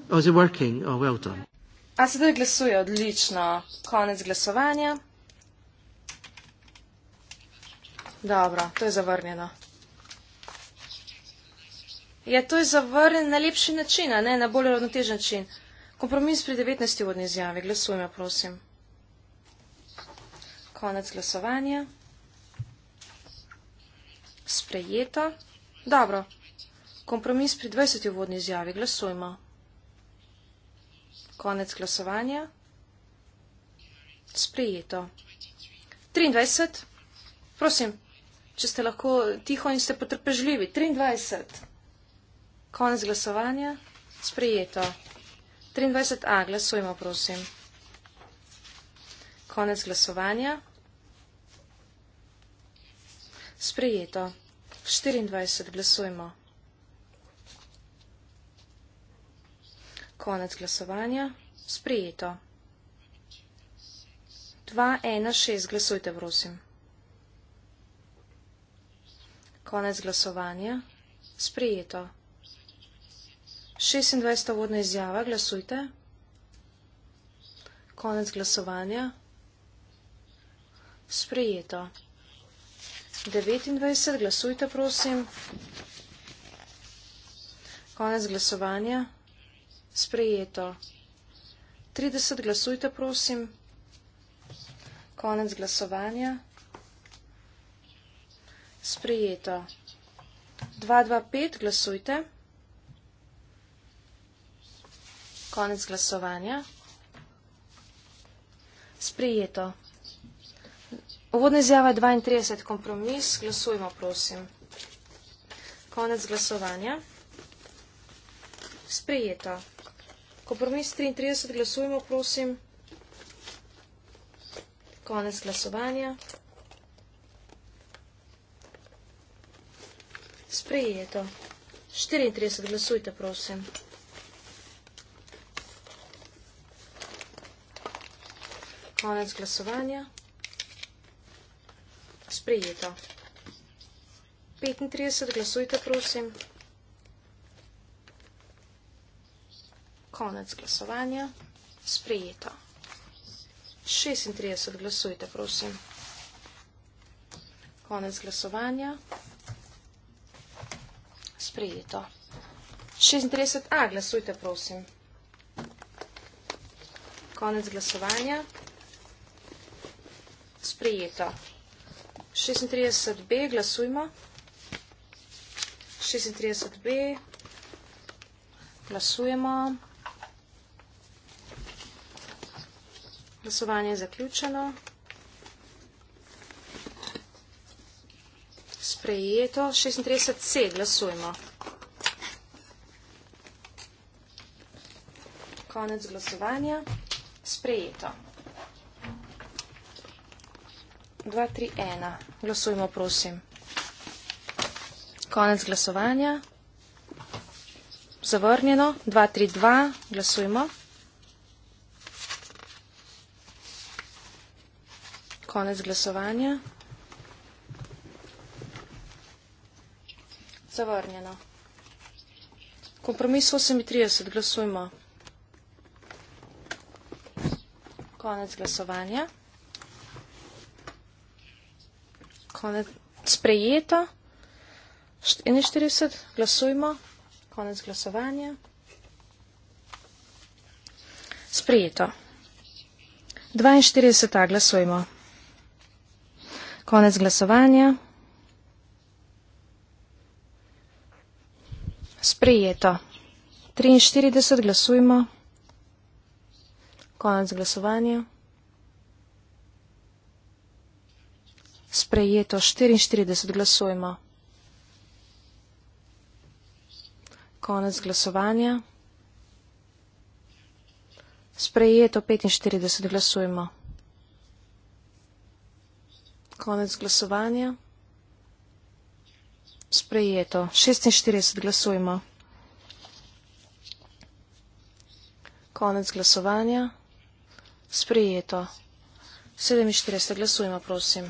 Oh, is it working? Oh, well done. A sedaj glasuje odlično. Konec glasovanja. Dobro, to je zavrnjeno. Ja, to je zavrnjen na lepši način, ne na bolj ravnotežen način. Kompromis pri 19. vodni izjavi. Glasujmo, prosim. Konec glasovanja. Sprejeto. Dobro. Kompromis pri 20. vodni izjavi. Glasujmo. Konec glasovanja. Sprejeto. 23. Prosim, če ste lahko tiho in ste potrpežljivi. 23. Konec glasovanja. Sprejeto. 23a. Glasujemo, prosim. Konec glasovanja. Sprejeto. 24. Glasujemo. konec glasovanja. Sprijeto. 2-1-6, glasujte, prosim. Konec glasovanja. Sprijeto. 26. vodna izjava, glasujte. Konec glasovanja. Sprijeto. 29, glasujte, prosim. Konec glasovanja. Sprijeto. Sprejeto. 30 glasujte, prosim. Konec glasovanja. Sprejeto. 225 glasujte. Konec glasovanja. Sprejeto. Uvodna izjava je 32 kompromis. Glasujmo, prosim. Konec glasovanja. Sprejeto. Kompromis 33, glasujmo, prosim. Konec glasovanja. Sprejeto. 34, glasujte, prosim. Konec glasovanja. Sprejeto. 35, glasujte, prosim. konec glasovanja. Sprejeto. 36 glasujte, prosim. Konec glasovanja. Sprejeto. 36a glasujte, prosim. Konec glasovanja. Sprejeto. 36b glasujmo. 36b glasujemo. 36b glasujemo. Glasovanje je zaključeno. Sprejeto. 36C. Glasujmo. Konec glasovanja. Sprejeto. 2, 3, 1. Glasujmo, prosim. Konec glasovanja. Zavrnjeno. 2, 3, 2. Glasujmo. 2, 3, 2. konec glasovanja. Zavrnjeno. Kompromis 38. Glasujmo. Konec glasovanja. Konec sprejeto. 41. Glasujmo. Konec glasovanja. Sprejeto. 42. Glasujmo. Konec glasovanja. Sprejeto. 43 glasujmo. Konec glasovanja. Sprejeto. 44 glasujmo. Konec glasovanja. Sprejeto. 45 glasujmo. Konec glasovanja. Sprejeto. 46 glasujmo. Konec glasovanja. Sprejeto. 47 glasujmo, prosim.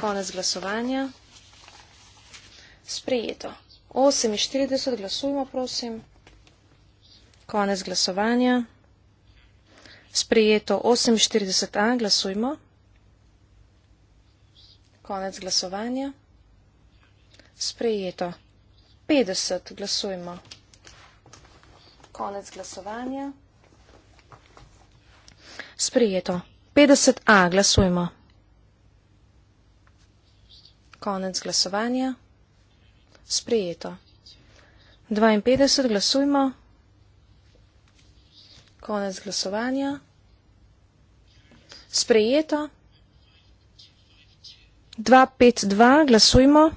Konec glasovanja. Sprejeto. 48 glasujmo, prosim. Konec glasovanja. Sprejeto 48a glasujmo. Konec glasovanja. Sprejeto. 50 glasujmo. Konec glasovanja. Sprejeto. 50A glasujmo. Konec glasovanja. Sprejeto. 52 glasujmo. Konec glasovanja. Sprejeto. 252, glasujmo.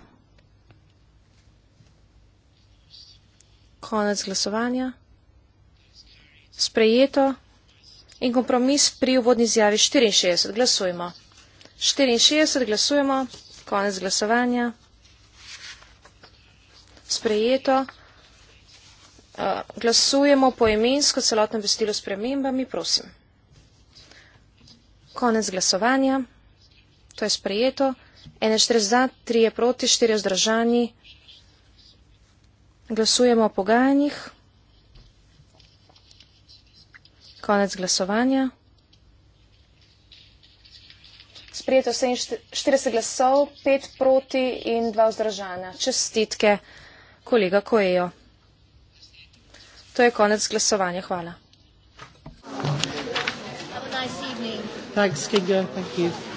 Konec glasovanja. Sprejeto. In kompromis pri uvodni izjavi 64. Glasujmo. 64. Glasujemo. Konec glasovanja. Sprejeto. Eh, glasujemo po imensko celotno vestilo s premembami. Prosim. Konec glasovanja. To je sprejeto. 41 za, 3 je proti, 4 je zdržani. Glasujemo o pogajanjih. Konec glasovanja. Sprijeto 40 glasov, 5 proti in 2 vzdržana. Čestitke, kolega Kojejo. To je konec glasovanja. Hvala. Have a nice evening. Thanks, Kinga. Thank you.